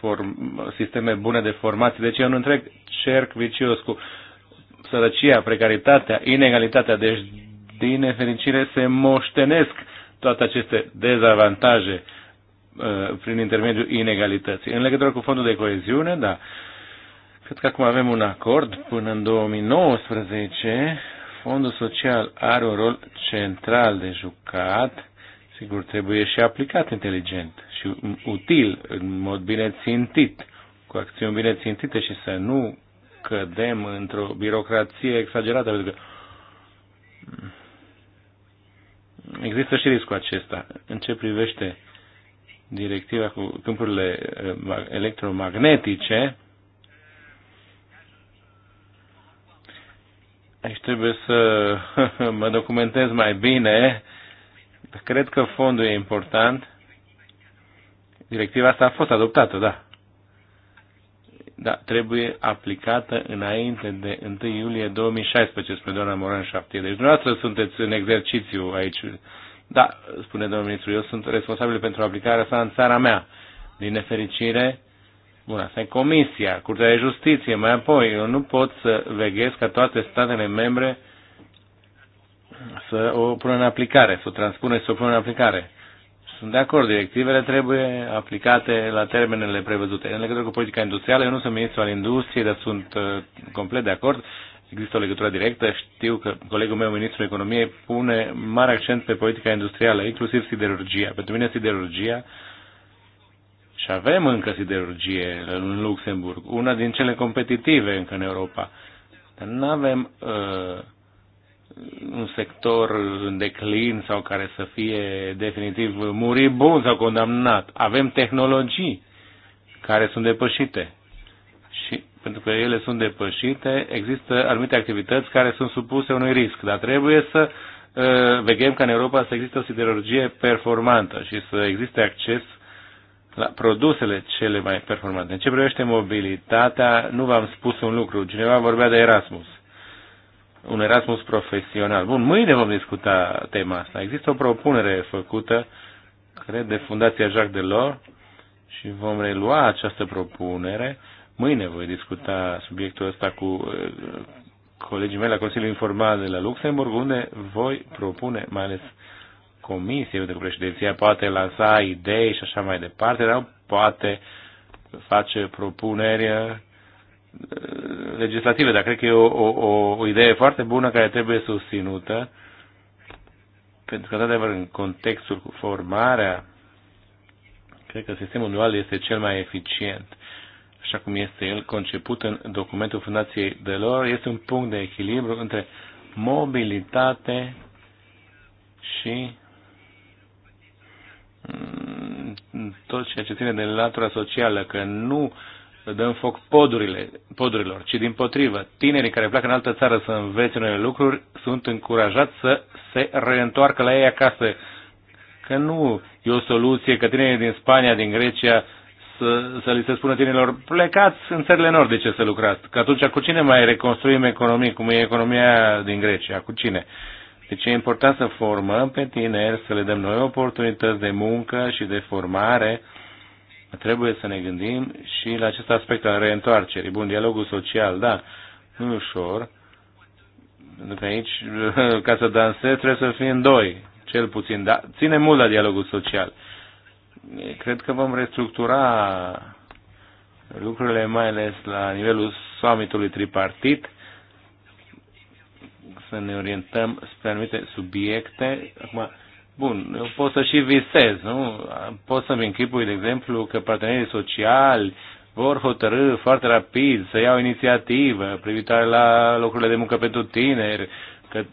form, sisteme bune de formație. Deci e un întreg cerc vicios cu sărăcia, precaritatea, inegalitatea. Deci, din nefericire, se moștenesc toate aceste dezavantaje uh, prin intermediul inegalității. În legătură cu fondul de coeziune, da, cred că acum avem un acord până în 2019 fondul social are un rol central de jucat, sigur, trebuie și aplicat inteligent și util, în mod bine țintit, cu acțiuni bine țintite și să nu cădem într-o birocrație exagerată, pentru că există și riscul acesta. În ce privește directiva cu câmpurile eh, electromagnetice, Aici trebuie să mă documentez mai bine. Cred că fondul e important. Directiva asta a fost adoptată, da. Da, trebuie aplicată înainte de 1 iulie 2016, spune doamna Moran Șaptie. Deci dumneavoastră sunteți în exercițiu aici. Da, spune domnul ministru, eu sunt responsabil pentru aplicarea sa în țara mea. Din nefericire, Bun, asta e Comisia, Curtea de Justiție, mai apoi. Eu nu pot să veghez ca toate statele membre să o pună în aplicare, să o transpună și să o pună în aplicare. Sunt de acord, directivele trebuie aplicate la termenele prevăzute. În legătură cu politica industrială, eu nu sunt ministru al industriei, dar sunt uh, complet de acord. Există o legătură directă. Știu că colegul meu, ministrul economiei, pune mare accent pe politica industrială, inclusiv siderurgia. Pentru mine, siderurgia uh, și avem încă siderurgie în Luxemburg, una din cele competitive încă în Europa. Dar nu avem uh, un sector în declin sau care să fie definitiv muribund sau condamnat. Avem tehnologii care sunt depășite. Și pentru că ele sunt depășite, există anumite activități care sunt supuse unui risc, dar trebuie să uh, vegem ca în Europa să există o siderurgie performantă și să existe acces la produsele cele mai performante. În ce privește mobilitatea, nu v-am spus un lucru. Cineva vorbea de Erasmus. Un Erasmus profesional. Bun, mâine vom discuta tema asta. Există o propunere făcută, cred, de Fundația Jacques Delors și vom relua această propunere. Mâine voi discuta subiectul ăsta cu uh, colegii mei la Consiliul Informal de la Luxemburg, unde voi propune mai ales Comisie, pentru că președinția poate lansa idei și așa mai departe, dar poate face propuneri uh, legislative, dar cred că e o, o, o idee foarte bună care trebuie susținută, pentru că, într-adevăr, în contextul cu formarea, cred că sistemul dual este cel mai eficient așa cum este el conceput în documentul Fundației de lor, este un punct de echilibru între mobilitate și Mm, tot ceea ce ține de latura socială, că nu dăm foc podurile, podurilor, ci din potrivă, tinerii care pleacă în altă țară să învețe noi lucruri sunt încurajați să se reîntoarcă la ei acasă. Că nu e o soluție că tinerii din Spania, din Grecia, să, să li se spună tinerilor, plecați în țările nordice să lucrați. Că atunci cu cine mai reconstruim economii, cum e economia din Grecia, cu cine? Uh, deci e important să formăm pe tineri, să le dăm noi oportunități de muncă și de formare. Trebuie să ne gândim și la acest aspect al reîntoarcerii. Bun, dialogul social, da, nu ușor. Pentru că aici, ca să dansezi, trebuie să fim doi, cel puțin. Da, ține mult la dialogul social. Cred că vom restructura lucrurile, mai ales la nivelul summitului tripartit, să ne orientăm spre anumite subiecte. Acum, bun, eu pot să și visez, nu? Pot să-mi închipui, de exemplu, că partenerii sociali vor hotărâ foarte rapid să iau inițiativă privitoare la locurile de muncă pentru tineri, că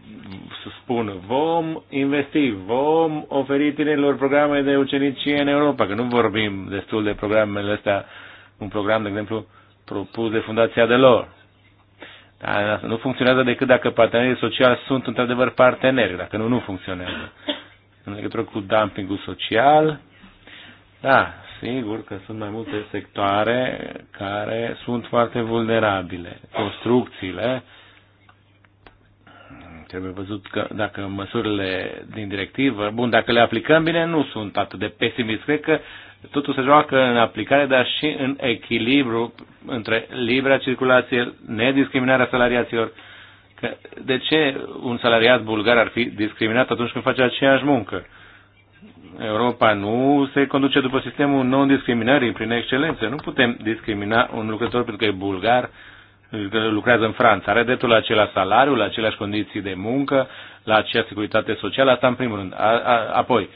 să spun, vom investi, vom oferi tinerilor programe de ucenicie în Europa, că nu vorbim destul de programele astea, un program, de exemplu, propus de fundația de lor nu funcționează decât dacă partenerii sociali sunt într-adevăr parteneri, dacă nu, nu funcționează. În legătură cu dumpingul social, da, sigur că sunt mai multe sectoare care sunt foarte vulnerabile. Construcțiile, trebuie văzut că dacă măsurile din directivă, bun, dacă le aplicăm bine, nu sunt atât de pesimist. Cred că totul se joacă în aplicare, dar și în echilibru între libera circulație, nediscriminarea salariaților. de ce un salariat bulgar ar fi discriminat atunci când face aceeași muncă? Europa nu se conduce după sistemul non-discriminării prin excelență. Nu putem discrimina un lucrător pentru că e bulgar, că lucrează în Franța. Are dreptul la același salariu, la aceleași condiții de muncă, la aceeași securitate socială, asta în primul rând. A, a, apoi, uh,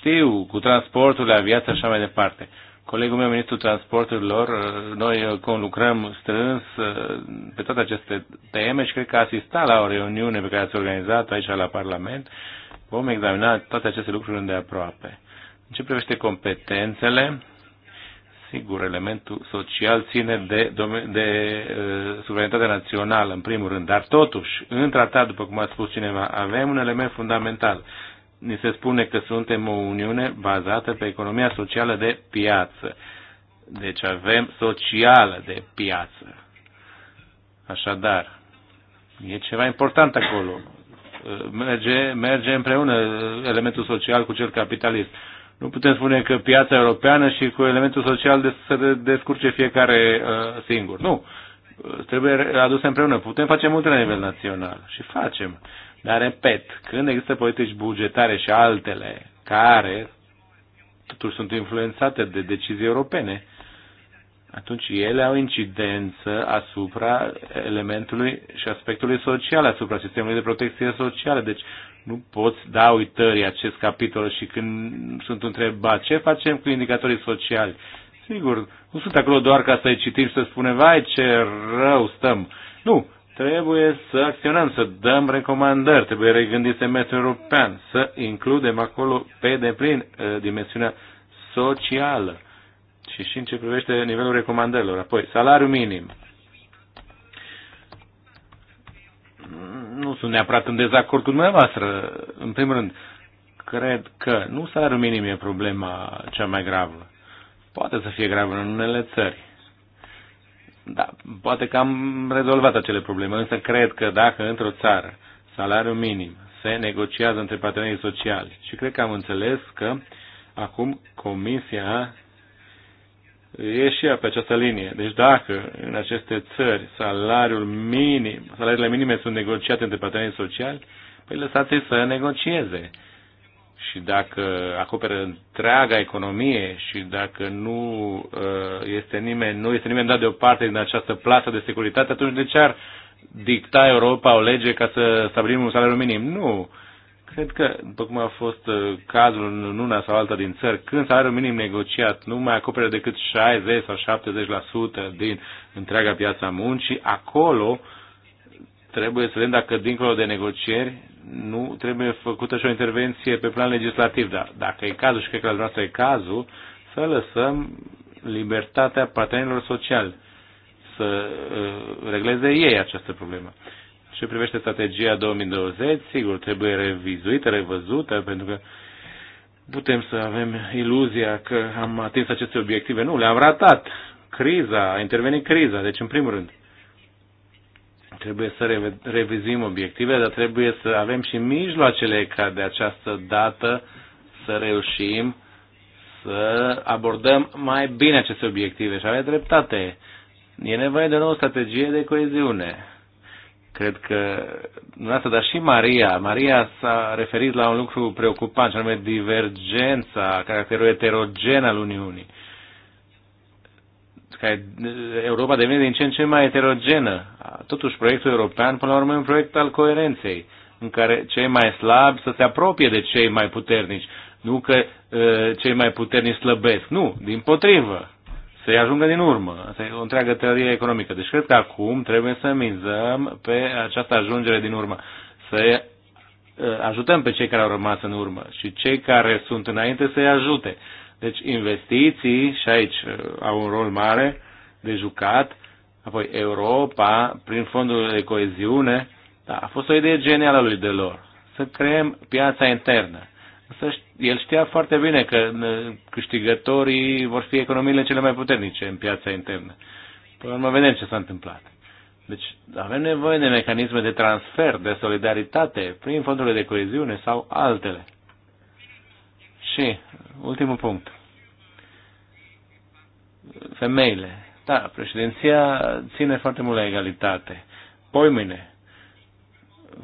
știu, cu transportul, aviația și așa mai departe. Colegul meu, ministrul transporturilor, noi conlucrăm strâns uh, pe toate aceste teme și cred că asista la o reuniune pe care ați organizat aici la Parlament, vom examina toate aceste lucruri îndeaproape. În ce privește competențele, sigur, elementul social ține de, de, de uh, suveranitatea națională, în primul rând, dar totuși, în tratat, după cum a spus cineva, avem un element fundamental ni se spune că suntem o uniune bazată pe economia socială de piață. Deci avem socială de piață. Așadar, e ceva important acolo. Merge, merge împreună elementul social cu cel capitalist. Nu putem spune că piața europeană și cu elementul social de, să descurce fiecare uh, singur. Nu. Trebuie aduse împreună. Putem face multe la nivel național. Și facem. Uh, dar, repet, când există politici bugetare și altele care totuși sunt influențate de decizii europene, atunci ele au incidență asupra elementului și aspectului social, asupra sistemului de protecție socială. Deci nu poți da uitării acest capitol și când sunt întrebat ce facem cu indicatorii sociali. Sigur, nu sunt acolo doar ca să-i citim și să spunem, vai ce rău stăm. Nu, Trebuie să acționăm, să dăm recomandări, trebuie regândit semestrul european, să includem acolo pe deplin uh, dimensiunea socială și și în ce privește nivelul recomandărilor. Apoi, salariul minim. Nu sunt neapărat în dezacord cu dumneavoastră. În primul rând, cred că nu salariul minim e problema cea mai gravă. Poate să fie gravă în unele țări da, poate că am rezolvat acele probleme, însă cred că dacă într-o țară salariul minim se negociază între partenerii sociali și cred că am înțeles că acum Comisia e și ea pe această linie. Deci dacă în aceste țări salariul minim, salariile minime sunt negociate între partenerii sociali, păi lăsați-i să negocieze și dacă acoperă întreaga economie și dacă nu uh, este nimeni, nu este nimeni dat deoparte din această plasă de securitate, atunci de ce ar dicta Europa o lege ca să stabilim un salariu minim? Nu. Cred că, după cum a fost uh, cazul în una sau alta din țări, când salariul minim negociat nu mai acoperă decât 60 sau 70% din întreaga piața muncii, acolo uh, trebuie să vedem dacă, dincolo de negocieri, nu trebuie făcută și o intervenție pe plan legislativ. Dar dacă e cazul și cred că la dumneavoastră e cazul, să lăsăm libertatea partenerilor sociali să uh, regleze ei această problemă. Ce privește strategia 2020, sigur, trebuie revizuită, revăzută, pentru că putem să avem iluzia că am atins aceste obiective. Nu, le-am ratat. Criza, a intervenit criza, deci în primul rând Trebuie să revizuim obiectivele, dar trebuie să avem și mijloacele ca de această dată să reușim să abordăm mai bine aceste obiective și avem dreptate. E nevoie de o nouă strategie de coeziune. Cred că dumneavoastră, dar și Maria. Maria s-a referit la un lucru preocupant, și anume divergența, caracterul eterogen al Uniunii că Europa devine din ce în ce mai heterogenă. Totuși, proiectul european, până la urmă, e un proiect al coerenței, în care cei mai slabi să se apropie de cei mai puternici. Nu că uh, cei mai puternici slăbesc, nu, din potrivă, să-i ajungă din urmă. Asta e o întreagă teorie economică. Deci cred că acum trebuie să mizăm pe această ajungere din urmă, să ă, ajutăm pe cei care au rămas în urmă și cei care sunt înainte să-i ajute. Uh, deci investiții, și aici uh, au un rol mare de jucat, apoi Europa, prin fondurile de coeziune, da, a fost o idee genială a lui Delors, să creăm piața internă. Însă el știa foarte bine că uh, câștigătorii vor fi economiile cele mai puternice în piața internă. Până la urmă vedem ce s-a întâmplat. Deci avem nevoie de mecanisme de transfer, de solidaritate, prin fondurile de coeziune sau altele. Și, ultimul punct. Femeile. Da, președinția ține foarte mult la egalitate. Poimine.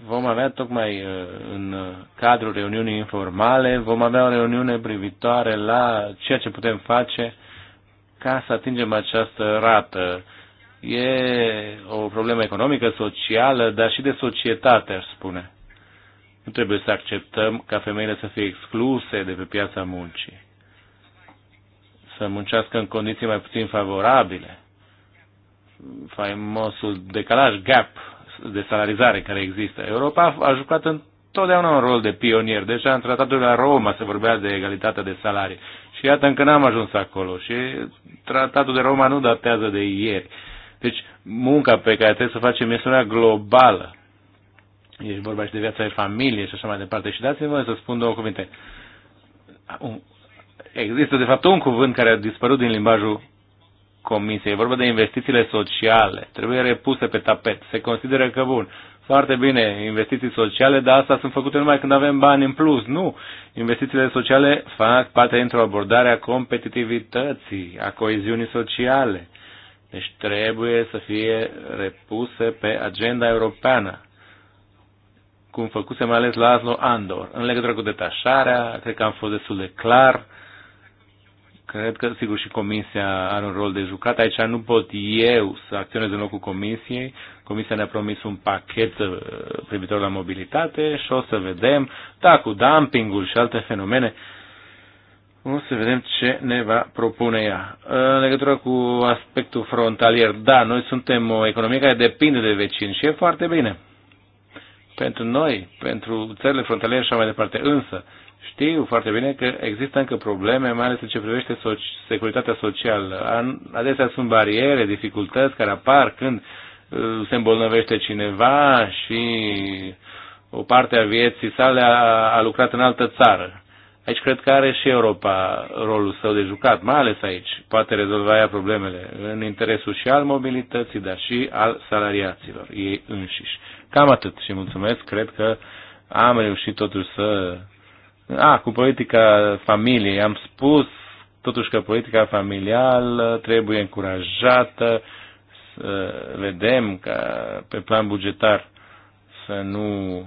vom avea tocmai uh, în cadrul reuniunii informale, vom avea o reuniune privitoare la ceea ce putem face ca să atingem această rată. E o problemă economică, socială, dar și de societate, aș spune. Nu trebuie să acceptăm ca femeile să fie excluse de pe piața muncii, să muncească în condiții mai puțin favorabile. Faimosul decalaj, gap de salarizare care există. Europa a jucat întotdeauna un rol de pionier. Deja în tratatul de la Roma se vorbea de egalitatea de salarii. Și iată încă n-am ajuns acolo. Și tratatul de Roma nu datează de ieri. Deci munca pe care trebuie să o facem este una globală E vorba și de viața de familie și așa mai departe. Și dați-vă să spun două cuvinte. Există, de fapt, un cuvânt care a dispărut din limbajul Comisiei. E vorba de investițiile sociale. Trebuie repuse pe tapet. Se consideră că, bun, foarte bine, investiții sociale, dar asta sunt făcute numai când avem bani în plus. Nu. Investițiile sociale fac parte dintr-o abordare a competitivității, a coeziunii sociale. Deci trebuie să fie repuse pe agenda europeană cum făcuse mai ales la Aslo Andor. În legătură cu detașarea, cred că am fost destul de clar. Cred că, sigur, și Comisia are un rol de jucat. Aici nu pot eu să acționez în locul Comisiei. Comisia ne-a promis un pachet uh, privitor la mobilitate și o să vedem, da, cu dumpingul și alte fenomene, o să vedem ce ne va propune ea. În legătură cu aspectul frontalier, da, noi suntem o economie care depinde de vecini și e foarte bine pentru noi, pentru țările frontaliere și așa mai departe. Însă, știu foarte bine că există încă probleme, mai ales în ce privește so securitatea socială. Adesea sunt bariere, dificultăți care apar când uh, se îmbolnăvește cineva și o parte a vieții sale a, a lucrat în altă țară. Aici cred că are și Europa rolul său de jucat, mai ales aici. Poate rezolva ea problemele în interesul și al mobilității, dar și al salariaților, ei înșiși. Cam atât și mulțumesc, cred că am reușit totuși să... A, cu politica familiei, am spus totuși că politica familială trebuie încurajată, să vedem că pe plan bugetar să nu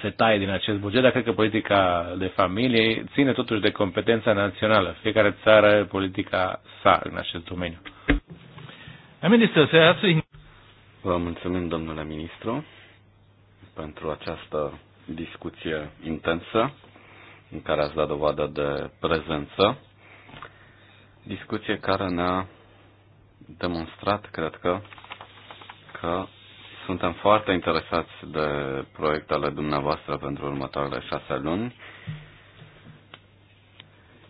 se taie din acest buget, dar cred că politica de familie ține totuși de competența națională. Fiecare țară are politica sa în acest domeniu. Vă mulțumim, domnule ministru, pentru această discuție intensă în care ați dat dovadă de prezență. Discuție care ne-a demonstrat, cred că, că suntem foarte interesați de proiectele dumneavoastră pentru următoarele șase luni.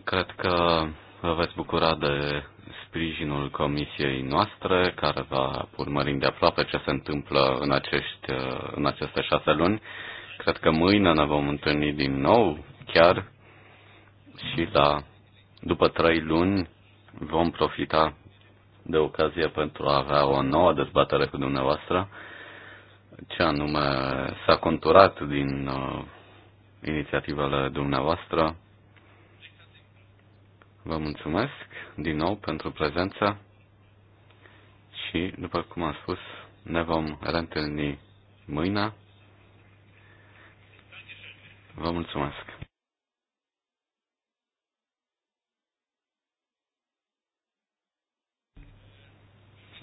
Cred că vă veți bucura de sprijinul comisiei noastre, care va urmări de aproape ce se întâmplă în, acești, în aceste șase luni. Cred că mâine ne vom întâlni din nou, chiar și la, da, după trei luni vom profita de ocazie pentru a avea o nouă dezbatere cu dumneavoastră ce anume s-a conturat din uh, inițiativele dumneavoastră. Vă mulțumesc din nou pentru prezență și, după cum am spus, ne vom reîntâlni mâine. Vă mulțumesc!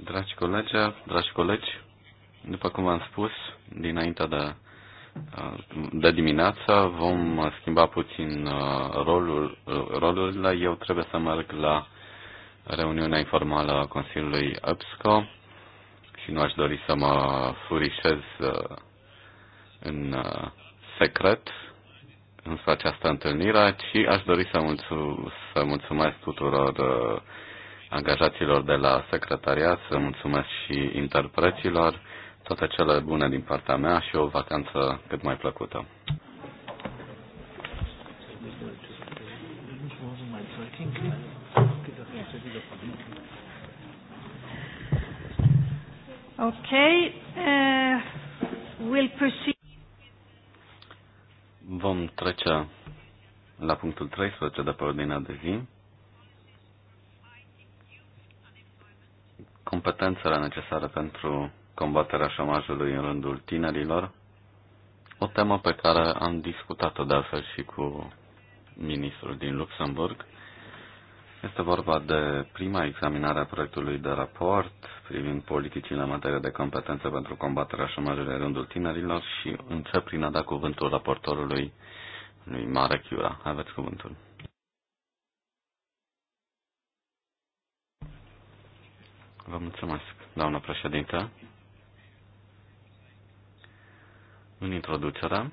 Dragi colegi, dragi colegi, după cum v-am spus, dinainte de, de dimineață vom schimba puțin uh, rolul, uh, rolurile. Eu trebuie să merg la reuniunea informală a Consiliului EBSCO și nu aș dori să mă furișez uh, în secret însă această întâlnire, ci aș dori să, mulțu- să mulțumesc tuturor angajaților de la secretariat, să mulțumesc și interpreților toate cele bune din partea mea și o vacanță cât mai plăcută. Okay, uh, we'll proceed. Vom trece la punctul 13 de pe ordinea de zi. Competențele necesare pentru combaterea șomajului în rândul tinerilor, o temă pe care am discutat-o de altfel și cu ministrul din Luxemburg. Este vorba de prima examinare a proiectului de raport privind politicile în materie de competențe pentru combaterea șomajului în rândul tinerilor și încep prin a da cuvântul raportorului lui Mare Chiura. Aveți cuvântul. Vă mulțumesc, doamnă președintă. în introducere.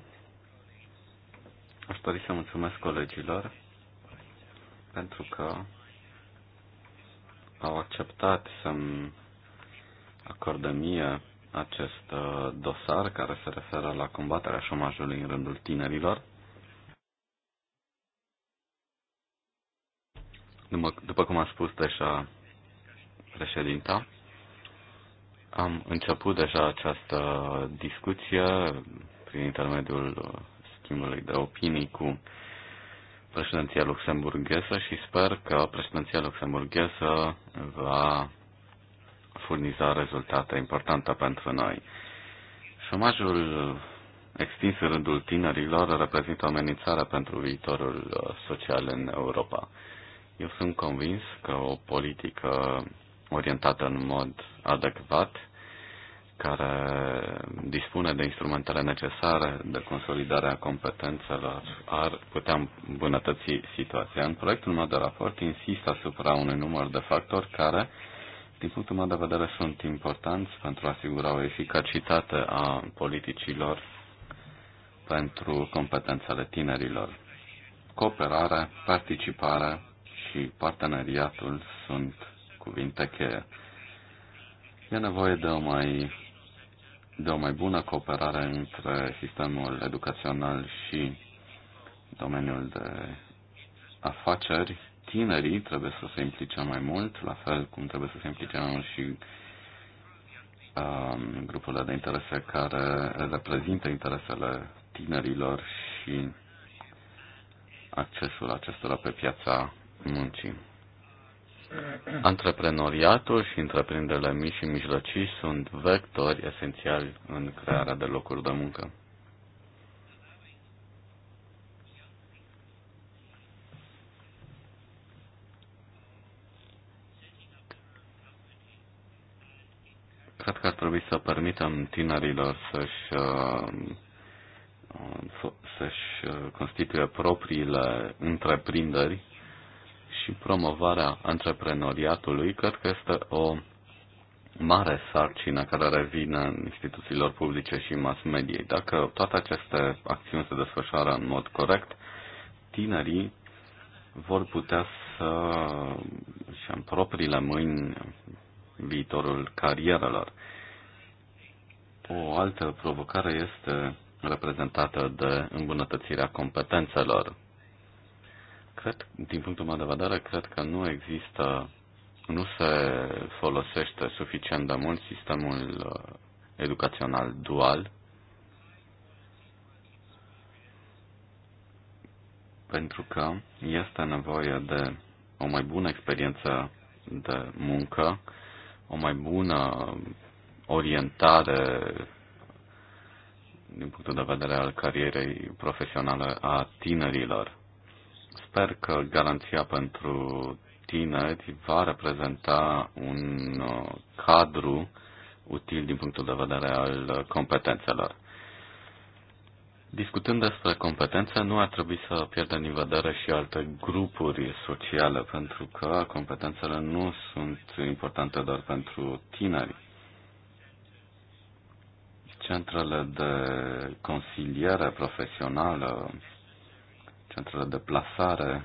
Aș dori să mulțumesc colegilor pentru că au acceptat să-mi acordă mie acest uh, dosar care se referă la combaterea șomajului în rândul tinerilor. După, după cum a spus deja președinta, am început deja această discuție prin intermediul schimbului de opinii cu președinția luxemburgheză și sper că președinția luxemburgheză va furniza rezultate importante pentru noi. Șomajul extins în rândul tinerilor reprezintă o amenințare pentru viitorul social în Europa. Eu sunt convins că o politică orientată în mod adecvat care dispune de instrumentele necesare de consolidare a competențelor ar putea îmbunătăți situația. În proiectul meu de raport insist asupra unui număr de factori care, din punctul meu de vedere, sunt importanți pentru a asigura o eficacitate a politicilor pentru competențele tinerilor. Cooperare, participare și parteneriatul sunt cuvinte cheie. E nevoie de o mai de o mai bună cooperare între sistemul educațional și domeniul de afaceri. Tinerii trebuie să se implice mai mult, la fel cum trebuie să se implice mai mult și um, grupurile de interese care reprezintă interesele tinerilor și accesul acestora pe piața muncii. Antreprenoriatul și întreprinderile mici și mijlocii sunt vectori esențiali în crearea de locuri de muncă. Cred că ar trebui să permitem tinerilor să-și uh, să-și uh, constituie propriile întreprinderi și promovarea antreprenoriatului, cred că este o mare sarcină care revine instituțiilor publice și mass mediei. Dacă toate aceste acțiuni se desfășoară în mod corect, tinerii vor putea să și în propriile mâini viitorul carierelor. O altă provocare este reprezentată de îmbunătățirea competențelor Cred, din punctul meu de vedere, cred că nu există, nu se folosește suficient de mult sistemul uh, educațional dual pentru că este nevoie de o mai bună experiență de muncă, o mai bună orientare din punctul de vedere al carierei profesionale a tinerilor sper că garanția pentru tineri va reprezenta un uh, cadru util din punctul de vedere al competențelor. Discutând despre competențe, nu ar trebui să pierdem din vedere și alte grupuri sociale, pentru că competențele nu sunt importante doar pentru tineri. Centrele de consiliere profesională, centrele de plasare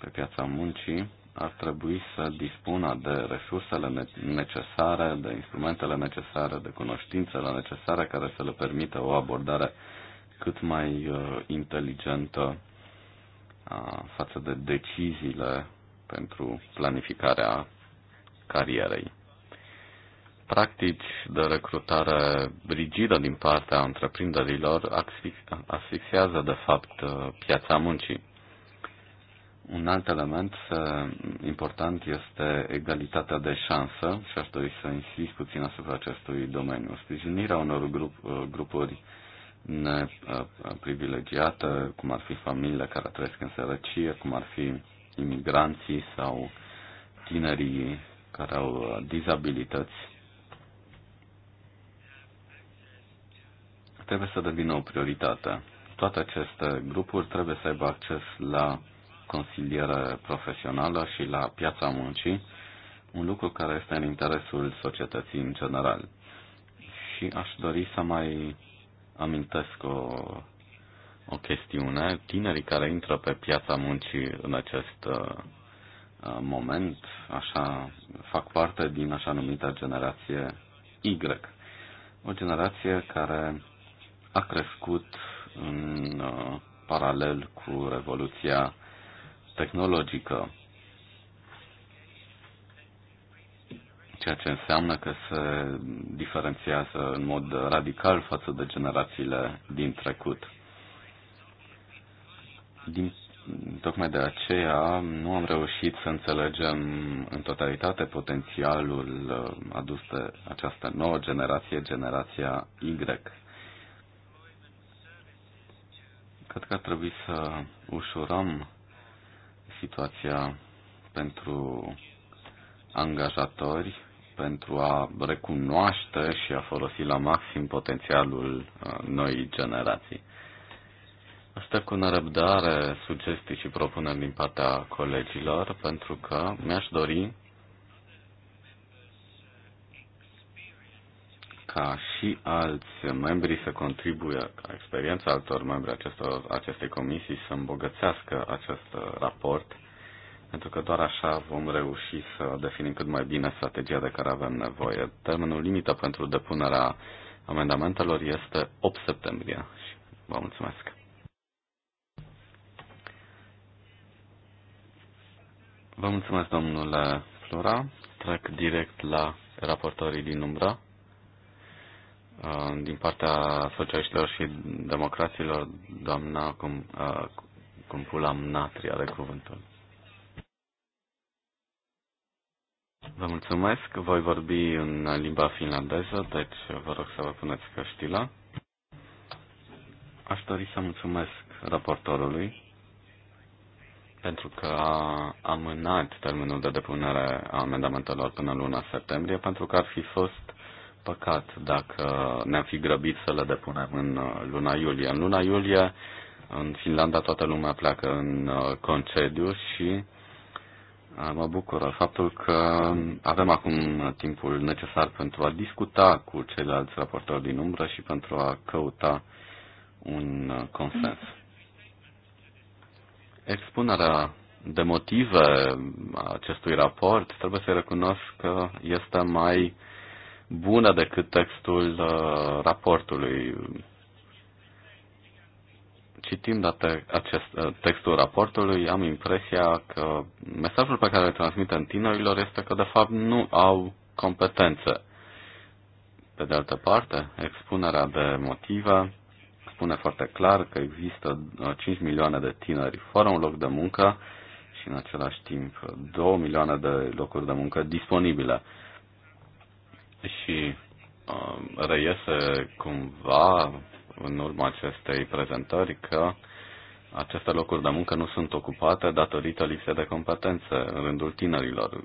pe piața muncii ar trebui să dispună de resursele necesare, de instrumentele necesare, de cunoștințele necesare care să le permită o abordare cât mai uh, inteligentă uh, față de deciziile pentru planificarea carierei practici de recrutare rigidă din partea întreprinderilor asfixiază, de fapt, uh, piața muncii. Un alt element uh, important este egalitatea de șansă și aș dori să insist puțin asupra acestui domeniu. Sprijinirea unor grup, uh, grupuri neprivilegiate, cum ar fi familiile care trăiesc în sărăcie, cum ar fi imigranții sau tinerii care au dizabilități, trebuie să devină o prioritate. Toate aceste grupuri trebuie să aibă acces la consiliere profesională și la piața muncii, un lucru care este în interesul societății în general. Și aș dori să mai amintesc o, o chestiune. Tinerii care intră pe piața muncii în acest uh, uh moment, așa, fac parte din așa numită generație Y. O generație care a crescut în uh, paralel cu revoluția tehnologică, ceea ce înseamnă că se diferențiază în mod radical față de generațiile din trecut. Din tocmai de aceea nu am reușit să înțelegem în totalitate potențialul uh, adus de această nouă generație, generația Y. Cred că ar trebui să ușurăm situația pentru angajatori pentru a recunoaște și a folosi la maxim potențialul uh, noii generații. Asta cu nerăbdare sugestii și propuneri din partea colegilor, pentru că mi-aș dori ca și alți membri să contribuie, ca experiența altor membri acestor, acestei comisii să îmbogățească acest raport, pentru că doar așa vom reuși să definim cât mai bine strategia de care avem nevoie. Termenul limită pentru depunerea amendamentelor este 8 septembrie și vă mulțumesc. Vă mulțumesc, domnule Flora. Trec direct la raportorii din umbra. Uh, din partea socialiștilor și democraților, doamna cum, uh, cum pulam natri de cuvântul. Vă mulțumesc, voi vorbi în limba finlandeză, deci vă rog să vă puneți căștila. Aș dori să mulțumesc raportorului pentru că a amânat termenul de depunere a amendamentelor până luna septembrie, pentru că ar fi fost păcat dacă ne-am fi grăbit să le depunem în uh, luna iulie. În luna iulie, în Finlanda, toată lumea pleacă în uh, concediu și uh, mă bucură faptul că avem acum timpul necesar pentru a discuta cu ceilalți raportori din umbră și pentru a căuta un consens. Expunerea de motive acestui raport, trebuie să recunosc că este mai bună decât textul uh, raportului. Citind acest, uh, textul raportului, am impresia că mesajul pe care îl transmitem tinerilor este că, de fapt, nu au competențe. Pe de altă parte, expunerea de motive spune foarte clar că există 5 uh, milioane de tineri fără un loc de muncă și, în același timp, 2 milioane de locuri de muncă disponibile și uh, reiese cumva în urma acestei prezentări că aceste locuri de muncă nu sunt ocupate datorită lipsei de competențe în rândul tinerilor.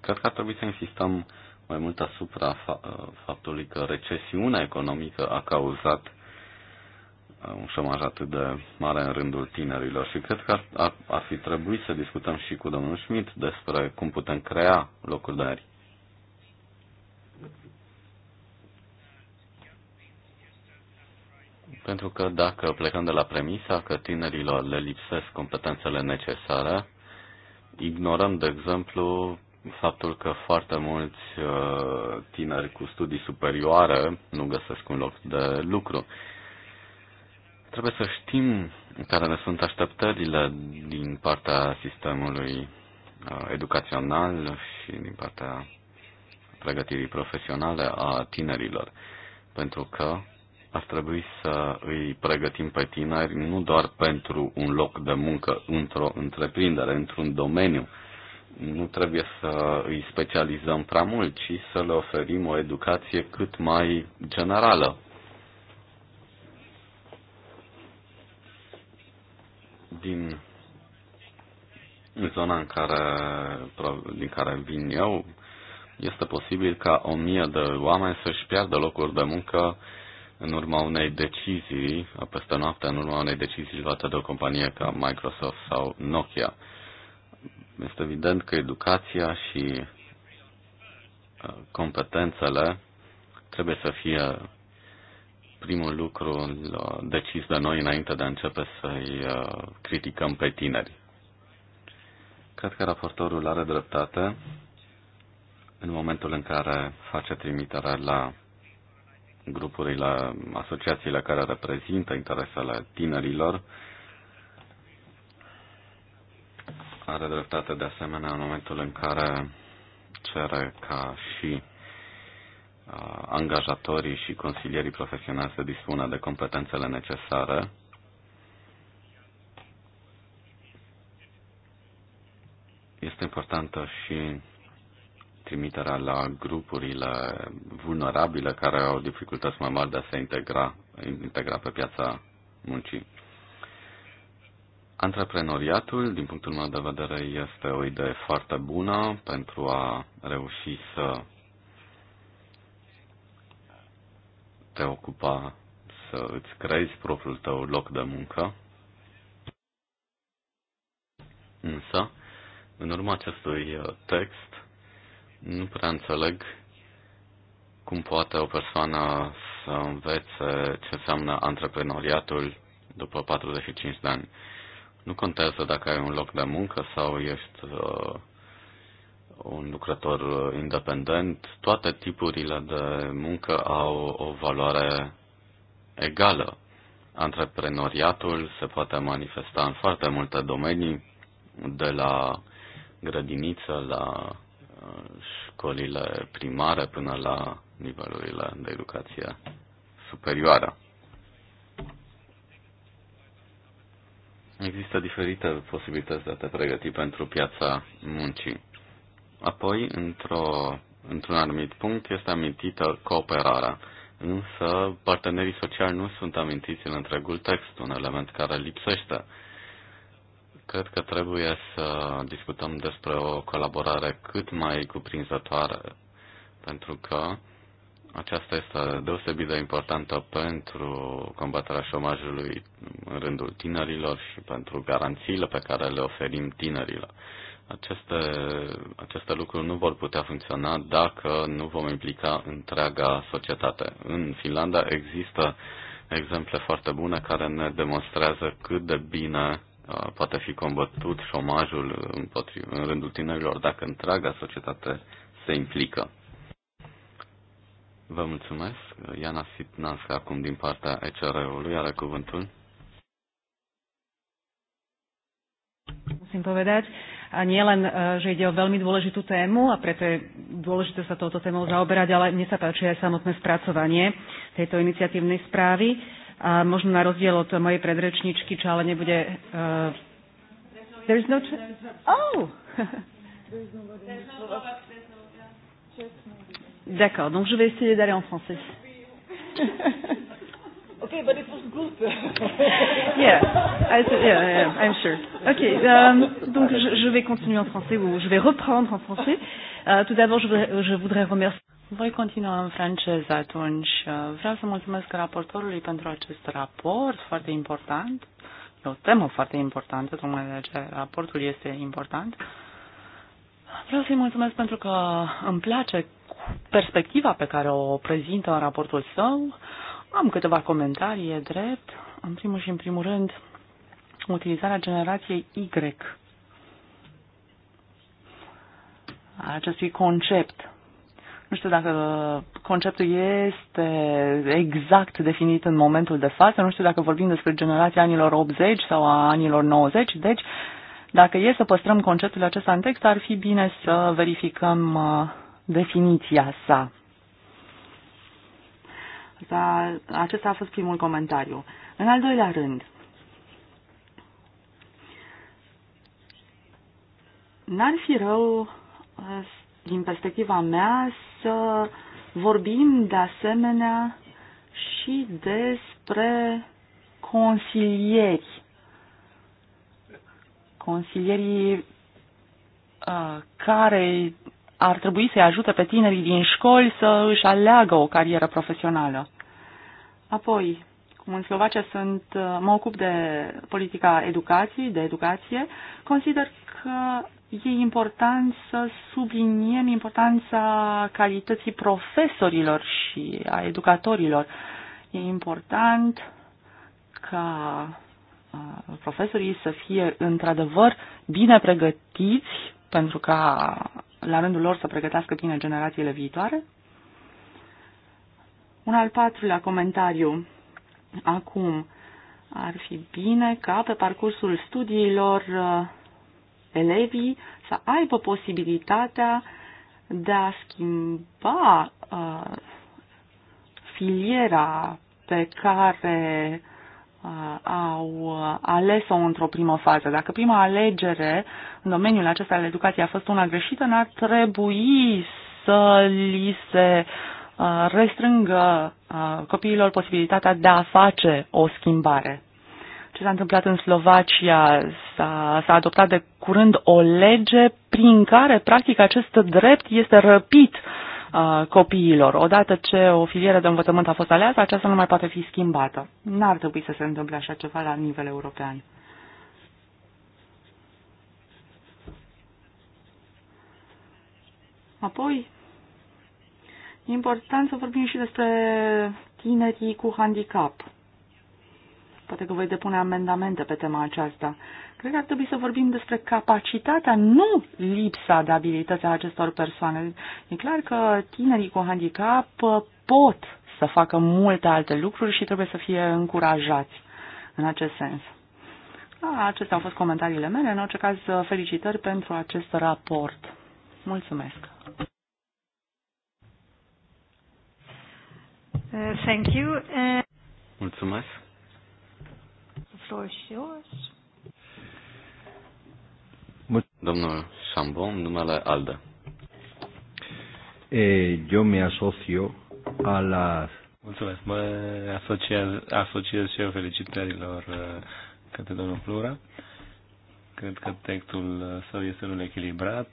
Cred că ar trebui să insistăm mai mult asupra fa- faptului că recesiunea economică a cauzat uh, un șomaj atât de mare în rândul tinerilor și cred că ar, ar, fi trebuit să discutăm și cu domnul Schmidt despre cum putem crea locuri de Pentru că dacă plecăm de la premisa că tinerilor le lipsesc competențele necesare, ignorăm, de exemplu, faptul că foarte mulți uh, tineri cu studii superioare nu găsesc un loc de lucru. Trebuie să știm care ne sunt așteptările din partea sistemului uh, educațional și din partea pregătirii profesionale a tinerilor. Pentru că ar trebui să îi pregătim pe tineri nu doar pentru un loc de muncă într-o întreprindere, într-un domeniu. Nu trebuie să îi specializăm prea mult, ci să le oferim o educație cât mai generală. Din zona în care, din care vin eu, este posibil ca o mie de oameni să-și piardă locuri de muncă în urma unei decizii, peste noapte, în urma unei decizii luate de o companie ca Microsoft sau Nokia. Este evident că educația și uh, competențele trebuie să fie primul lucru uh, decis de noi înainte de a începe să-i uh, criticăm pe tineri. Cred că raportorul are dreptate în momentul în care face trimiterea la grupurile, asociațiile care reprezintă interesele tinerilor. Are dreptate de asemenea în momentul în care cere ca și angajatorii și consilierii profesionali să dispună de competențele necesare este importantă și trimiterea la grupurile vulnerabile care au dificultăți mai mari de a se integra, integra pe piața muncii. Antreprenoriatul, din punctul meu de vedere, este o idee foarte bună pentru a reuși să te ocupa, să îți creezi propriul tău loc de muncă. Însă, în urma acestui text, nu prea înțeleg cum poate o persoană să învețe ce înseamnă antreprenoriatul după 45 de ani. Nu contează dacă ai un loc de muncă sau ești uh, un lucrător independent, toate tipurile de muncă au o valoare egală. Antreprenoriatul se poate manifesta în foarte multe domenii, de la grădiniță la școlile primare până la nivelurile de educație superioară. Există diferite posibilități de a te pregăti pentru piața muncii. Apoi, într-o, într-un anumit punct, este amintită cooperarea. Însă, partenerii sociali nu sunt amintiți în întregul text, un element care lipsește cred că trebuie să discutăm despre o colaborare cât mai cuprinzătoare, pentru că aceasta este deosebit de importantă pentru combaterea șomajului în rândul tinerilor și pentru garanțiile pe care le oferim tinerilor. Aceste, aceste lucruri nu vor putea funcționa dacă nu vom implica întreaga societate. În Finlanda există exemple foarte bune care ne demonstrează cât de bine poate fi combătut șomajul în rândul tinerilor dacă întreaga societate se implică. Vă mulțumesc. Iana Sipnas, acum din partea ECR-ului, are cuvântul. Musím povedať, a nie len, že ide o veľmi dôležitú tému a preto je dôležité sa touto témou zaoberať, ale mne sa páči aj samotné spracovanie tejto iniciatívnej správy. Uh, a možno na rozdiel od mojej predrečničky, čo ale nebude... Uh, there is no... Oh! D'accord, donc je vais essayer d'aller en français. Ok, but it was good. yeah, I, yeah, yeah, I'm sure. Ok, um, donc je, je vais continuer en français ou je vais reprendre en français. Uh, tout d'abord, je, je voudrais remercier. Voi continua în franceză atunci. Vreau să mulțumesc raportorului pentru acest raport foarte important. E o temă foarte importantă, tocmai de aceea raportul este important. Vreau să-i mulțumesc pentru că îmi place perspectiva pe care o prezintă în raportul său. Am câteva comentarii, e drept. În primul și în primul rând, utilizarea generației Y acestui concept nu știu dacă conceptul este exact definit în momentul de față, nu știu dacă vorbim despre generația anilor 80 sau a anilor 90, deci dacă e să păstrăm conceptul acesta în text, ar fi bine să verificăm uh, definiția sa. Da, acesta a fost primul comentariu. În al doilea rând, n-ar fi rău uh, din perspectiva mea, să vorbim de asemenea și despre consilieri. Consilierii uh, care ar trebui să-i ajute pe tinerii din școli să își aleagă o carieră profesională. Apoi, cum în Slovacia sunt, uh, mă ocup de politica educației, de educație, consider că e important să subliniem importanța calității profesorilor și a educatorilor. E important ca profesorii să fie într-adevăr bine pregătiți pentru ca la rândul lor să pregătească bine generațiile viitoare. Un al patrulea comentariu acum ar fi bine ca pe parcursul studiilor elevii să aibă posibilitatea de a schimba uh, filiera pe care uh, au uh, ales-o într-o primă fază. Dacă prima alegere în domeniul acesta al educației a fost una greșită, n-ar trebui să li se uh, restrângă uh, copiilor posibilitatea de a face o schimbare ce s-a întâmplat în Slovacia. S-a, s-a adoptat de curând o lege prin care, practic, acest drept este răpit uh, copiilor. Odată ce o filieră de învățământ a fost aleasă, aceasta nu mai poate fi schimbată. N-ar trebui să se întâmple așa ceva la nivel european. Apoi, e important să vorbim și despre tinerii cu handicap. Poate că voi depune amendamente pe tema aceasta. Cred că ar trebui să vorbim despre capacitatea, nu lipsa de abilități a acestor persoane. E clar că tinerii cu handicap uh, pot să facă multe alte lucruri și trebuie să fie încurajați în acest sens. Acestea au fost comentariile mele. În orice caz, uh, felicitări pentru acest raport. Mulțumesc! Uh, thank you. Mulțumesc floor is yours. Domnul Șambon, numele Alda. Eu mi asocio a la... Mulțumesc, mă asociez, asociez și eu felicitărilor uh, către domnul Plura. Cred că textul său este unul echilibrat,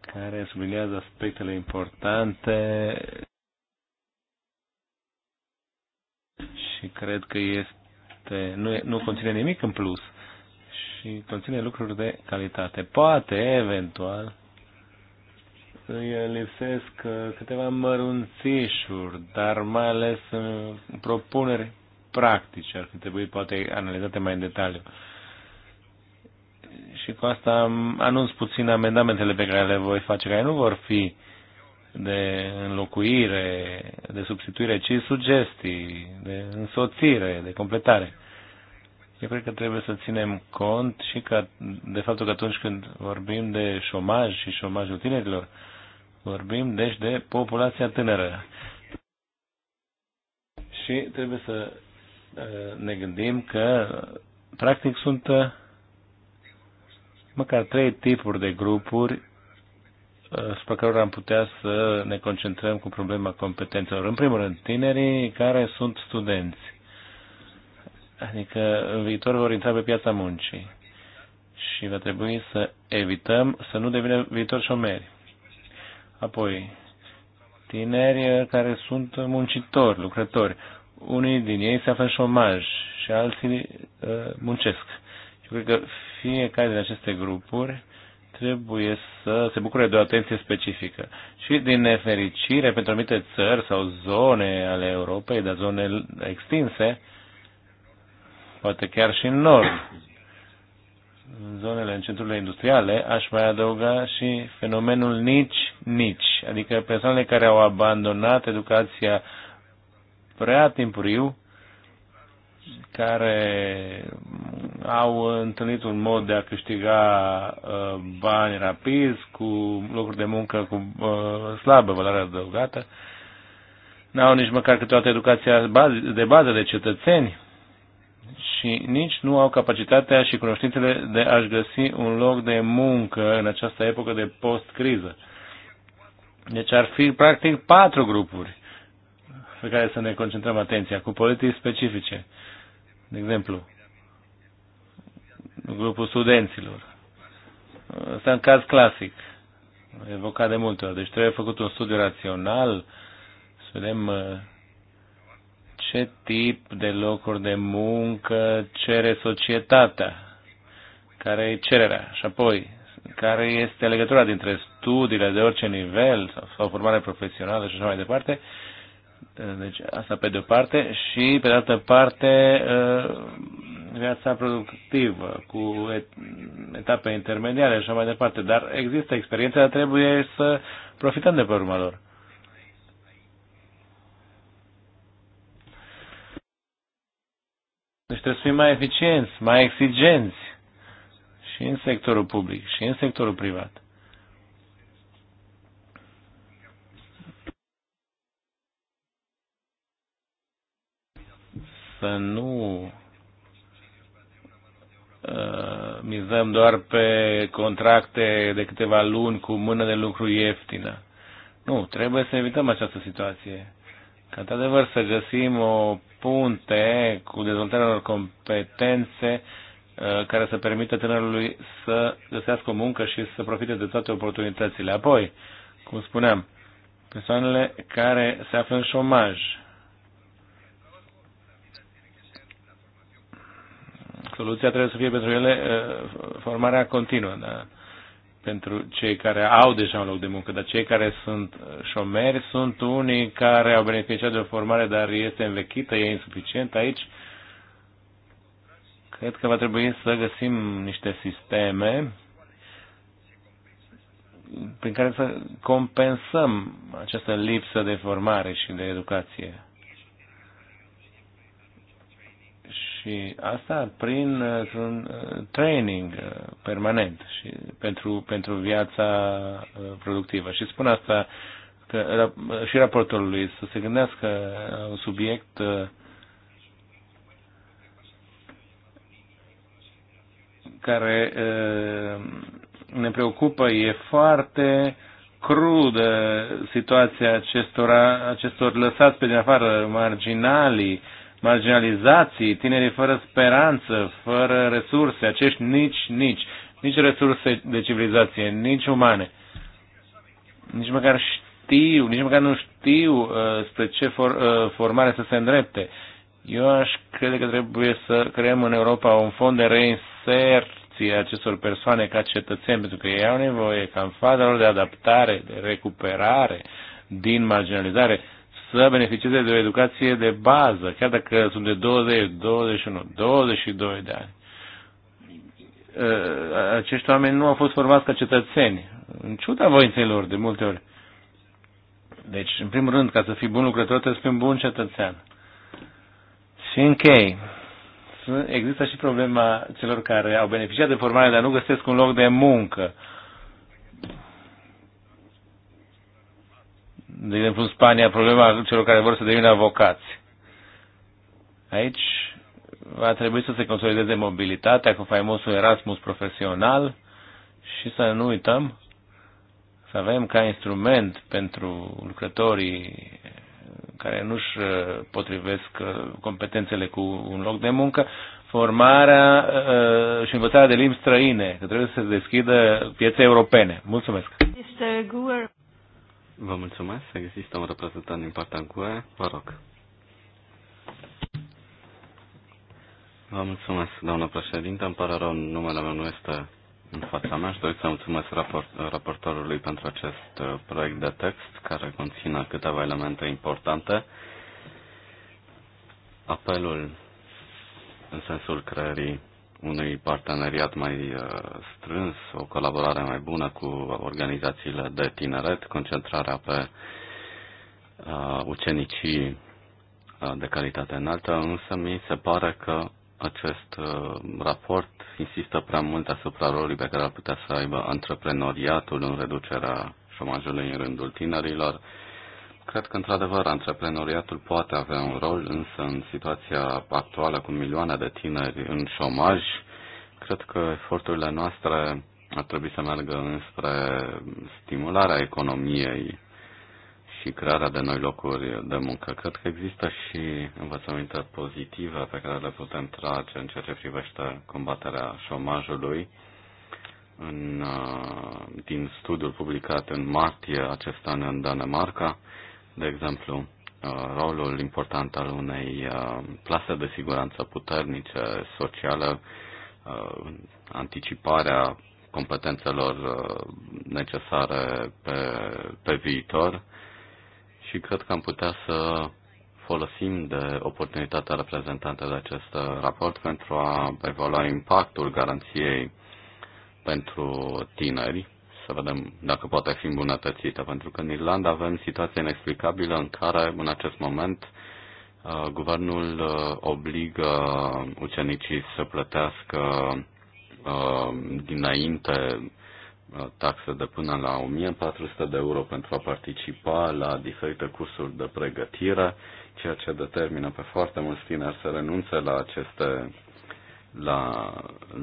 care sublinează aspectele importante și cred că este este, nu, nu conține nimic în plus și conține lucruri de calitate. Poate, eventual, îi lipsesc uh, câteva mărunțișuri, dar mai ales uh, propuneri practice ar fi trebuit poate analizate mai în detaliu. Și cu asta anunț puțin amendamentele pe care le voi face, care nu vor fi uh, de înlocuire, de substituire, ci sugestii, de însoțire, de completare. Eu cred că trebuie să ținem cont și că, de faptul că atunci când vorbim de șomaj și șomajul tinerilor, vorbim deci de populația tânără. Și trebuie să ă, ne gândim că practic sunt ă, măcar trei tipuri de grupuri asupra cărora am putea să ne concentrăm cu problema competențelor. În primul rând, tinerii care sunt studenți, adică în viitor vor intra pe piața muncii și va trebui să evităm să nu devină viitor șomeri. Apoi, tineri care sunt muncitori, lucrători. Unii din ei se află în șomaj și alții uh, muncesc. Eu cred că fiecare din aceste grupuri trebuie să se bucure de o atenție specifică. Și din nefericire, pentru anumite țări sau zone ale Europei, dar zone extinse, poate chiar și în nord, în zonele, în centrurile industriale, aș mai adăuga și fenomenul nici-nici, adică persoanele care au abandonat educația prea timpuriu care au întâlnit un mod de a câștiga uh, bani rapizi cu locuri de muncă cu uh, slabă valoare adăugată. N-au nici măcar câteodată educația de bază de cetățeni și nici nu au capacitatea și cunoștințele de a-și găsi un loc de muncă în această epocă de post-criză. Deci ar fi practic patru grupuri pe care să ne concentrăm atenția, cu politici specifice. Uh, de exemplu, grupul studenților. Asta e un caz clasic, evocat de multe ori. Deci trebuie făcut un studiu rațional, să vedem uh, ce tip de locuri de muncă cere societatea, care e cererea și apoi care este legătura dintre studiile de orice nivel sau, sau formare profesională și așa mai departe deci asta pe de-o parte și pe de altă parte uh, viața productivă cu etape intermediare și așa mai departe. Dar există experiențe, dar trebuie să profităm de pe urma lor. Deci trebuie să fim mai eficienți, mai exigenți și în sectorul public și în sectorul privat. să nu ă, mizăm doar pe contracte de câteva luni cu mână de lucru ieftină. Nu, trebuie să evităm această situație. Ca într-adevăr să găsim o punte cu dezvoltarea unor competențe ă, care să permită tânărului să găsească o muncă și să profite de toate oportunitățile. Apoi, cum spuneam, persoanele care se află în șomaj, soluția trebuie să fie pentru ele formarea continuă, da? pentru cei care au deja un loc de muncă, dar cei care sunt șomeri sunt unii care au beneficiat de o formare, dar este învechită, e insuficientă aici. Cred că va trebui să găsim niște sisteme prin care să compensăm această lipsă de formare și de educație. și asta prin uh, un uh, training uh, permanent și pentru, pentru viața productivă. Și spun asta că, și lui să se gândească la un subiect care ne preocupă, e foarte crudă situația acestora, acestor lăsați pe din afară, marginalii, marginalizații, tinerii fără speranță, fără resurse, acești nici, nici, nici resurse de civilizație, nici umane. Nici măcar știu, nici măcar nu știu uh, spre ce for, uh, formare să se îndrepte. Eu aș crede că trebuie să creăm în Europa un fond de reinserție acestor persoane ca cetățeni, pentru că ei au nevoie ca în faza lor de adaptare, de recuperare, din marginalizare, să beneficieze de o educație de bază, chiar dacă sunt de 20, 21, 22 de ani. Ă, acești oameni nu au fost formați ca cetățeni, în ciuda voințelor de multe ori. Deci, în primul rând, ca să fii bun lucrător, trebuie să fii un bun cetățean. Și închei. Există și problema celor care au beneficiat de formare, dar nu găsesc un loc de muncă. de exemplu, în Spania, problema celor care vor să devină avocați. Aici va trebui să se consolideze mobilitatea cu faimosul Erasmus profesional și să nu uităm să avem ca instrument pentru lucrătorii care nu-și uh, potrivesc uh, competențele cu un loc de muncă, formarea uh, și învățarea de limbi străine, că trebuie să se deschidă piețe europene. Mulțumesc! Vă mulțumesc. Există un reprezentant din partea GUE. Vă rog. Vă mulțumesc, doamnă președinte. Îmi pare rău, numele meu nu este în fața mea. Aș dori să mulțumesc raport, raportorului pentru acest uh, proiect de text, care conține câteva elemente importante. Apelul în sensul creării unui parteneriat mai uh, strâns, o colaborare mai bună cu organizațiile de tineret, concentrarea pe uh, ucenicii uh, de calitate înaltă, însă mi se pare că acest raport insistă prea mult asupra rolului pe care ar putea să aibă antreprenoriatul în reducerea șomajului în rândul tinerilor, Cred că, într-adevăr, antreprenoriatul poate avea un rol, însă în situația actuală cu milioane de tineri în șomaj, cred că eforturile noastre ar trebui să meargă înspre stimularea economiei și crearea de noi locuri de muncă. Cred că există și învățăminte pozitive pe care le putem trage în ceea ce privește combaterea șomajului. În, uh, din studiul publicat în martie acest an în Danemarca, de exemplu, uh, rolul important al unei uh, plase de siguranță puternice, socială, uh, anticiparea competențelor necesare pe, pe viitor și cred că am putea să folosim de oportunitatea reprezentată de acest raport pentru a evalua impactul garanției pentru tineri să vedem dacă poate fi îmbunătățită, pentru că în Irlanda avem situație inexplicabilă în care, în acest moment, uh, guvernul uh, obligă ucenicii să plătească uh, dinainte taxe de până la 1400 de euro pentru a participa la diferite cursuri de pregătire, ceea ce determină pe foarte mulți tineri să renunțe la aceste la,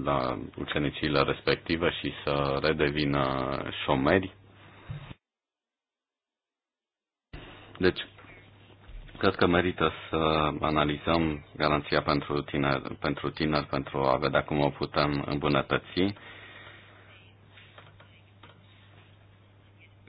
la ucenicile respective și să redevină șomeri. Deci, cred că merită să analizăm garanția pentru tineri, pentru, tiner pentru a vedea cum o putem îmbunătăți.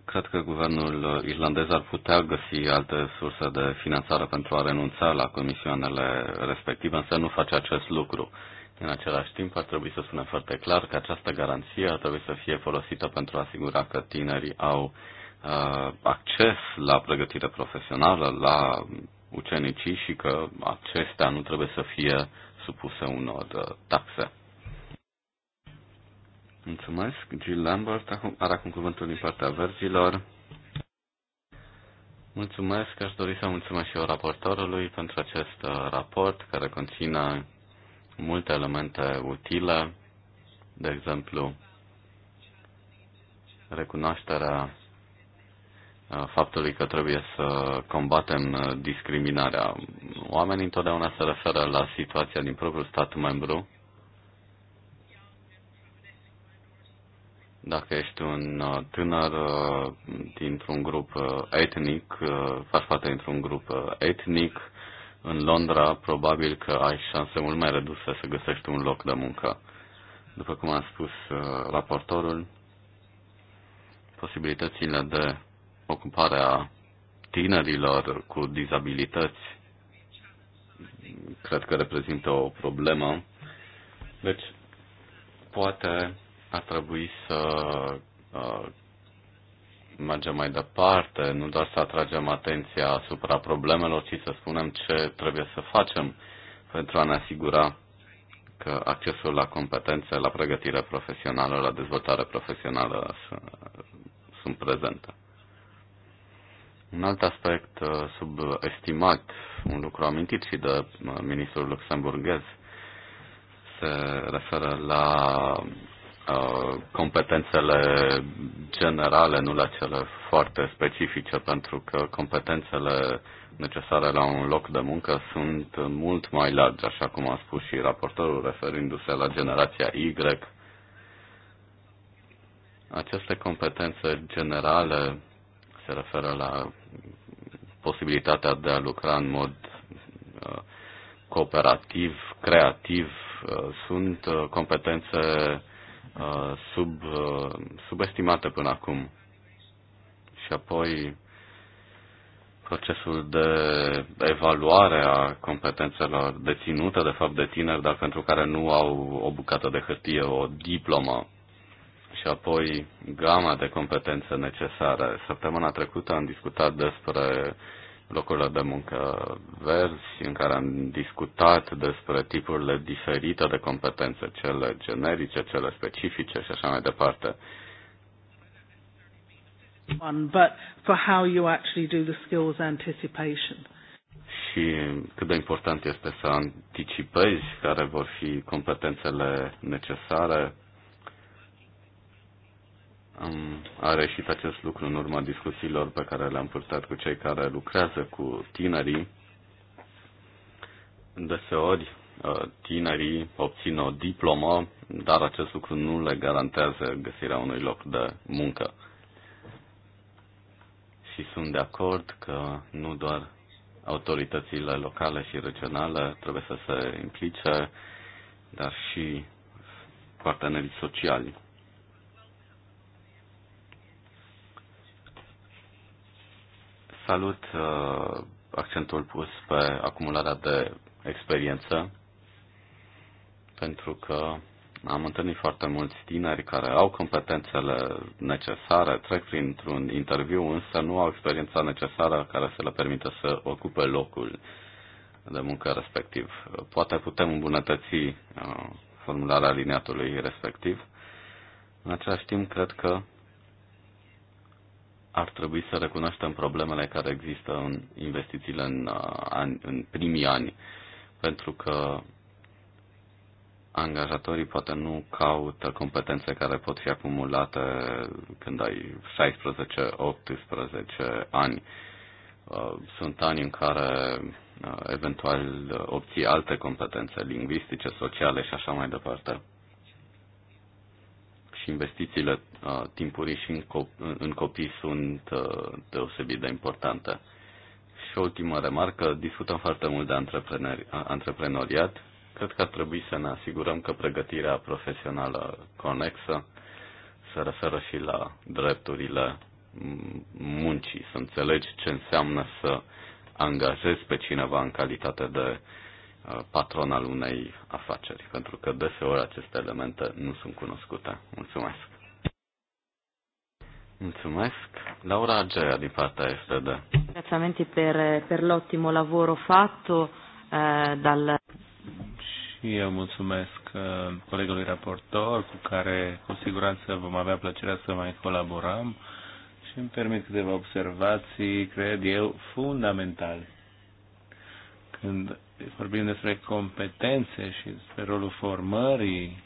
Cred că guvernul irlandez ar putea găsi alte surse de finanțare pentru a renunța la comisioanele respective, însă nu face acest lucru. Uh, în același timp, ar trebui să spunem foarte clar că această garanție ar trebui să fie folosită pentru a asigura că tinerii au uh, acces la pregătire profesională, la ucenicii și că acestea nu trebuie să fie supuse unor uh, taxe. Mulțumesc. Jill Lambert are acum cuvântul din partea verzilor. Mulțumesc. Aș dori să mulțumesc și eu raportorului pentru acest uh, raport care conține multe elemente utile, de exemplu, recunoașterea uh, faptului că trebuie să combatem uh, discriminarea. Oamenii întotdeauna se referă la situația din propriul stat membru. Dacă ești un uh, tânăr dintr-un grup etnic, faci parte dintr-un grup etnic, în Londra, probabil că ai șanse mult mai reduse să găsești un loc de muncă. După cum a spus uh, raportorul, posibilitățile de ocupare a tinerilor cu dizabilități cred că reprezintă o problemă. Deci, poate ar trebui să uh, mergem mai departe, nu doar să atragem atenția asupra problemelor, ci să spunem ce trebuie să facem pentru a ne asigura că accesul la competențe, la pregătire profesională, la dezvoltare profesională sunt prezente. Un alt aspect uh, subestimat, un lucru amintit și de uh, ministrul luxemburghez, se referă la Uh, competențele generale, nu la cele foarte specifice, pentru că competențele necesare la un loc de muncă sunt mult mai largi, așa cum a spus și raportorul referindu-se la generația Y. Aceste competențe generale se referă la posibilitatea de a lucra în mod uh, cooperativ, creativ, uh, sunt competențe Uh, sub, uh, subestimate până acum. Și apoi procesul de evaluare a competențelor deținute, de fapt, de tineri, dar pentru care nu au o bucată de hârtie, o diplomă și apoi gama de competențe necesare. Săptămâna trecută am discutat despre locurile de muncă verzi, în care am discutat despre tipurile diferite de competențe, cele generice, cele specifice și așa mai departe. but for how you actually do the skills anticipation. Și cât de important este să anticipezi care vor fi competențele necesare am, a reșit acest lucru în urma discuțiilor pe care le-am purtat cu cei care lucrează cu tinerii. Deseori, uh, tinerii obțin o diplomă, dar acest lucru nu le garantează găsirea unui loc de muncă. Și sunt de acord că nu doar autoritățile locale și regionale trebuie să se implice, dar și partenerii sociali Salut uh, accentul pus pe acumularea de experiență, pentru că am întâlnit foarte mulți tineri care au competențele necesare, trec printr-un interviu, însă nu au experiența necesară care să le permită să ocupe locul de muncă respectiv. Poate putem îmbunătăți uh, formularea aliniatului respectiv. În același timp, cred că ar trebui să recunoaștem problemele care există în investițiile în, uh, în primii ani, pentru că angajatorii poate nu caută competențe care pot fi acumulate când ai 16-18 ani. Uh, sunt ani în care uh, eventual obții alte competențe lingvistice, sociale și așa mai departe și investițiile uh, timpurii și în, cop- în copii sunt uh, deosebit de importante. Și o ultimă remarcă, discutăm foarte mult de antreprenori, antreprenoriat. Cred că ar trebui să ne asigurăm că pregătirea profesională conexă se referă și la drepturile muncii, să înțelegi ce înseamnă să angajezi pe cineva în calitate de uh, patron al unei afaceri, pentru că deseori aceste elemente nu sunt cunoscute. Mulțumesc! Mulțumesc. Laura Agea din partea STD. Ringraziamenti per, per l'ottimo lavoro fatto eh, dal... Și eu mulțumesc uh, colegului raportor cu care cu siguranță vom avea plăcerea să mai colaborăm și îmi permit câteva observații, cred eu, fundamentale. Când vorbim despre competențe și despre rolul formării,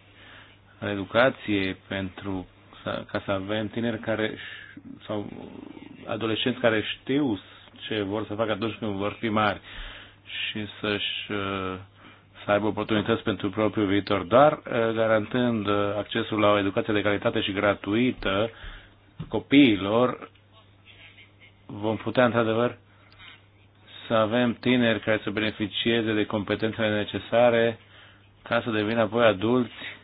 al educației pentru ca să avem tineri care sau adolescenți care știu ce vor să facă atunci când vor fi mari și să-și uh, să aibă oportunități pentru propriul viitor, dar uh, garantând uh, accesul la o educație de calitate și gratuită copiilor, vom putea într-adevăr să avem tineri care să beneficieze de competențele necesare ca să devină apoi adulți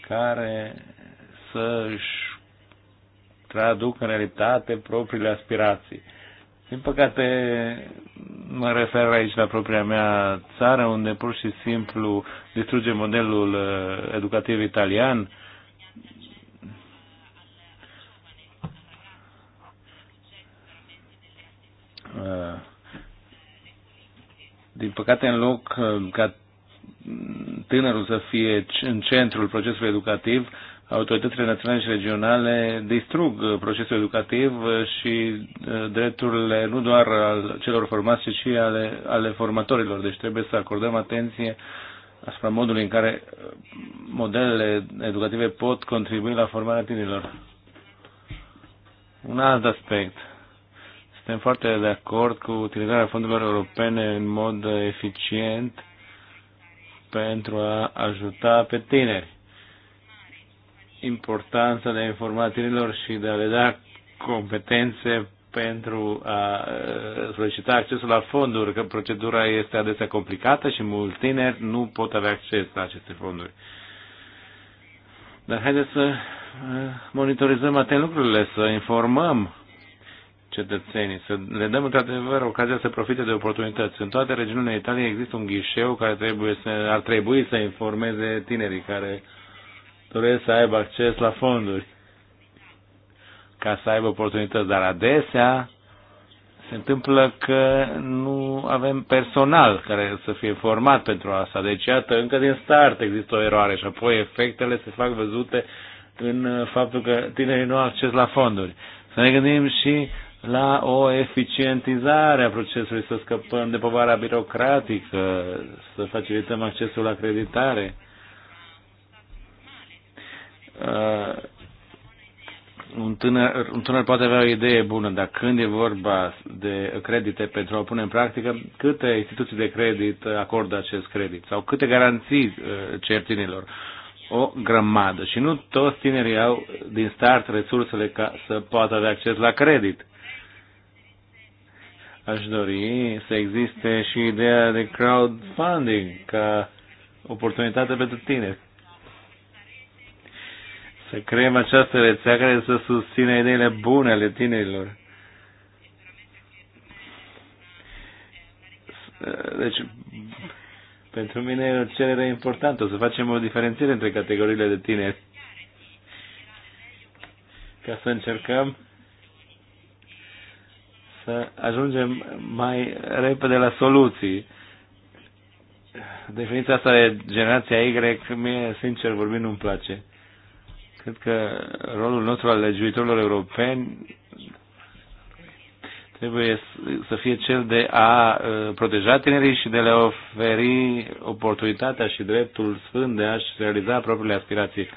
care să își traduc în realitate propriile aspirații. Din păcate, mă refer aici la propria mea țară, unde pur și simplu distruge modelul uh, educativ italian, Din păcate, în loc uh, ca tânărul să fie în centrul procesului educativ, autoritățile naționale și regionale distrug uh, procesul educativ uh, și drepturile nu doar al celor formați, ci și ale, ale formatorilor. Deci trebuie să acordăm atenție asupra modului în care modelele educative pot contribui la formarea tinerilor. Un alt aspect suntem foarte de acord cu utilizarea fondurilor europene în mod eficient pentru a ajuta pe tineri. Importanța de a informa tinerilor și de a le da competențe pentru a solicita accesul la fonduri, că procedura este adesea complicată și mulți tineri nu pot avea acces la aceste fonduri. Dar haideți să monitorizăm atent lucrurile, să informăm cetățenii, să le dăm într-adevăr ocazia să profite de oportunități. În toate regiunile Italiei există un ghișeu care trebuie să, ar trebui să informeze tinerii care doresc să aibă acces la fonduri ca să aibă oportunități, dar adesea se întâmplă că nu avem personal care să fie format pentru asta. Deci, iată, încă din start există o eroare și apoi efectele se fac văzute în faptul că tinerii nu au acces la fonduri. Să ne gândim și la o eficientizare a procesului, să scăpăm de povara birocratică, să facilităm accesul la creditare. Uh, un tânăr, un tânăr poate avea o idee bună, dar când e vorba de credite pentru a o pune în practică, câte instituții de credit acordă acest credit sau câte garanții uh, cer O grămadă. Și nu toți tinerii au din start resursele ca să poată avea acces la credit aș dori să existe și ideea de crowdfunding ca oportunitate pentru tineri. Să creăm această rețea care să susțină ideile bune ale tinerilor. Deci, pentru mine e o cerere importantă, o să facem o diferențiere între categoriile de tineri. Ca să încercăm să ajungem mai repede la soluții. Definiția asta de generația Y, mie, sincer vorbind, nu-mi place. Cred că rolul nostru al legiuitorilor europeni trebuie să fie cel de a uh, proteja tinerii și de a le oferi oportunitatea și dreptul sfânt de a-și realiza propriile aspirații.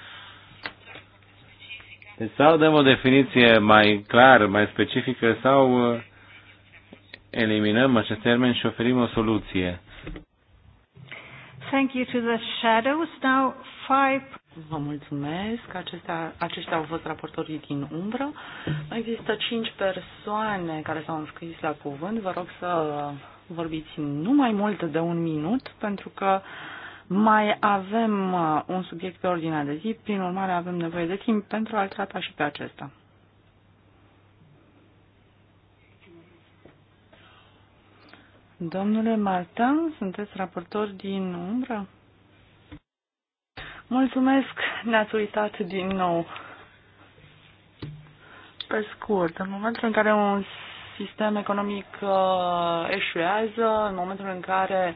Deci sau dăm o definiție mai clară, mai specifică, sau uh, eliminăm acest termen și oferim o soluție. Thank you to the shadows. Now five... Vă mulțumesc. Acestea, aceștia au fost raportorii din umbră. Există cinci persoane care s-au înscris la cuvânt. Vă rog să vorbiți nu mai mult de un minut, pentru că mai avem uh, un subiect pe ordinea de zi, prin urmare avem nevoie de timp pentru a-l trata și pe acesta. Domnule Martin, sunteți raportor din umbră? Mulțumesc, ne-ați uitat din nou. Pe scurt, în momentul în care un sistem economic uh, eșuează, în momentul în care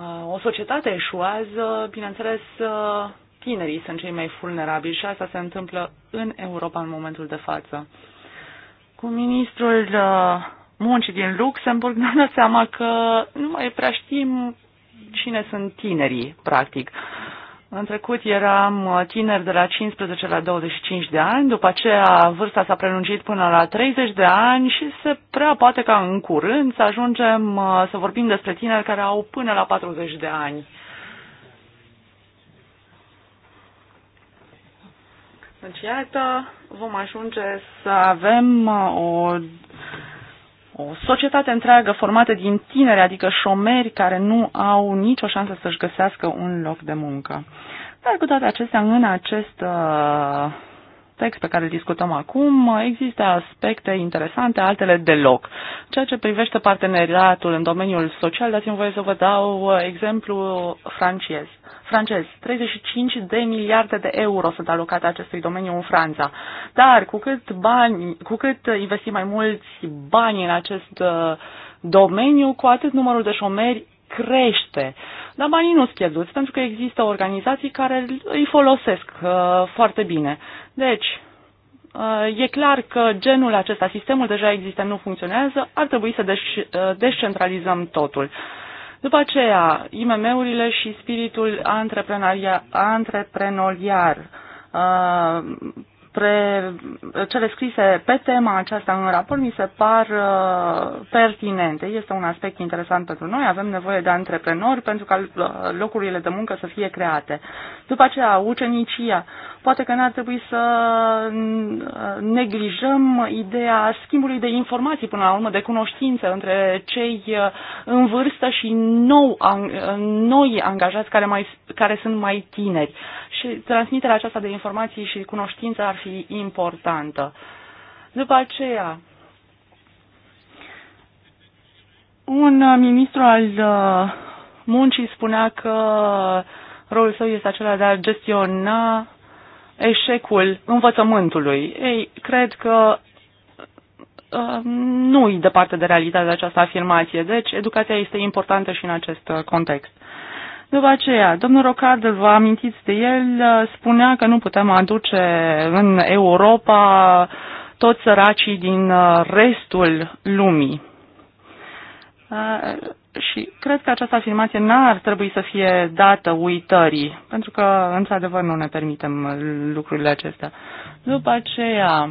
uh, o societate eșuează, bineînțeles, uh, tinerii sunt cei mai vulnerabili și asta se întâmplă în Europa în momentul de față. Cu ministrul uh, muncii din Luxemburg, ne-am dat seama că nu mai prea știm cine sunt tinerii, practic. În trecut eram uh, tineri de la 15 la 25 de ani, după aceea vârsta s-a prelungit până la 30 de ani și se prea poate ca în curând să ajungem uh, să vorbim despre tineri care au până la 40 de ani. Deci, iată, vom ajunge să avem uh, o o societate întreagă formată din tineri, adică șomeri care nu au nicio șansă să-și găsească un loc de muncă. Dar cu toate acestea, în acest uh, text pe care îl discutăm acum există aspecte interesante, altele deloc. Ceea ce privește parteneriatul în domeniul social, dați-mi voie să vă dau uh, exemplu francez. Francez, 35 de miliarde de euro sunt alocate acestui domeniu în Franța. Dar cu cât, bani, cu cât investim mai mulți bani în acest uh, domeniu, cu atât numărul de șomeri crește. Dar banii nu-s pierduți, pentru că există organizații care îi folosesc uh, foarte bine. Deci, uh, e clar că genul acesta, sistemul deja există nu funcționează, ar trebui să deș- uh, descentralizăm totul. După aceea, IMM-urile și spiritul antreprenoriar uh, pre, cele scrise pe tema aceasta în raport mi se par uh, pertinente. Este un aspect interesant pentru noi. Avem nevoie de antreprenori pentru ca uh, locurile de muncă să fie create. După aceea, ucenicia. Poate că n-ar trebui să mm, neglijăm ideea schimbului de informații, până la urmă, de cunoștință între cei uh, în vârstă și nou, uh, noi angajați care, mai, care sunt mai tineri. Și transmiterea aceasta de informații și cunoștință ar fi importantă. După aceea, un ministru al uh, muncii spunea că rolul său este acela de a gestiona eșecul învățământului. Ei, cred că uh, nu-i departe de realitate această afirmație, deci educația este importantă și în acest uh, context. După aceea, domnul Rocard, vă amintiți de el, uh, spunea că nu putem aduce în Europa toți săracii din restul lumii și cred că această afirmație n-ar trebui să fie dată uitării, pentru că, într-adevăr, nu ne permitem lucrurile acestea. După aceea,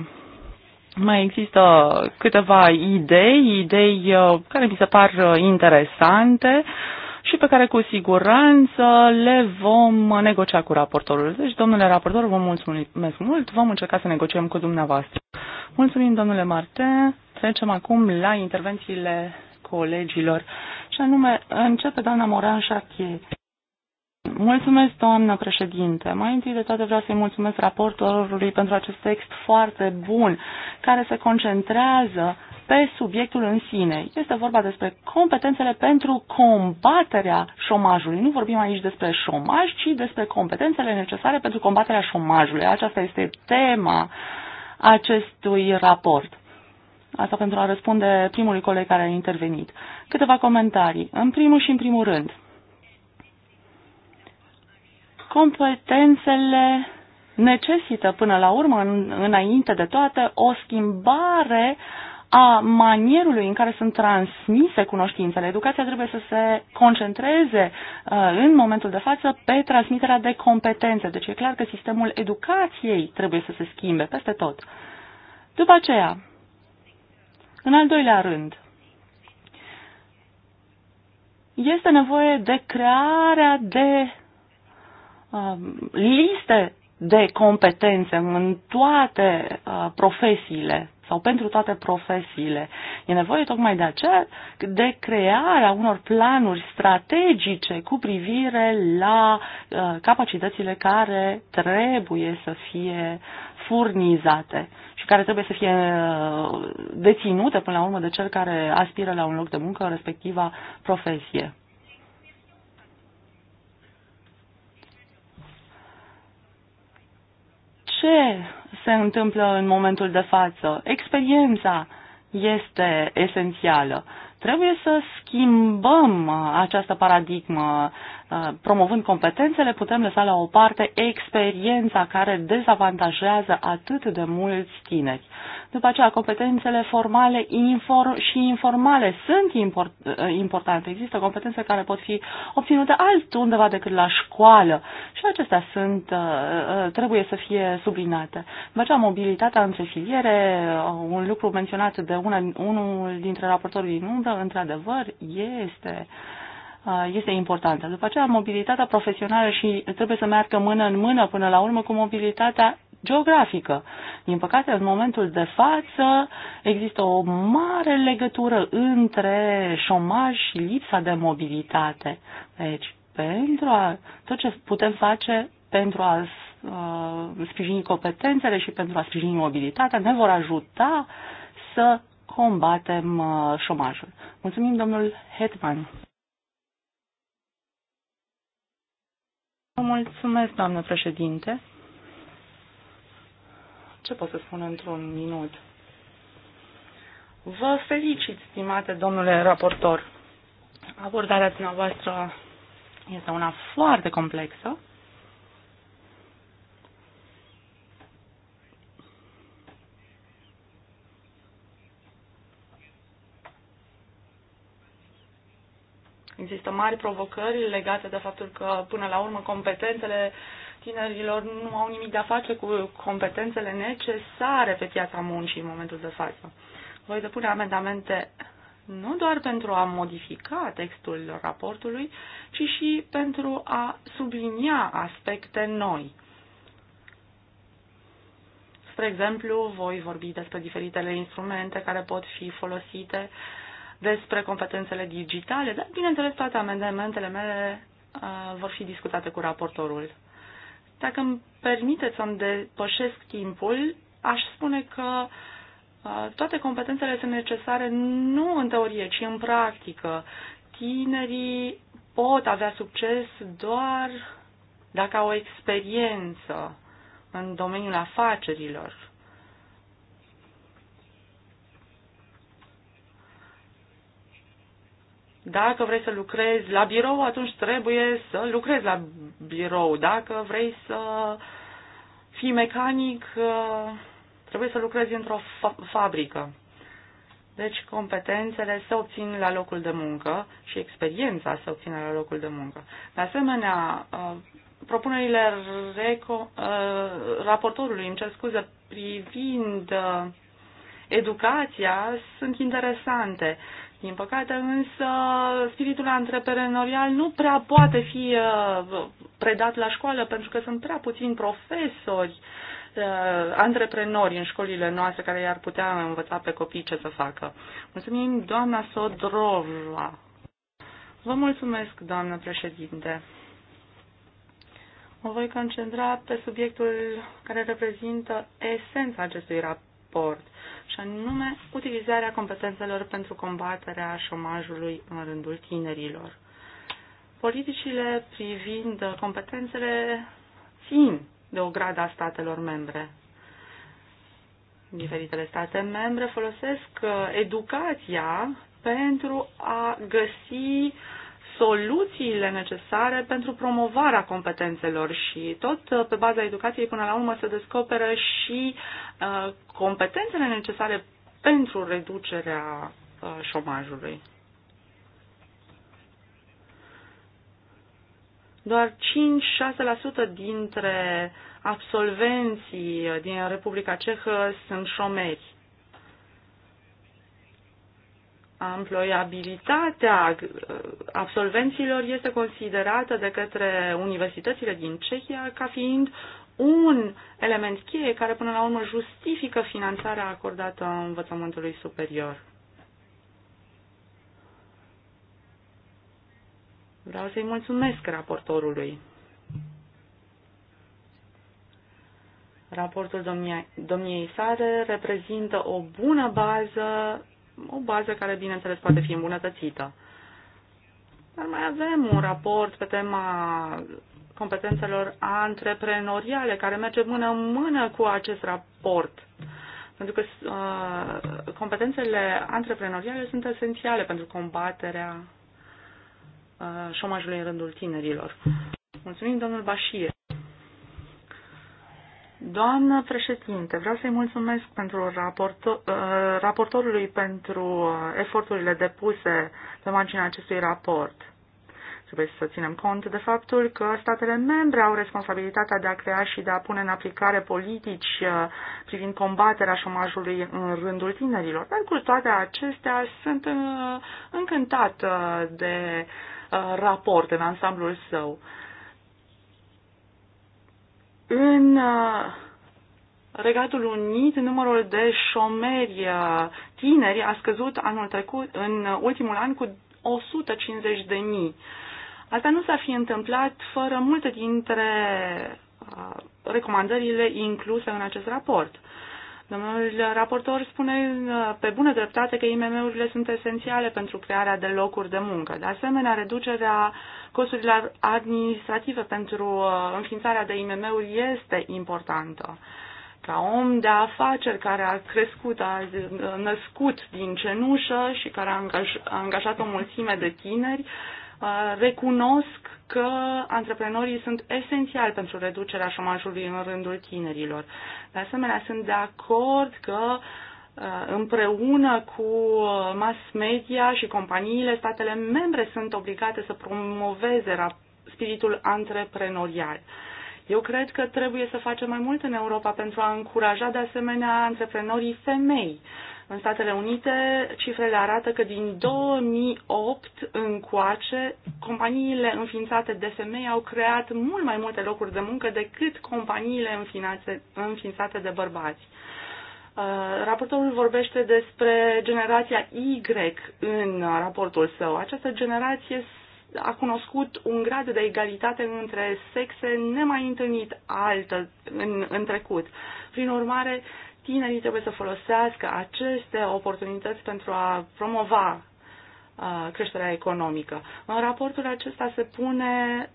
mai există câteva idei, idei uh, care mi se par uh, interesante și pe care cu siguranță le vom negocia cu raportorul. Deci, domnule raportor, vă mulțumesc mult, vom încerca să negociem cu dumneavoastră. Mulțumim, domnule Marte, Trecem acum la intervențiile colegilor. Și anume, începe doamna Moran Șachie. Mulțumesc, doamnă președinte. Mai întâi de toate vreau să-i mulțumesc raportorului pentru acest text foarte bun, care se concentrează pe subiectul în sine. Este vorba despre competențele pentru combaterea șomajului. Nu vorbim aici despre șomaj, ci despre competențele necesare pentru combaterea șomajului. Aceasta este tema acestui raport. Asta pentru a răspunde primului coleg care a intervenit. Câteva comentarii. În primul și în primul rând, competențele necesită până la urmă, în, înainte de toate, o schimbare a manierului în care sunt transmise cunoștințele. Educația trebuie să se concentreze uh, în momentul de față pe transmiterea de competențe. Deci e clar că sistemul educației trebuie să se schimbe peste tot. După aceea, în al doilea rând, este nevoie de crearea de uh, liste de competențe în toate uh, profesiile sau pentru toate profesiile. E nevoie tocmai de aceea de crearea unor planuri strategice cu privire la uh, capacitățile care trebuie să fie furnizate și care trebuie să fie uh, deținute până la urmă de cel care aspiră la un loc de muncă, respectiva profesie. Ce se întâmplă în momentul de față? Experiența este esențială. Trebuie să schimbăm această paradigmă. Uh, promovând competențele, putem lăsa la o parte experiența care dezavantajează atât de mulți tineri. După aceea, competențele formale inform- și informale sunt import- uh, importante. Există competențe care pot fi obținute altundeva decât la școală și acestea sunt, uh, trebuie să fie sublinate. După aceea, mobilitatea între filiere, un lucru menționat de una, unul dintre raportorii din umbră, profesională, într-adevăr, este uh, este importantă. După aceea, mobilitatea profesională și trebuie să meargă mână în mână până la urmă cu mobilitatea geografică. Din păcate, în momentul de față există o mare legătură între șomaj și lipsa de mobilitate. Deci, pentru a, tot ce putem face pentru a uh, sprijini competențele și pentru a sprijini mobilitatea ne vor ajuta să combatem uh, șomajul. Mulțumim, domnul Hetman. Mulțumesc, doamnă președinte. Ce pot să spun într-un minut? Vă felicit, stimate domnule raportor. Abordarea dumneavoastră este una foarte complexă Există mari provocări legate de faptul că, până la urmă, competențele tinerilor nu au nimic de a face cu competențele necesare pe piața muncii în momentul de față. Voi depune amendamente nu doar pentru a modifica textul raportului, ci și pentru a sublinia aspecte noi. Spre exemplu, voi vorbi despre diferitele instrumente care pot fi folosite uh, despre competențele digitale, dar, bineînțeles, toate amendamentele mele uh, vor fi discutate cu raportorul. Dacă îmi permiteți să-mi depășesc timpul, aș spune că uh, toate competențele sunt necesare nu în teorie, ci în practică. Tinerii pot avea succes doar dacă au experiență în domeniul afacerilor Dacă vrei să lucrezi la birou, atunci trebuie să lucrezi la birou. Dacă vrei să fii mecanic, uh, trebuie să lucrezi într-o fa- fabrică. Deci competențele se obțin la locul de muncă și experiența se obține la locul de muncă. De asemenea, uh, propunerile reco- uh, raportorului, îmi cer scuze, privind educația sunt interesante. Din păcate însă spiritul antreprenorial nu prea poate fi uh, predat la școală pentru că sunt prea puțini profesori uh, antreprenori în școlile noastre care i-ar putea învăța pe copii ce să facă. Mulțumim, doamna Sodrova. Vă mulțumesc, doamnă președinte. Mă voi concentra pe subiectul care reprezintă esența acestui raport și anume utilizarea competențelor pentru combaterea șomajului în rândul tinerilor. Politicile privind competențele țin de o grada statelor membre. Diferitele state membre folosesc uh, educația pentru a găsi uh, soluțiile necesare pentru promovarea competențelor și tot uh, pe baza educației până la urmă se descoperă și uh, competențele necesare pentru reducerea uh, șomajului. Doar 5-6% dintre absolvenții din Republica Cehă sunt șomeri Amploiabilitatea uh, absolvenților este considerată de către universitățile din Cehia ca fiind un element cheie care până la urmă justifică finanțarea acordată învățământului superior. Vreau să-i mulțumesc raportorului. Raportul domniei sare reprezintă o bună bază o bază care, bineînțeles, poate fi îmbunătățită. Dar mai avem un raport pe tema competențelor antreprenoriale care merge mână în mână cu acest raport. Pentru că uh, competențele antreprenoriale sunt esențiale pentru combaterea uh, șomajului în rândul tinerilor. Mulțumim, domnul Bașie. Doamnă președinte, vreau să-i mulțumesc pentru raportor, uh, raportorului pentru uh, eforturile depuse pe marginea acestui raport. Trebuie să ținem cont de faptul că statele membre au responsabilitatea de a crea și de a pune în aplicare politici uh, privind combaterea șomajului în rândul tinerilor. Dar cu toate acestea sunt încântată de raport în ansamblul său. În uh, Regatul Unit, numărul de șomeri uh, tineri a scăzut anul trecut, în ultimul an, cu 150 de mii. Asta nu s-a fi întâmplat fără multe dintre uh, recomandările incluse în acest raport. Domnul raportor spune uh, pe bună dreptate că IMM-urile sunt esențiale pentru crearea de locuri de muncă. De asemenea, reducerea costurilor administrative pentru uh, înființarea de IMM-uri este importantă. Ca om de afaceri care a crescut, a născut din cenușă și care a angajat o mulțime de tineri, recunosc că antreprenorii sunt esențiali pentru reducerea șomajului în rândul tinerilor. De asemenea, sunt de acord că împreună cu mass media și companiile, statele membre sunt obligate să promoveze spiritul antreprenorial. Eu cred că trebuie să facem mai mult în Europa pentru a încuraja de asemenea antreprenorii femei. Uh, în Statele Unite, cifrele arată că din 2008 încoace, companiile înființate de femei au creat mult mai multe locuri de muncă decât companiile înființate de bărbați. Uh, raportorul vorbește despre generația Y în raportul său. Această generație a cunoscut un grad de egalitate între sexe nemai întâlnit altă în, în trecut. Prin urmare, tinerii trebuie să folosească aceste oportunități pentru a promova uh, creșterea economică. În raportul acesta se pune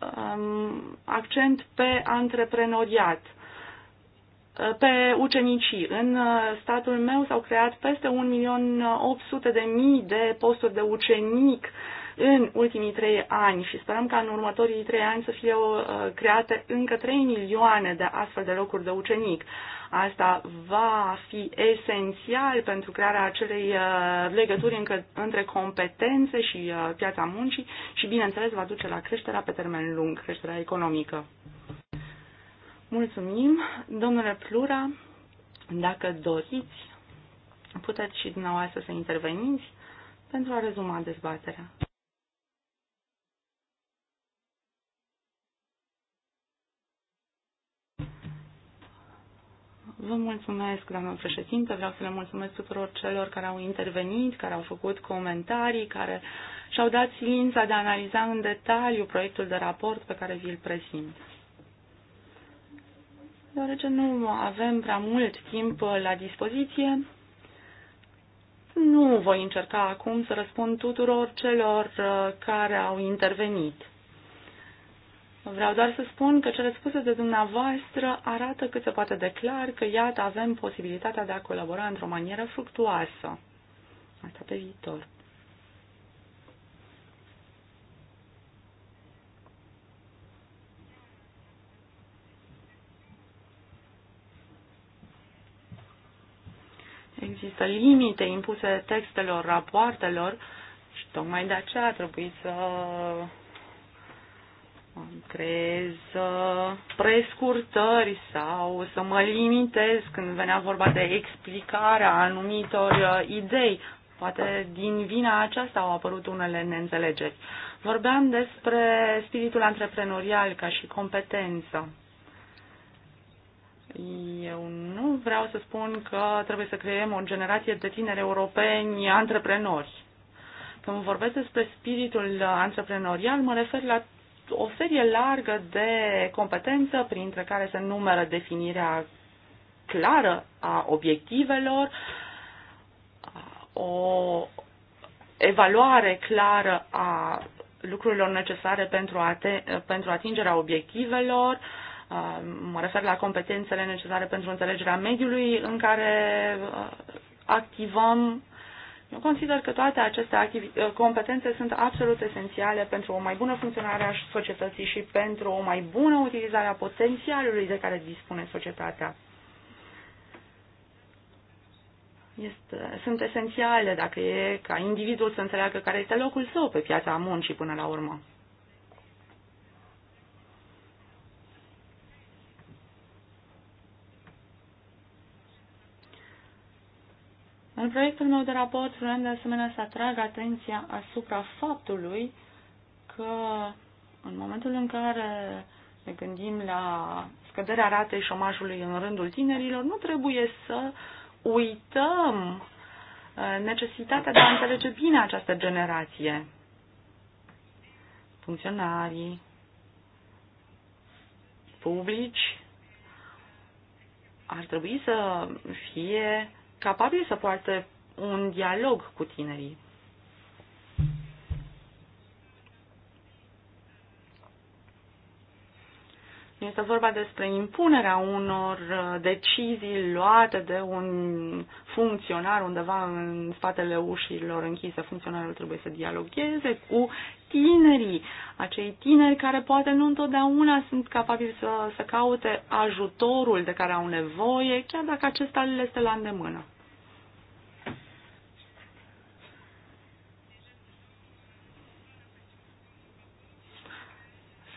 um, accent pe antreprenoriat, uh, pe ucenicii. În uh, statul meu s-au creat peste 1.800.000 de posturi de ucenic uh, în ultimii trei ani și sperăm ca în următorii trei ani să fie uh, create încă 3 milioane de astfel de locuri de ucenic. Asta va fi esențial pentru crearea acelei uh, legături între competențe și uh, piața muncii și, bineînțeles, va duce la creșterea pe termen lung, creșterea economică. Mulțumim. Domnule Plura, dacă doriți, puteți și dumneavoastră să interveniți pentru a rezuma dezbaterea. Vă mulțumesc, doamnă președinte. Vreau să le mulțumesc tuturor celor care au intervenit, care au făcut comentarii, care și-au dat silința de a analiza în detaliu proiectul de raport pe care vi-l prezint. Deoarece nu avem prea mult timp la dispoziție, nu voi încerca acum să răspund tuturor celor uh, care au intervenit. Vreau doar să spun că cele spuse de dumneavoastră arată cât se poate de clar că, iată, avem posibilitatea de a colabora într-o manieră fructuoasă. Asta pe viitor. Există limite impuse textelor, rapoartelor și tocmai de aceea trebuie să creez prescurtări sau să mă limitez când venea vorba de explicarea anumitor uh, idei. Poate din vina aceasta au apărut unele neînțelegeri. Vorbeam despre spiritul antreprenorial ca și competență. Eu nu vreau să spun că trebuie să creăm o generație de tineri europeni antreprenori. Când vorbesc despre spiritul antreprenorial, mă refer la o serie largă de competență, printre care se numără definirea clară a obiectivelor, o evaluare clară a lucrurilor necesare pentru, ate- pentru atingerea obiectivelor, mă refer la competențele necesare pentru înțelegerea mediului în care activăm, eu consider că toate aceste ă, competențe sunt absolut esențiale pentru o mai bună funcționare a societății și pentru o mai bună utilizare a potențialului de care dispune societatea. Este, sunt esențiale dacă e ca individul să înțeleagă care este locul său pe piața muncii până la urmă. În proiectul meu de raport vreau de asemenea să atrag atenția asupra faptului că în momentul în care ne gândim la scăderea ratei șomajului în rândul tinerilor, nu trebuie să uităm uh, necesitatea de a înțelege bine această generație. Funcționarii, publici, ar trebui să fie capabil să poarte un dialog cu tinerii. Este vorba despre impunerea unor uh, decizii luate de un funcționar undeva în spatele ușilor închise. Funcționarul trebuie să dialogheze cu tinerii, acei tineri care poate nu întotdeauna sunt capabili să, să caute ajutorul de care au nevoie, chiar dacă acesta le este la îndemână.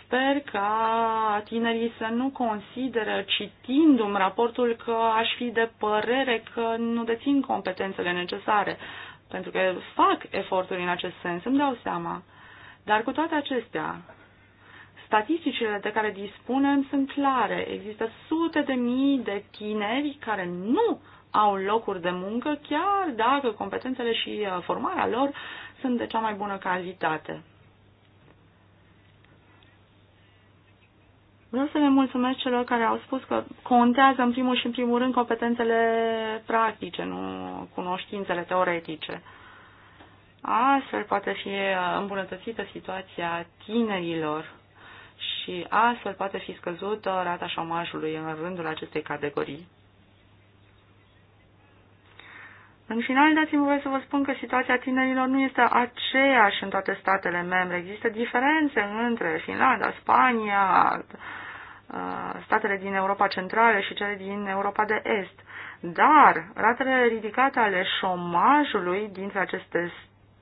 sper ca tinerii să nu consideră, citindu-mi raportul, că aș fi de părere că nu dețin competențele necesare, pentru că fac eforturi în acest sens, îmi dau seama. Dar cu toate acestea, statisticile de care dispunem sunt clare. Există sute de mii de tineri care nu au locuri de muncă, chiar dacă competențele și uh, formarea lor sunt de cea mai bună calitate. Vreau să le mulțumesc celor care au spus că contează în primul și în primul rând competențele practice, nu cunoștințele teoretice. Astfel poate fi uh, îmbunătățită situația tinerilor și astfel poate fi scăzută rata șomajului în rândul acestei categorii. În final, dați-mi voie să vă spun că situația tinerilor nu este aceeași în toate statele membre. Există diferențe între Finlanda, Spania, uh, statele din Europa Centrală și cele din Europa de Est. Dar ratele ridicate ale șomajului dintre aceste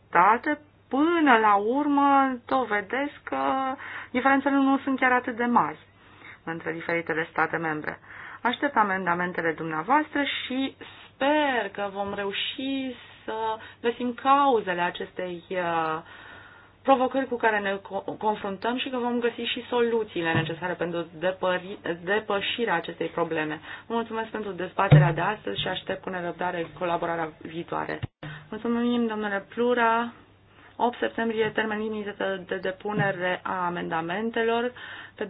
state până la urmă dovedesc că diferențele nu sunt chiar atât de mari între diferitele state membre. Aștept amendamentele dumneavoastră și sper că vom reuși să găsim cauzele acestei uh, provocări cu care ne confruntăm și că vom găsi și soluțiile necesare pentru depășirea acestei probleme. Vă mulțumesc pentru dezbaterea de astăzi și aștept cu nerăbdare colaborarea viitoare. Mulțumim, domnule Plura. 8 septembrie termen limită de depunere a amendamentelor. Pe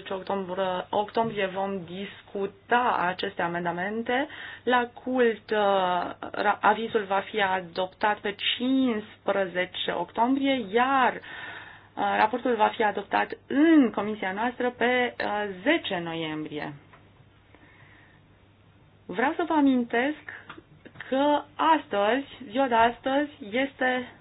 12-13 octombrie, octombrie vom discuta aceste amendamente. La cult, uh, avizul va fi adoptat pe 15 octombrie, iar uh, raportul va fi adoptat în comisia noastră pe 10 uh, noiembrie. Vreau să vă amintesc că astăzi, ziua de astăzi, este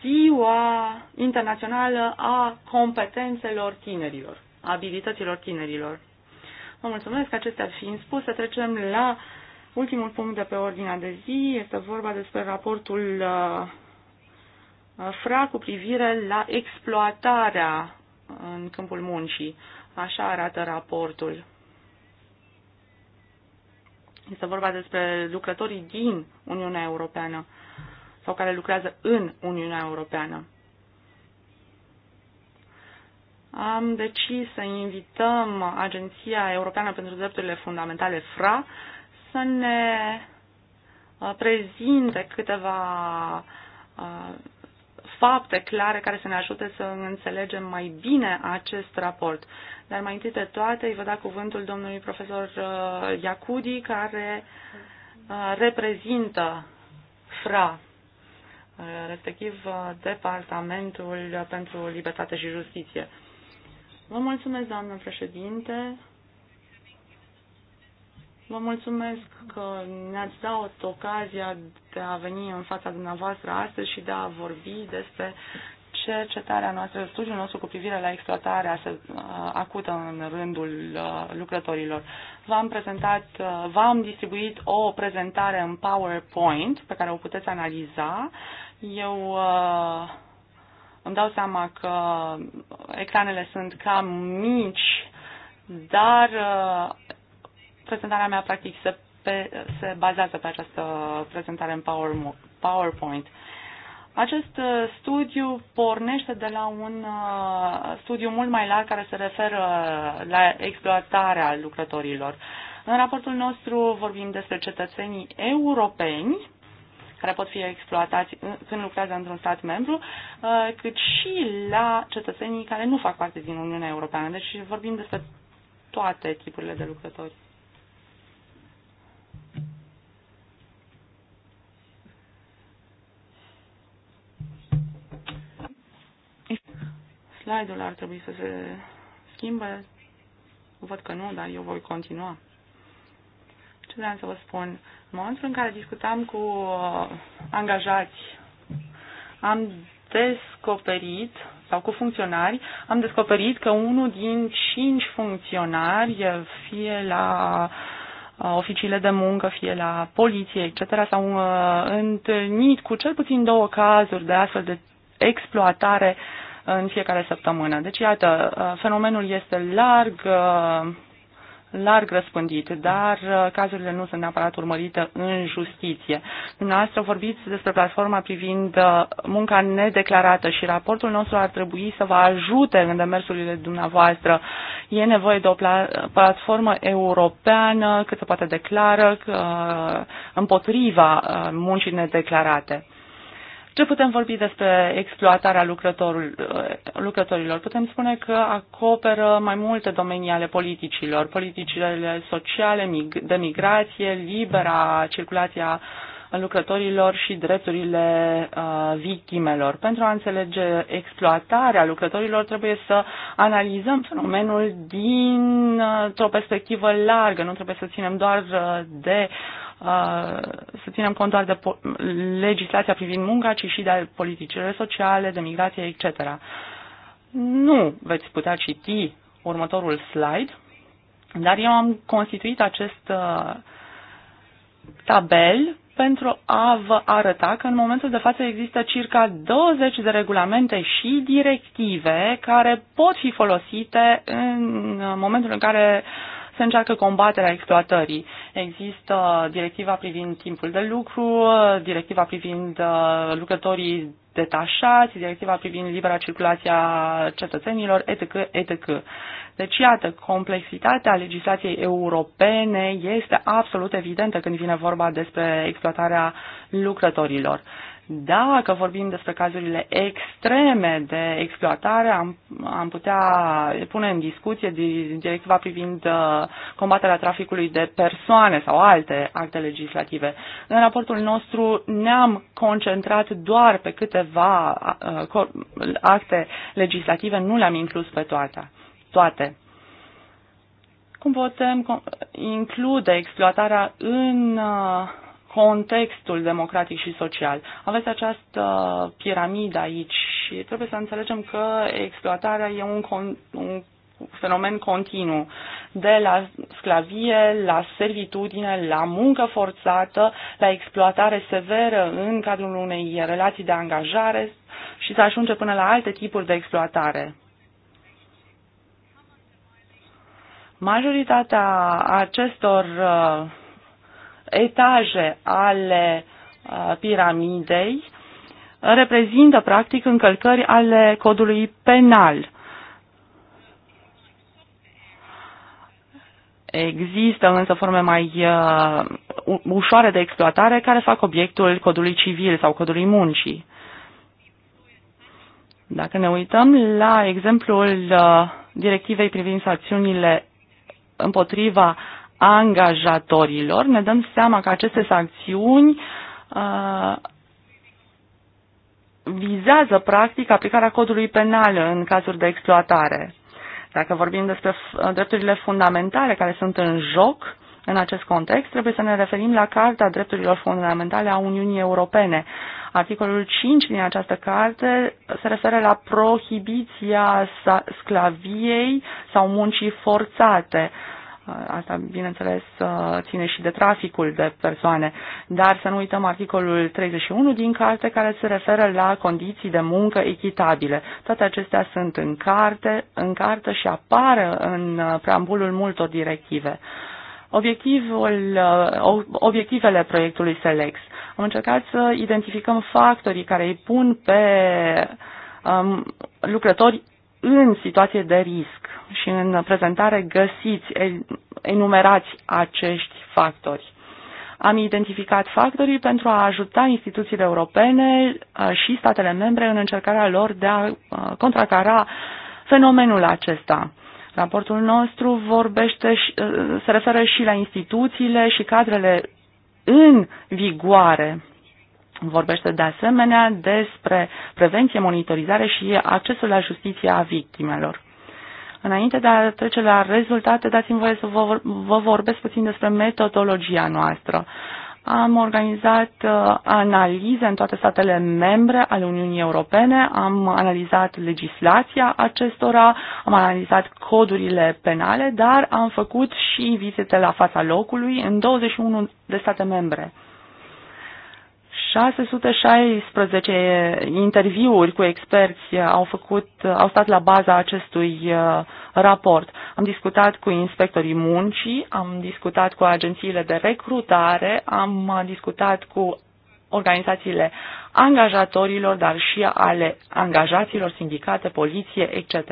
Ziua Internațională a Competențelor Tinerilor, a Abilităților Tinerilor. Vă mulțumesc, acestea fiind spuse, trecem la ultimul punct de pe ordinea de zi. Este vorba despre raportul uh, FRA cu privire la exploatarea în câmpul muncii. Așa arată raportul. Este vorba despre lucrătorii din Uniunea Europeană sau care lucrează în Uniunea Europeană. Am decis să invităm Agenția Europeană pentru Drepturile Fundamentale, FRA, să ne uh, prezinte câteva uh, fapte clare care să ne ajute să înțelegem mai bine acest raport. Dar mai întâi de toate îi vă da cuvântul domnului profesor uh, Iacudi, care reprezintă FRA respectiv Departamentul pentru Libertate și Justiție. Vă mulțumesc, doamnă președinte. Vă mulțumesc că ne-ați dat ocazia de a veni în fața dumneavoastră astăzi și de a vorbi despre cercetarea noastră, studiul nostru cu privire la exploatarea uh, acută în rândul uh, lucrătorilor. V-am prezentat, uh, v-am distribuit o prezentare în PowerPoint pe care o puteți analiza. Eu uh, îmi dau seama că ecranele sunt cam mici, dar uh, prezentarea mea practic se, pe, se bazează pe această prezentare în Power, PowerPoint. Acest uh, studiu pornește de la un uh, studiu mult mai larg care se referă la exploatarea lucrătorilor. În raportul nostru vorbim despre cetățenii europeni care pot fi exploatați când lucrează într-un stat membru, uh, cât și la cetățenii care nu fac parte din Uniunea Europeană. Deci vorbim despre toate tipurile de lucrători. Slide-ul ar trebui să se schimbe. Văd că nu, dar eu voi continua vreau să vă spun, în momentul în care discutam cu uh, angajați, am descoperit, sau cu funcționari, am descoperit că unul din cinci funcționari, fie la uh, oficiile de muncă, fie la poliție, etc., s-au uh, întâlnit cu cel puțin două cazuri de astfel de exploatare în fiecare săptămână. Deci, iată, fenomenul este larg larg răspândit, dar uh, cazurile nu sunt neapărat urmărite în justiție. Dumneavoastră vorbiți despre platforma privind uh, munca nedeclarată și raportul nostru ar trebui să vă ajute în demersurile dumneavoastră. E nevoie de o platformă europeană cât se poate declară uh, împotriva muncii nedeclarate. Ce putem vorbi despre exploatarea eh, lucrătorilor? Putem spune că acoperă mai multe domenii ale politicilor, politicile sociale, de migrație, libera circulația lucrătorilor și drepturile uh, victimelor. Pentru a înțelege exploatarea lucrătorilor, trebuie să analizăm fenomenul dintr-o perspectivă largă. Nu trebuie să ținem doar eh, de uh, Uh, să ținem cont doar de legislația privind munca, ci și de politicile sociale, de migrație, etc. Nu veți putea citi următorul slide, dar eu am constituit acest uh, tabel pentru a vă arăta că în momentul de față există circa 20 de regulamente și directive care pot fi folosite în momentul în care uh, se încearcă combaterea exploatării. Există directiva privind timpul de lucru, directiva privind uh, lucrătorii detașați, directiva privind libera circulație a cetățenilor, etc., etc. Deci, iată, complexitatea legislației europene este absolut evidentă când vine vorba despre exploatarea lucrătorilor. Dacă vorbim despre cazurile extreme de exploatare, am, am putea pune în discuție directiva privind uh, combaterea traficului de persoane sau alte acte legislative. În raportul nostru ne-am concentrat doar pe câteva uh, acte legislative, nu le-am inclus pe toate. toate cum putem include exploatarea în uh, contextul democratic și social. Aveți această piramidă aici și trebuie să înțelegem că exploatarea e un, con- un fenomen continuu, de la sclavie, la servitudine, la muncă forțată, la exploatare severă în cadrul unei relații de angajare și să ajunge până la alte tipuri de exploatare. Majoritatea acestor uh, etaje ale piramidei reprezintă practic încălcări ale codului penal. Există însă forme mai uh, ușoare de exploatare care fac obiectul codului civil sau codului muncii. Dacă ne uităm la exemplul uh, directivei privind sancțiunile împotriva angajatorilor, ne dăm seama că aceste sancțiuni uh, vizează practic aplicarea codului penal în cazuri de exploatare. Dacă vorbim despre uh, drepturile fundamentale care sunt în joc, în acest context, trebuie să ne referim la Carta Drepturilor Fundamentale a Uniunii Europene. Articolul 5 din această carte se referă la prohibiția sclaviei sau muncii forțate. Asta, bineînțeles, uh, ține și de traficul de persoane, dar să nu uităm articolul 31 din carte care se referă la condiții de muncă echitabile. Toate acestea sunt în carte, în carte și apar în uh, preambulul multor directive. Obiectivul, uh, obiectivele proiectului SELEX. Am încercat să identificăm factorii care îi pun pe um, lucrători în situație de risc și în prezentare găsiți, enumerați acești factori. Am identificat factorii pentru a ajuta instituțiile europene și statele membre în încercarea lor de a contracara fenomenul acesta. Raportul nostru vorbește, se referă și la instituțiile și cadrele în vigoare Vorbește de asemenea despre prevenție, monitorizare și accesul la justiție a victimelor. Înainte de a trece la rezultate, dați-mi voie să vă, vă vorbesc puțin despre metodologia noastră. Am organizat uh, analize în toate statele membre ale Uniunii Europene, am analizat legislația acestora, am analizat codurile penale, dar am făcut și vizite la fața locului în 21 de state membre. 616 interviuri cu experți au, făcut, au stat la baza acestui uh, raport. Am discutat cu inspectorii muncii, am discutat cu agențiile de recrutare, am uh, discutat cu organizațiile angajatorilor, dar și ale angajaților, sindicate, poliție, etc.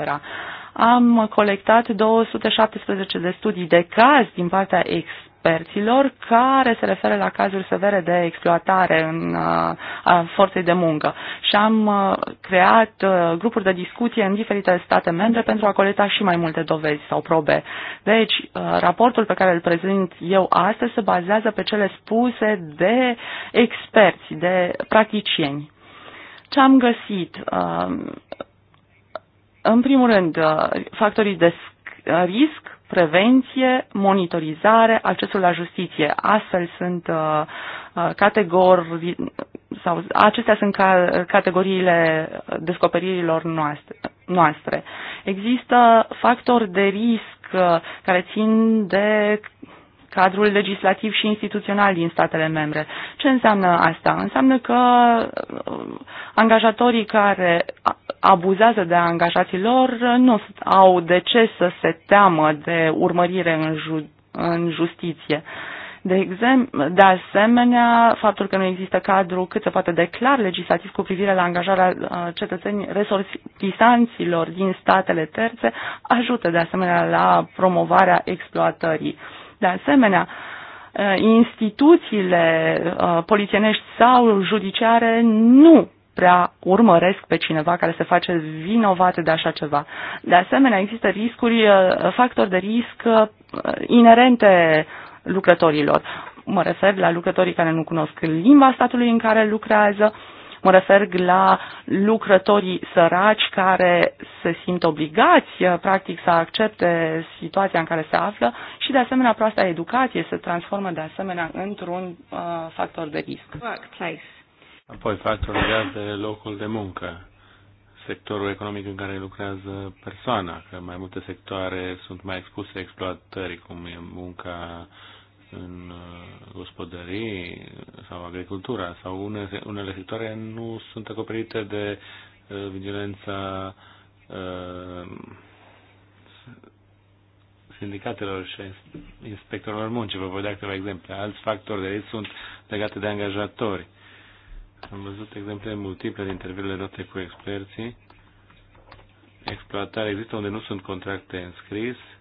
Am colectat 217 de studii de caz din partea ex experților care se referă la cazuri severe de exploatare în, uh, a forței de muncă și am uh, creat uh, grupuri de discuție în diferite state membre pentru a colecta și mai multe dovezi sau probe. Deci, raportul pe care îl prezint eu astăzi se bazează pe cele spuse de experți, de practicieni. Ce am găsit? În primul rând, factorii de risc prevenție, monitorizare, accesul la justiție. Astfel sunt uh, uh, categorii sau acestea sunt categoriile descoperirilor noastre. noastre. Există factori de risc uh, care țin de cadrul legislativ și instituțional din statele membre. Ce înseamnă asta? Înseamnă că uh, angajatorii care abuzează de angajații lor uh, nu au de ce să se teamă de urmărire în, ju- în justiție. De, exemplu, de asemenea, faptul că nu există cadru cât se poate de clar legislativ cu privire la angajarea uh, cetățenii resortisanților din statele terțe ajută de asemenea la promovarea exploatării. Uh, de asemenea, uh, instituțiile uh, polițienești sau judiciare nu prea urmăresc pe cineva care se face vinovat de așa ceva. De asemenea, există riscuri, uh, factori de risc inerente lucrătorilor. Mă refer la lucrătorii care nu cunosc limba statului în care lucrează, Mă refer la lucrătorii săraci care se simt obligați, uh, practic, să accepte situația în care se află și, de asemenea, proasta educație se transformă, de asemenea, într-un uh, factor de risc. Apoi factorul legat de locul de muncă sectorul economic în care lucrează persoana, că mai multe sectoare sunt mai expuse exploatării, cum e munca în uh, gospodării sau agricultura sau unele, unele sectoare nu sunt acoperite de uh, vigilența uh, sindicatelor și inspectorilor muncii. Vă voi da câteva exemple. Alți factori de aici sunt legate de angajatori. Am văzut exemple multiple din interviurile date cu experții. Exploatare există unde nu sunt contracte înscrise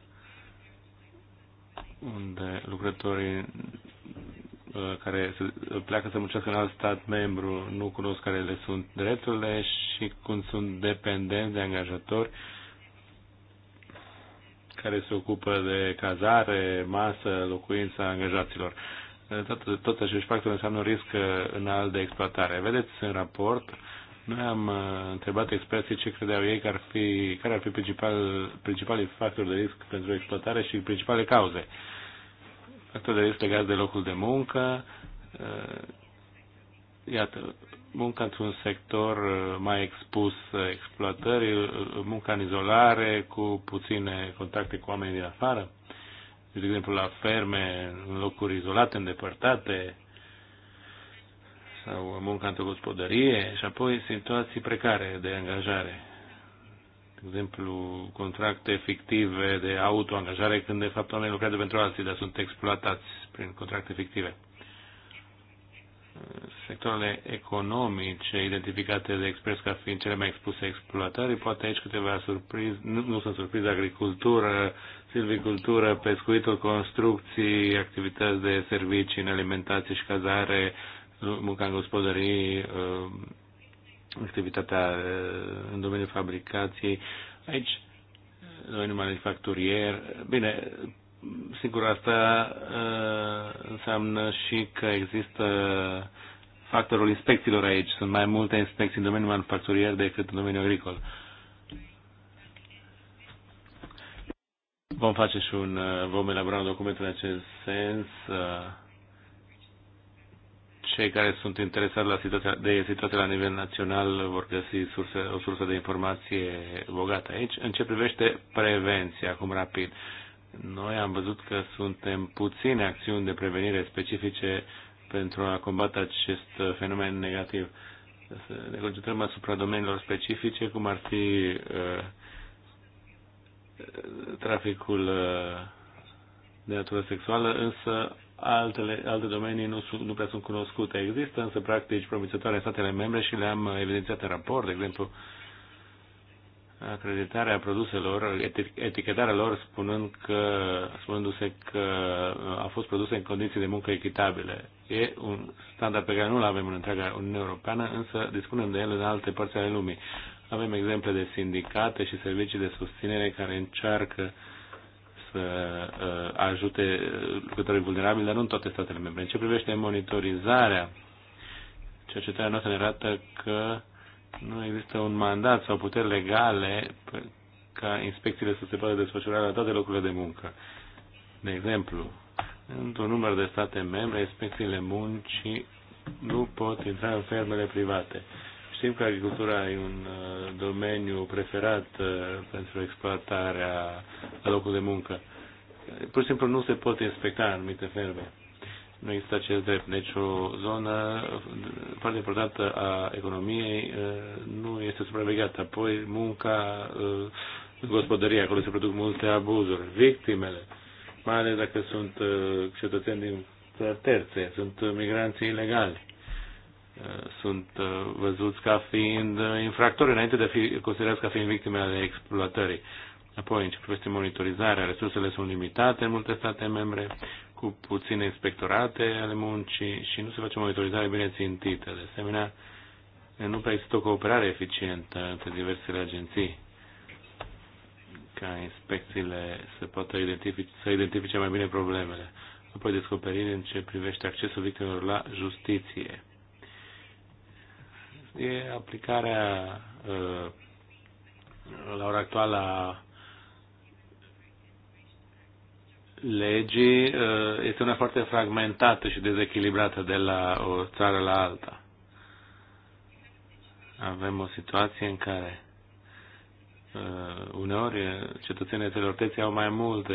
unde lucrătorii uh, care uh, pleacă să muncească în alt stat membru nu cunosc care le sunt drepturile și cum sunt dependenți de angajatori care se ocupă de cazare, masă, locuința angajaților. Uh, tot, tot acești factori înseamnă un risc înalt de exploatare. Vedeți în raport noi am uh, întrebat experții ce credeau ei că ar fi, care ar fi principal, principalii factori de risc pentru exploatare și principale cauze. Factori de risc legați de locul de muncă, uh, iată, munca într-un sector uh, mai expus exploatării, munca în izolare, cu puține contacte cu oamenii din afară, de exemplu la ferme, în locuri izolate, îndepărtate, sau munca într-o gospodărie și apoi situații precare de angajare. De exemplu, contracte fictive de autoangajare când de fapt oamenii lucrează pentru alții, dar sunt exploatați prin contracte fictive. Sectoarele economice identificate de expres ca fiind cele mai expuse exploatării, poate aici câteva surprize, nu, nu sunt surprize, agricultură, silvicultură, pescuitul, construcții, activități de servicii în alimentație și cazare, munca în gospodării, uh, activitatea uh, în domeniul fabricației. Aici, domeniul manufacturier, bine, sigur, asta uh, înseamnă și că există factorul inspecțiilor aici. Sunt mai multe inspecții în domeniul manufacturier decât în domeniul agricol. Vom face și un, vom elabora un document în acest sens cei care sunt interesați la situația, de situația la nivel național vor găsi surse, o sursă de informație bogată aici. În ce privește prevenția, acum rapid, noi am văzut că suntem puține acțiuni de prevenire specifice pentru a combate acest fenomen negativ. Să ne concentrăm asupra domeniilor specifice, cum ar fi uh, traficul uh, de natură sexuală, însă Altele, alte domenii nu, nu prea sunt cunoscute. Există însă practici promițătoare în statele membre și le-am evidențiat în raport, de exemplu, acreditarea produselor, etichetarea lor spunând că, spunându-se că a fost produse în condiții de muncă echitabile. E un standard pe care nu-l avem în întreaga Uniune Europeană, însă dispunem de el în alte părți ale lumii. Avem exemple de sindicate și servicii de susținere care încearcă să uh, ajute uh, lucrătorii vulnerabili, dar nu în toate statele membre. În ce privește monitorizarea, cercetarea noastră ne arată că nu există un mandat sau puteri legale ca inspecțiile să se poată desfășura la toate locurile de muncă. De exemplu, într-un număr de state membre, inspecțiile muncii nu pot intra în fermele private. Știm că agricultura e un uh, domeniu preferat uh, pentru exploatarea la locul de muncă. Pur și simplu nu se pot inspecta anumite ferme. Nu există acest drept. Deci o zonă foarte importantă a economiei uh, nu este supravegată. Apoi munca, gospodăria, acolo se produc multe abuzuri. Victimele, mai ales dacă sunt cetățeni din țări terțe, sunt migranții ilegali sunt uh, văzuți ca fiind uh, infractori înainte de a fi considerați ca fiind victime ale exploatării. Apoi, în ce privește monitorizarea, resursele sunt limitate în multe state membre, cu puține inspectorate ale muncii și nu se face monitorizare bine țintită. De asemenea, nu prea există o cooperare eficientă între diversele agenții ca inspecțiile să poată identifice, să identifice mai bine problemele. Apoi descoperire în ce privește accesul victimelor la justiție e aplicarea la ora actuală a legii este una foarte fragmentată și dezechilibrată de la o țară la alta. Avem o situație în care uneori cetățenii țărilor au mai multe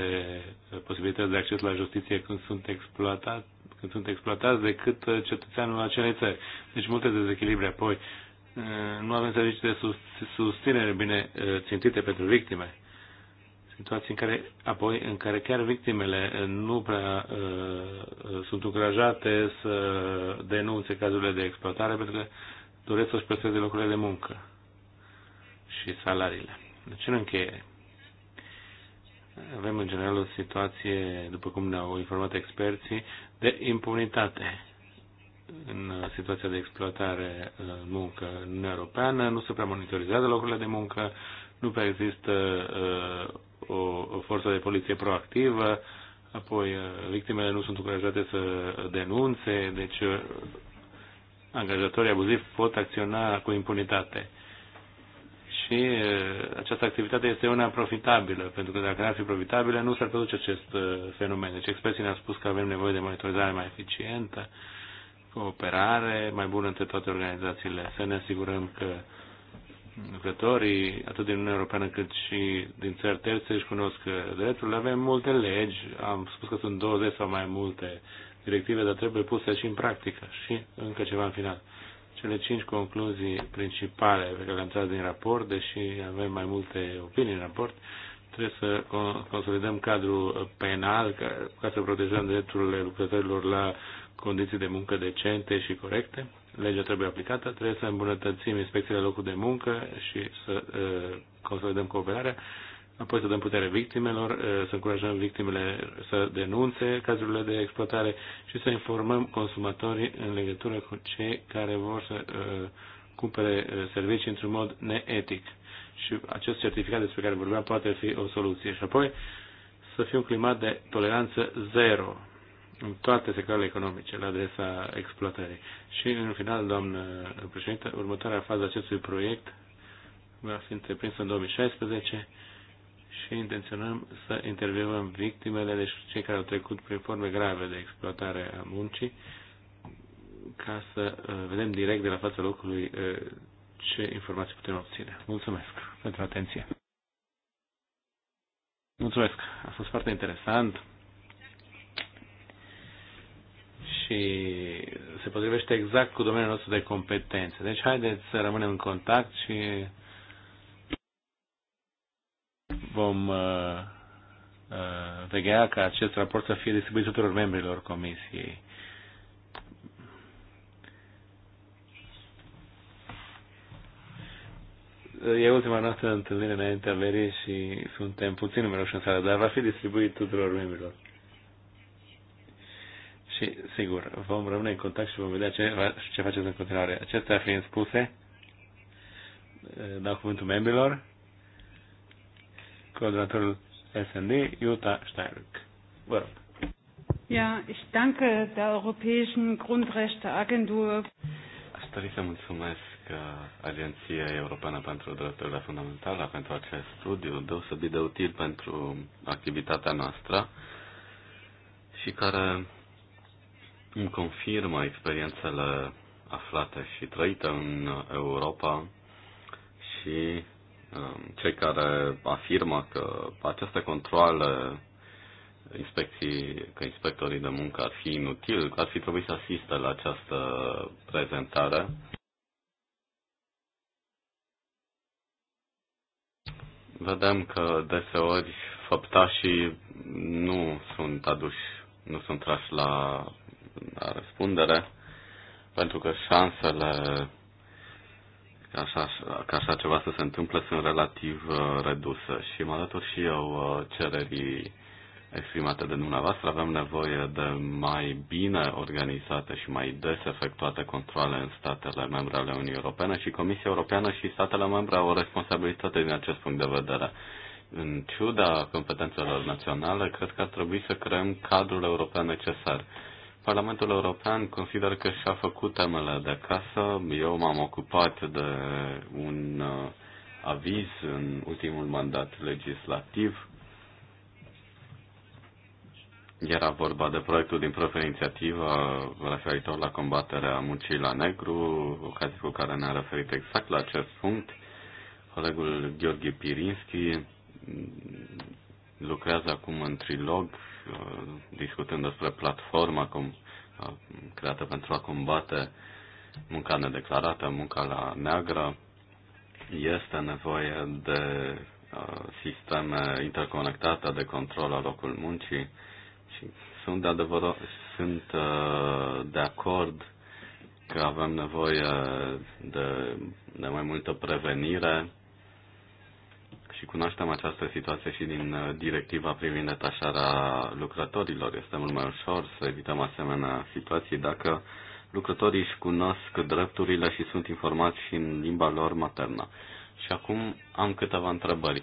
posibilități de acces la justiție când sunt exploatați când sunt exploatați decât uh, cetățeanul acelei țări. Deci multe dezechilibre. Apoi, uh, nu avem servicii de susținere bine uh, țintite pentru victime. Situații în care, apoi, în care chiar victimele nu prea uh, sunt încurajate să denunțe cazurile de exploatare pentru că doresc să-și păstreze locurile de muncă și salariile. Deci, în încheiere, avem în general o situație, după cum ne-au informat experții, de impunitate în situația de exploatare în uh, muncă în Uniunea Europeană, nu se prea monitorizează locurile de muncă, nu prea există uh, o, o forță de poliție proactivă, apoi uh, victimele nu sunt încurajate să denunțe, deci uh, angajatorii abuzivi pot acționa cu impunitate și uh, această activitate este una profitabilă, pentru că dacă n-ar fi profitabilă, nu s-ar produce acest uh, fenomen. Deci experții ne-au spus că avem nevoie de monitorizare mai eficientă, cooperare mai bună între toate organizațiile, să ne asigurăm că lucrătorii, atât din Uniunea Europeană cât și din țări terțe, își cunosc drepturile. Avem multe legi, am spus că sunt 20 sau mai multe directive, dar trebuie puse și în practică. Și încă ceva în final cele cinci concluzii principale pe care le-am tras din raport, deși avem mai multe opinii în raport, trebuie să consolidăm cadrul penal ca, ca să protejăm drepturile lucrătorilor la condiții de muncă decente și corecte. Legea trebuie aplicată, trebuie să îmbunătățim inspecțiile locului de muncă și să uh, consolidăm cooperarea apoi să dăm putere victimelor, eh, să încurajăm victimele să denunțe cazurile de exploatare și să informăm consumatorii în legătură cu cei care vor să eh, cumpere eh, servicii într-un mod neetic. Și acest certificat despre care vorbeam poate fi o soluție. Și apoi să fie un climat de toleranță zero în toate sectoarele economice la adresa exploatării. Și în final, doamnă președinte, următoarea fază acestui proiect va fi întreprinsă în 2016 și intenționăm să intervievăm victimele, deci cei care au trecut prin forme grave de exploatare a muncii, ca să uh, vedem direct de la fața locului uh, ce informații putem obține. Mulțumesc pentru atenție. Mulțumesc, a fost foarte interesant și se potrivește exact cu domeniul nostru de competențe. Deci haideți să rămânem în contact și vom uh, uh, vegea ca acest raport să fie distribuit tuturor membrilor comisiei. E ultima noastră întâlnire înaintea verii și suntem puțin numeroși în sală, dar va fi distribuit tuturor membrilor. Și, sigur, vom rămâne în contact și vom vedea ce, ce faceți în continuare. Acestea fiind spuse, uh, dau cuvântul membrilor coordonatorul SND, Jutta Steinrück. Vă rog. Ja, ich danke der Europäischen Grundrechteagentur. Aș dori să mulțumesc uh, Agenției Europeană pentru Drepturile Fundamentale pentru acest studiu deosebit de util pentru activitatea noastră și care îmi confirmă experiențele aflate și trăite în Europa și Um, cei care afirmă că aceste controle inspecții, că inspectorii de muncă ar fi inutil, că ar fi trebuit să asiste la această prezentare. Vedem că deseori făptașii nu sunt aduși, nu sunt trași la, la răspundere, pentru că șansele că așa, că așa ceva să se întâmple sunt relativ uh, reduse și mă alătur și eu uh, cererii exprimate de dumneavoastră. Avem nevoie de mai bine organizate și mai des efectuate controle în statele membre ale Uniunii Europene și Comisia Europeană și statele membre au o responsabilitate din acest punct de vedere. În ciuda competențelor naționale, cred că ar trebui să creăm cadrul european necesar Parlamentul European consider că și-a făcut temele de casă. Eu m-am ocupat de un uh, aviz în ultimul mandat legislativ. Era vorba de proiectul din propria inițiativă referitor la combaterea muncii la negru, ocazia cu care ne-a referit exact la acest punct. Colegul Gheorghe Pirinski lucrează acum în trilog discutând despre platforma cum, creată pentru a combate munca nedeclarată, munca la neagră, este nevoie de sisteme interconectate de control al locul muncii și sunt de, adevăr, sunt de acord că avem nevoie de, de mai multă prevenire și cunoaștem această situație și din uh, directiva privind detașarea lucrătorilor. Este mult mai ușor să evităm asemenea situații dacă lucrătorii își cunosc drepturile și sunt informați și în limba lor maternă. Și acum am câteva întrebări.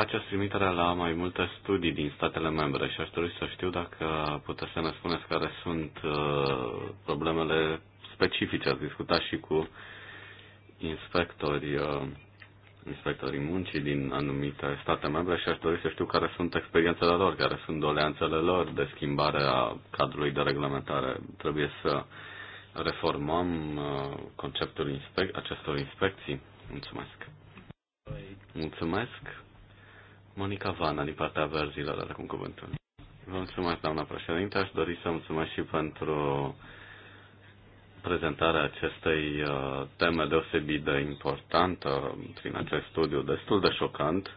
faceți trimiterea la mai multe studii din statele membre și aș dori să știu dacă puteți să ne spuneți care sunt uh, problemele specifice. Ați discutat și cu inspectori, uh, inspectorii muncii din anumite state membre și aș dori să știu care sunt experiențele lor, care sunt doleanțele lor de schimbare a cadrului de reglementare. Trebuie să reformăm uh, conceptul inspec- acestor inspecții. Mulțumesc! Mulțumesc! Monica Vana, din partea verzilor, are acum cuvântul. Vă mulțumesc, doamna președinte. Aș dori să mulțumesc și pentru prezentarea acestei uh, teme deosebit de importantă uh, prin acest studiu destul de șocant.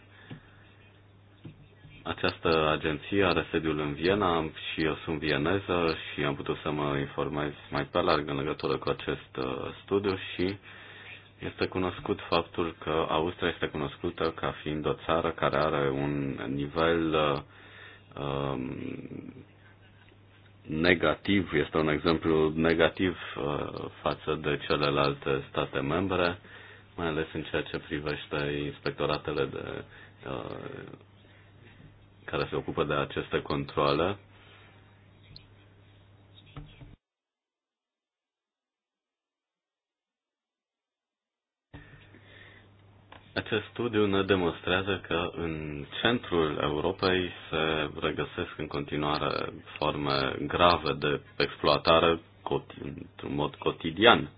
Această agenție are sediul în Viena și eu sunt vieneză și am putut să mă informez mai pe larg în legătură cu acest uh, studiu și este cunoscut faptul că Austria este cunoscută ca fiind o țară care are un nivel um, negativ, este un exemplu negativ uh, față de celelalte state membre, mai ales în ceea ce privește inspectoratele de, uh, care se ocupă de aceste controle Acest studiu ne demonstrează că în centrul Europei se regăsesc în continuare forme grave de exploatare într-un mod cotidian.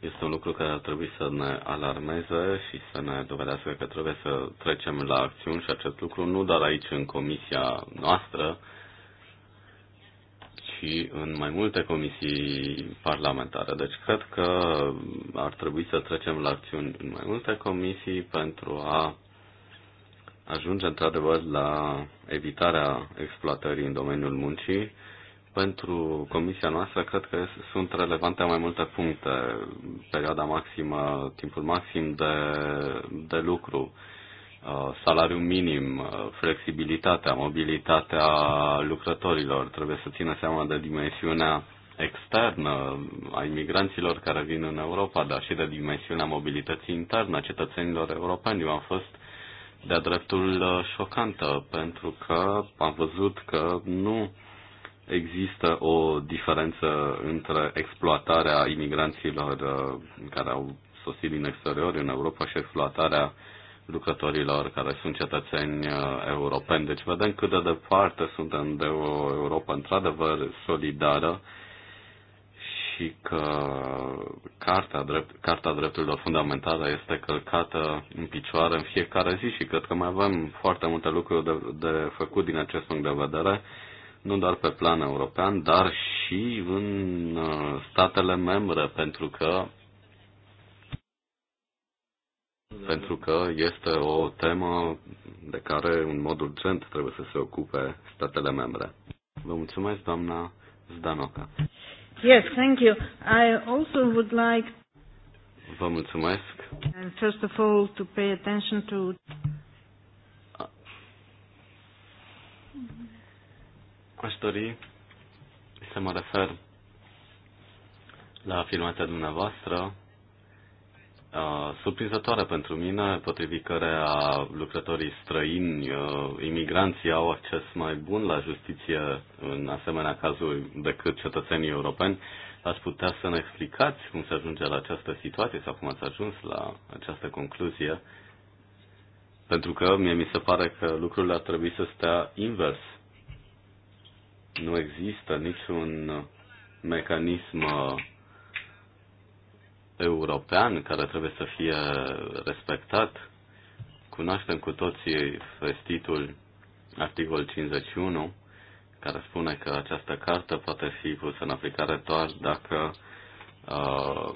Este un lucru care ar trebui să ne alarmeze și să ne dovedească că trebuie să trecem la acțiuni și acest lucru nu doar aici în comisia noastră, și în mai multe comisii parlamentare. Deci cred că ar trebui să trecem la acțiuni în mai multe comisii pentru a ajunge într-adevăr la evitarea exploatării în domeniul muncii. Pentru comisia noastră cred că sunt relevante mai multe puncte, perioada maximă, timpul maxim de, de lucru, Uh, salariu minim, uh, flexibilitatea, mobilitatea lucrătorilor. Trebuie să țină seama de dimensiunea externă a imigranților care vin în Europa, dar și de dimensiunea mobilității interne a cetățenilor europeni. Eu am fost de-a dreptul uh, șocantă, pentru că am văzut că nu există o diferență între exploatarea imigranților care au sosit din exterior în Europa și exploatarea lucrătorilor care sunt cetățeni uh, europeni. Deci vedem cât de departe suntem de o Europa într-adevăr solidară și că Carta, drept, Carta Drepturilor Fundamentale este călcată în picioare în fiecare zi și cred că mai avem foarte multe lucruri de, de făcut din acest punct de vedere, nu doar pe plan european, dar și în uh, statele membre, pentru că pentru că este o temă de care în mod urgent trebuie să se ocupe statele membre. Vă mulțumesc, doamna Zdanoca. Yes, thank you. I also would like Vă mulțumesc. And first of all to pay attention to Aș dori să mă refer la afirmația dumneavoastră Uh, surprinzătoare pentru mine, potrivit cărea lucrătorii străini, uh, imigranții au acces mai bun la justiție în asemenea cazuri decât cetățenii europeni. Ați putea să ne explicați cum se ajunge la această situație sau cum ați ajuns la această concluzie? Pentru că mie mi se pare că lucrurile ar trebui să stea invers. Nu există niciun mecanism uh, european care trebuie să fie respectat. Cunoaștem cu toții vestitul articol 51, care spune că această carte poate fi pusă în aplicare doar dacă uh,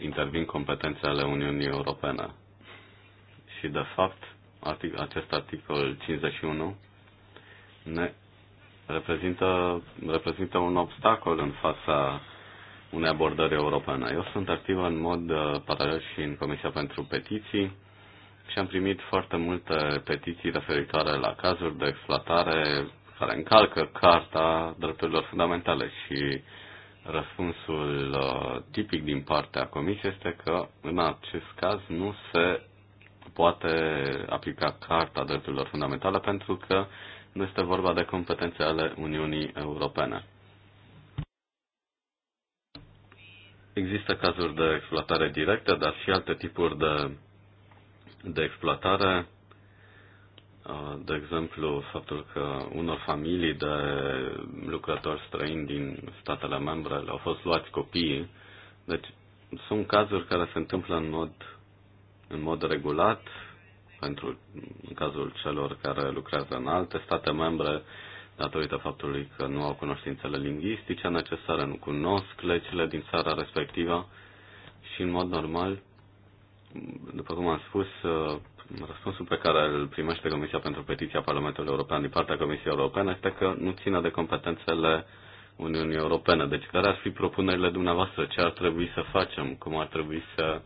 intervin competențele Uniunii Europene. Și, de fapt, artic- acest articol 51 ne reprezintă, reprezintă un obstacol în fața unei abordări europene. Eu sunt activ în mod uh, paralel și în Comisia pentru Petiții și am primit foarte multe petiții referitoare la cazuri de exploatare care încalcă Carta Drepturilor Fundamentale și răspunsul uh, tipic din partea Comisiei este că în acest caz nu se poate aplica Carta Drepturilor Fundamentale pentru că nu este vorba de competențe ale Uniunii Europene. Există cazuri de exploatare directă, dar și alte tipuri de, de exploatare. Uh, de exemplu, faptul că unor familii de lucrători străini din statele membre le-au fost luați copiii. Deci sunt cazuri care se întâmplă în mod, în mod regulat, pentru în cazul celor care lucrează în alte state membre, datorită faptului că nu au cunoștințele lingvistice necesare, nu cunosc legile din țara respectivă și, în mod normal, după cum am spus, răspunsul pe care îl primește Comisia pentru Petiția Parlamentului European din partea Comisiei Europene este că nu ține de competențele Uniunii Europene. Deci, care ar fi propunerile dumneavoastră? Ce ar trebui să facem? Cum ar trebui să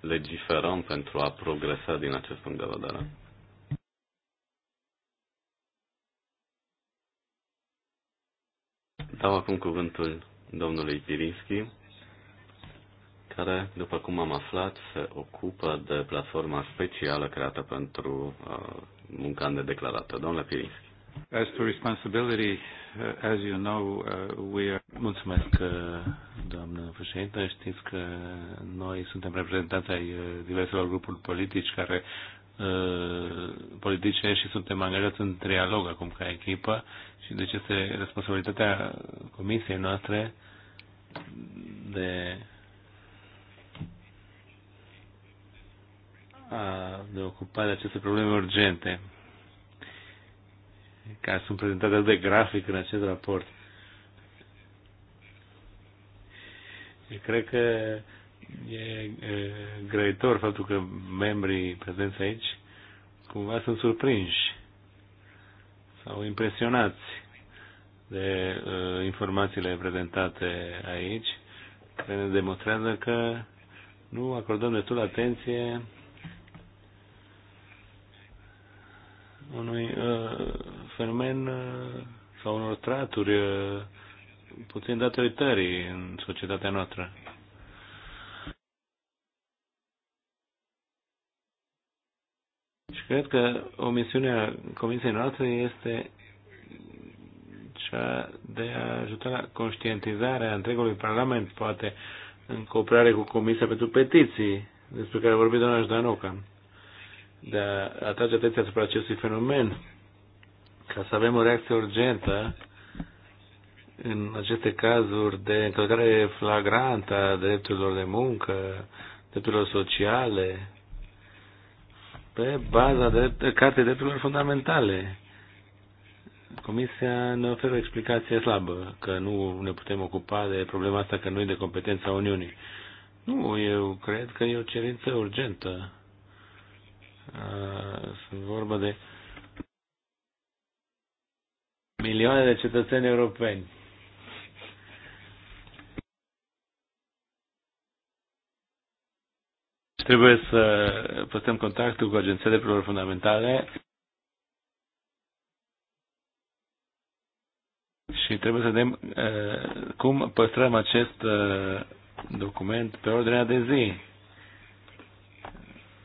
legiferăm pentru a progresa din acest punct de vedere? Dau acum cuvântul domnului Pirinski, care, după cum am aflat, se ocupă de platforma specială creată pentru uh, munca nedeclarată. Domnule Pirinski. As to responsibility, uh, as you know, uh, we are... Mulțumesc, uh, doamnă președintă. Știți că noi suntem reprezentanți ai diverselor grupuri politici care Uh, politice și suntem angajați în trialog acum ca echipă și deci este responsabilitatea comisiei noastre de a de ocupa de aceste probleme urgente care sunt prezentate de grafic în acest raport. Eu cred că e grăitor faptul că membrii prezenți aici cumva sunt surprinși sau impresionați de uh, informațiile prezentate aici, care ne demonstrează că nu acordăm destul atenție unui uh, fenomen uh, sau unor traturi uh, puțin date în societatea noastră. Cred că o misiune a Comisiei noastre este cea de a ajuta la conștientizarea întregului Parlament, poate în cooperare cu Comisia pentru Petiții, despre care a vorbit doamna Ștanoca, de a atrage atenția asupra acestui fenomen, ca să avem o reacție urgentă în aceste cazuri de încălcare flagrantă a drepturilor de muncă, drepturilor sociale, pe baza de Cartei Drepturilor Fundamentale. Comisia ne oferă o explicație slabă, că nu ne putem ocupa de problema asta, că nu e de competența Uniunii. Nu, eu cred că e o cerință urgentă. Sunt vorba de milioane de cetățeni europeni Trebuie să păstrăm contactul cu agenția de prelor fundamentale și trebuie să vedem uh, cum păstrăm acest uh, document pe ordinea de zi.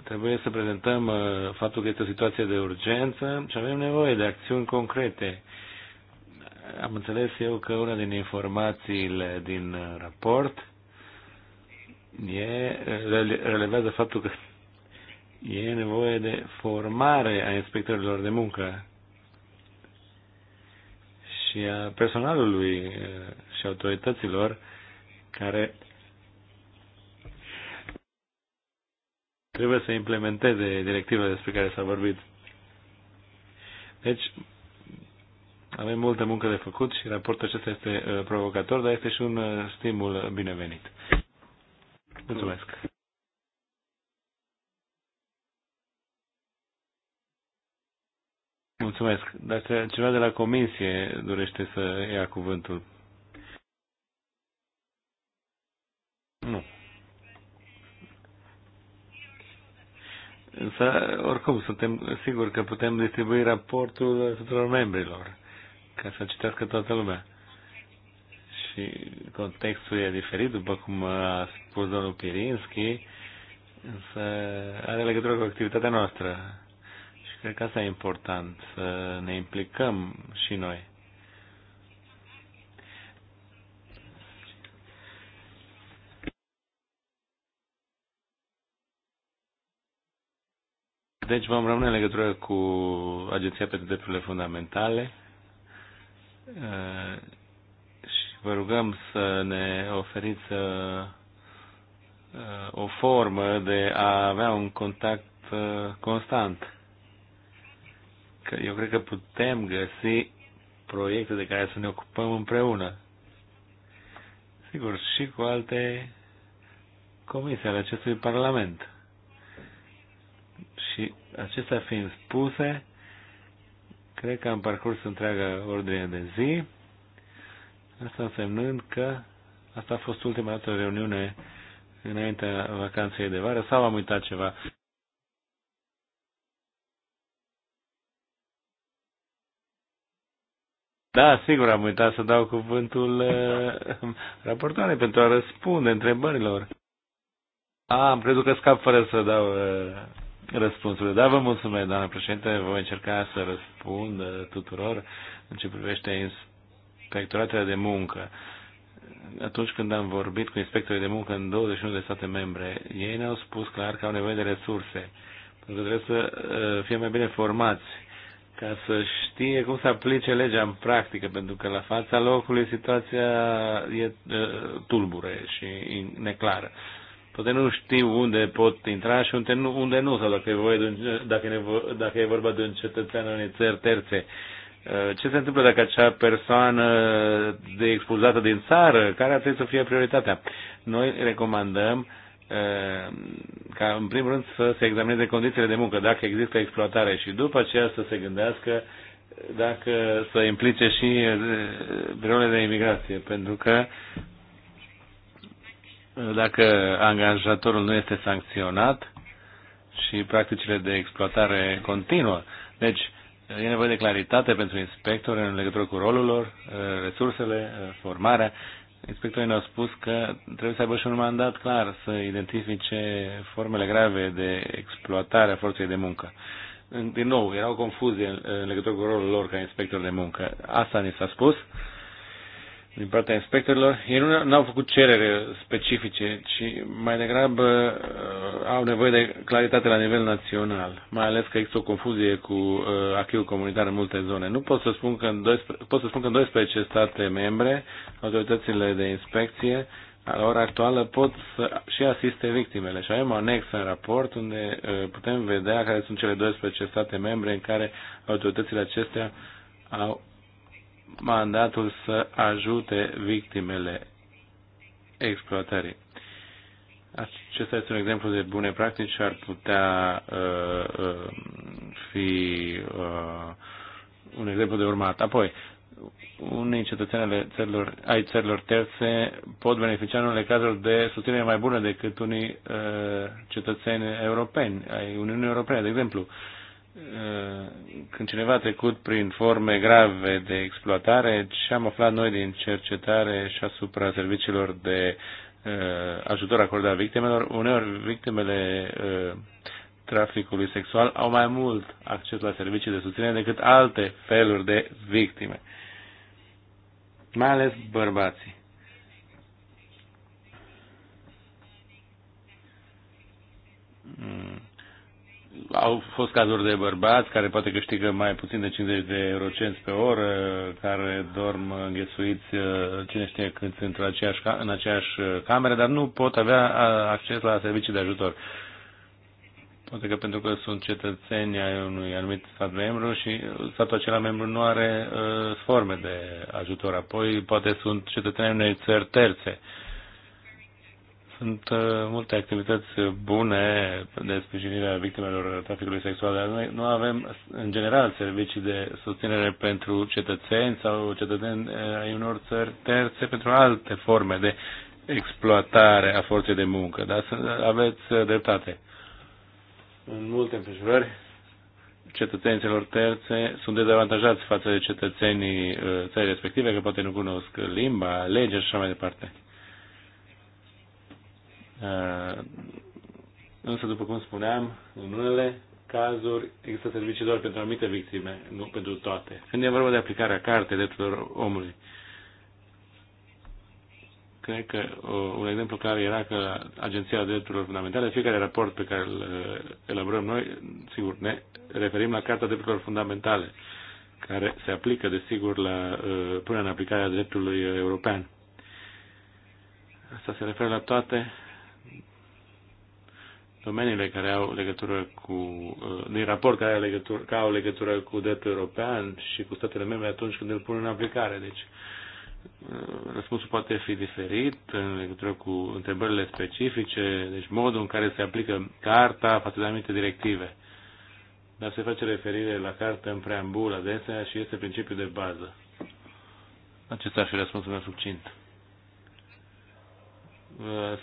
Trebuie să prezentăm uh, faptul că este o situație de urgență și avem nevoie de acțiuni concrete. Am înțeles eu că una din informațiile din uh, raport e, relevează faptul că e nevoie de formare a inspectorilor de muncă și a personalului și autorităților care trebuie să implementeze directivele despre care s-a vorbit. Deci, avem multă muncă de făcut și raportul acesta este provocator, dar este și un stimul binevenit. Mulțumesc! Mulțumesc. Dacă ceva de la comisie dorește să ia cuvântul. Nu. Însă, oricum, suntem siguri că putem distribui raportul tuturor membrilor, ca să citească toată lumea și contextul e diferit, după cum a spus domnul Pirinski, însă are legătură cu activitatea noastră. Și cred că asta e important, să ne implicăm și noi. Deci vom rămâne în legătură cu Agenția pentru Drepturile Fundamentale vă rugăm să ne oferiți uh, uh, o formă de a avea un contact uh, constant. Că eu cred că putem găsi proiecte de care să ne ocupăm împreună. Sigur, și cu alte comisii ale acestui Parlament. Și acestea fiind spuse, cred că am parcurs întreaga ordine de zi. Asta însemnând că asta a fost ultima dată reuniune înaintea vacanței de vară sau am uitat ceva. Da, sigur, am uitat să dau cuvântul uh, eh, raportoare pentru a răspunde întrebărilor. A, am crezut că scap fără să dau eh, răspunsurile. Da, vă mulțumesc, doamna președinte, voi încerca să răspund eh, tuturor în ce privește inspectoratele de muncă. Atunci când am vorbit cu inspectorii de muncă în 21 de state membre, ei ne-au spus clar că au nevoie de resurse, pentru că trebuie să uh, fie mai bine formați, ca să știe cum să aplice legea în practică, pentru că la fața locului situația e uh, tulbure și neclară. Poate nu știu unde pot intra și unde nu, unde nu sau dacă e, voie de un, dacă, e, dacă e vorba de un cetățean unei țări terțe. Uh, Uh, ce se întâmplă dacă acea persoană de expulzată din țară, care ar trebui să fie prioritatea? Noi recomandăm uh, ca în primul rând să se examineze condițiile de muncă, dacă există exploatare și după aceea să se gândească dacă să implice și uh, birourile de imigrație, pentru că dacă angajatorul nu este sancționat și practicile de exploatare continuă. Deci, E nevoie de claritate pentru inspectori în legătură cu rolul lor, resursele, formarea. Inspectorii ne-au spus că trebuie să aibă și un mandat clar să identifice formele grave de exploatare a forței de muncă. Din nou, era o confuzie în legătură cu rolul lor ca inspector de muncă. Asta ni s-a spus. Uh, din partea inspectorilor, ei nu au făcut cerere specifice, ci mai degrabă uh, au nevoie de claritate la nivel național, mai ales că există o confuzie cu uh, achiul comunitar în multe zone. Nu pot să spun că în 12, pot să spun că în 12 state membre, autoritățile de inspecție la ora actuală pot să și asiste victimele. Și avem o anexă în raport unde uh, putem vedea care sunt cele 12 state membre în care autoritățile acestea au mandatul să ajute victimele exploatării. Acesta este un exemplu de bune practici și ar putea uh, uh, fi uh, un exemplu de urmat. Apoi, unii cetățeni ale țărilor, ai țărilor terțe pot beneficia în unele cazuri de susținere mai bună decât unii uh, cetățeni europeni, ai Uniunii Europene, de exemplu. Uh, Eh, când cineva a trecut prin forme grave de exploatare, ce am aflat noi din cercetare și asupra serviciilor de eh, ajutor acordat victimelor, uneori victimele eh, traficului sexual au mai mult acces la servicii de susținere decât alte feluri de victime, mai ales bărbații. Mm au fost cazuri de bărbați care poate câștigă mai puțin de 50 de eurocenți pe oră, care dorm înghesuiți uh, cine știe cât într aceeași, în aceeași uh, cameră, dar nu pot avea uh, acces la servicii de ajutor. Poate că pentru că sunt cetățeni ai unui anumit stat membru și statul acela membru nu are uh, forme de ajutor. Apoi poate sunt cetățeni ai unei țări terțe. Uh, sunt uh, multe activități bune de sprijinire a victimelor traficului sexual, dar noi nu avem, în general, servicii de susținere pentru cetățeni sau cetățeni uh, ai unor țări terțe pentru alte forme de exploatare a forței de muncă. Dar aveți uh, dreptate. În multe împrejurări, cetățenii țărilor terțe sunt dezavantajați față de cetățenii uh, țării respective, că poate nu cunosc limba, legea și așa mai departe. Uh, însă, după cum spuneam, în unele cazuri există servicii doar pentru anumite victime, nu pentru toate. Când e vorba de aplicarea cartei drepturilor omului, cred că uh, un exemplu clar era că Agenția de Drepturilor Fundamentale, fiecare raport pe care îl uh, elaborăm noi, sigur, ne referim la Carta Drepturilor Fundamentale, care se aplică, desigur, la punerea în aplicare a dreptului european. Asta se referă la toate Domeniile care au legătură cu, uh, din raport care au legătură, care au legătură cu dreptul european și cu statele membre atunci când îl pun în aplicare. Deci, uh, răspunsul poate fi diferit în legătură cu întrebările specifice, deci modul în care se aplică carta față de anumite directive. Dar se face referire la carte în preambul adesea și este principiul de bază. Acesta ar fi răspunsul meu succint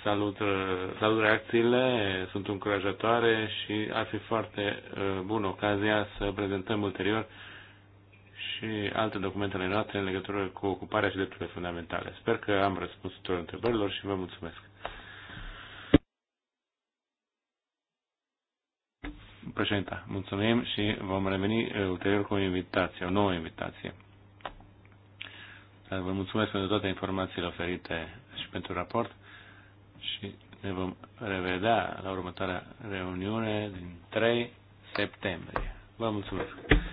salut, salut reacțiile, sunt încurajatoare și ar fi foarte uh, bună ocazia să prezentăm ulterior și alte documentele noastre în legătură cu ocuparea și drepturile fundamentale. Sper că am răspuns tuturor întrebărilor și vă mulțumesc. Președinta, mulțumim și vom reveni uh, ulterior cu o invitație, o nouă invitație. Vă mulțumesc pentru toate informațiile oferite și pentru raport și ne vom revedea la următoarea reuniune din 3 septembrie. Vă mulțumesc!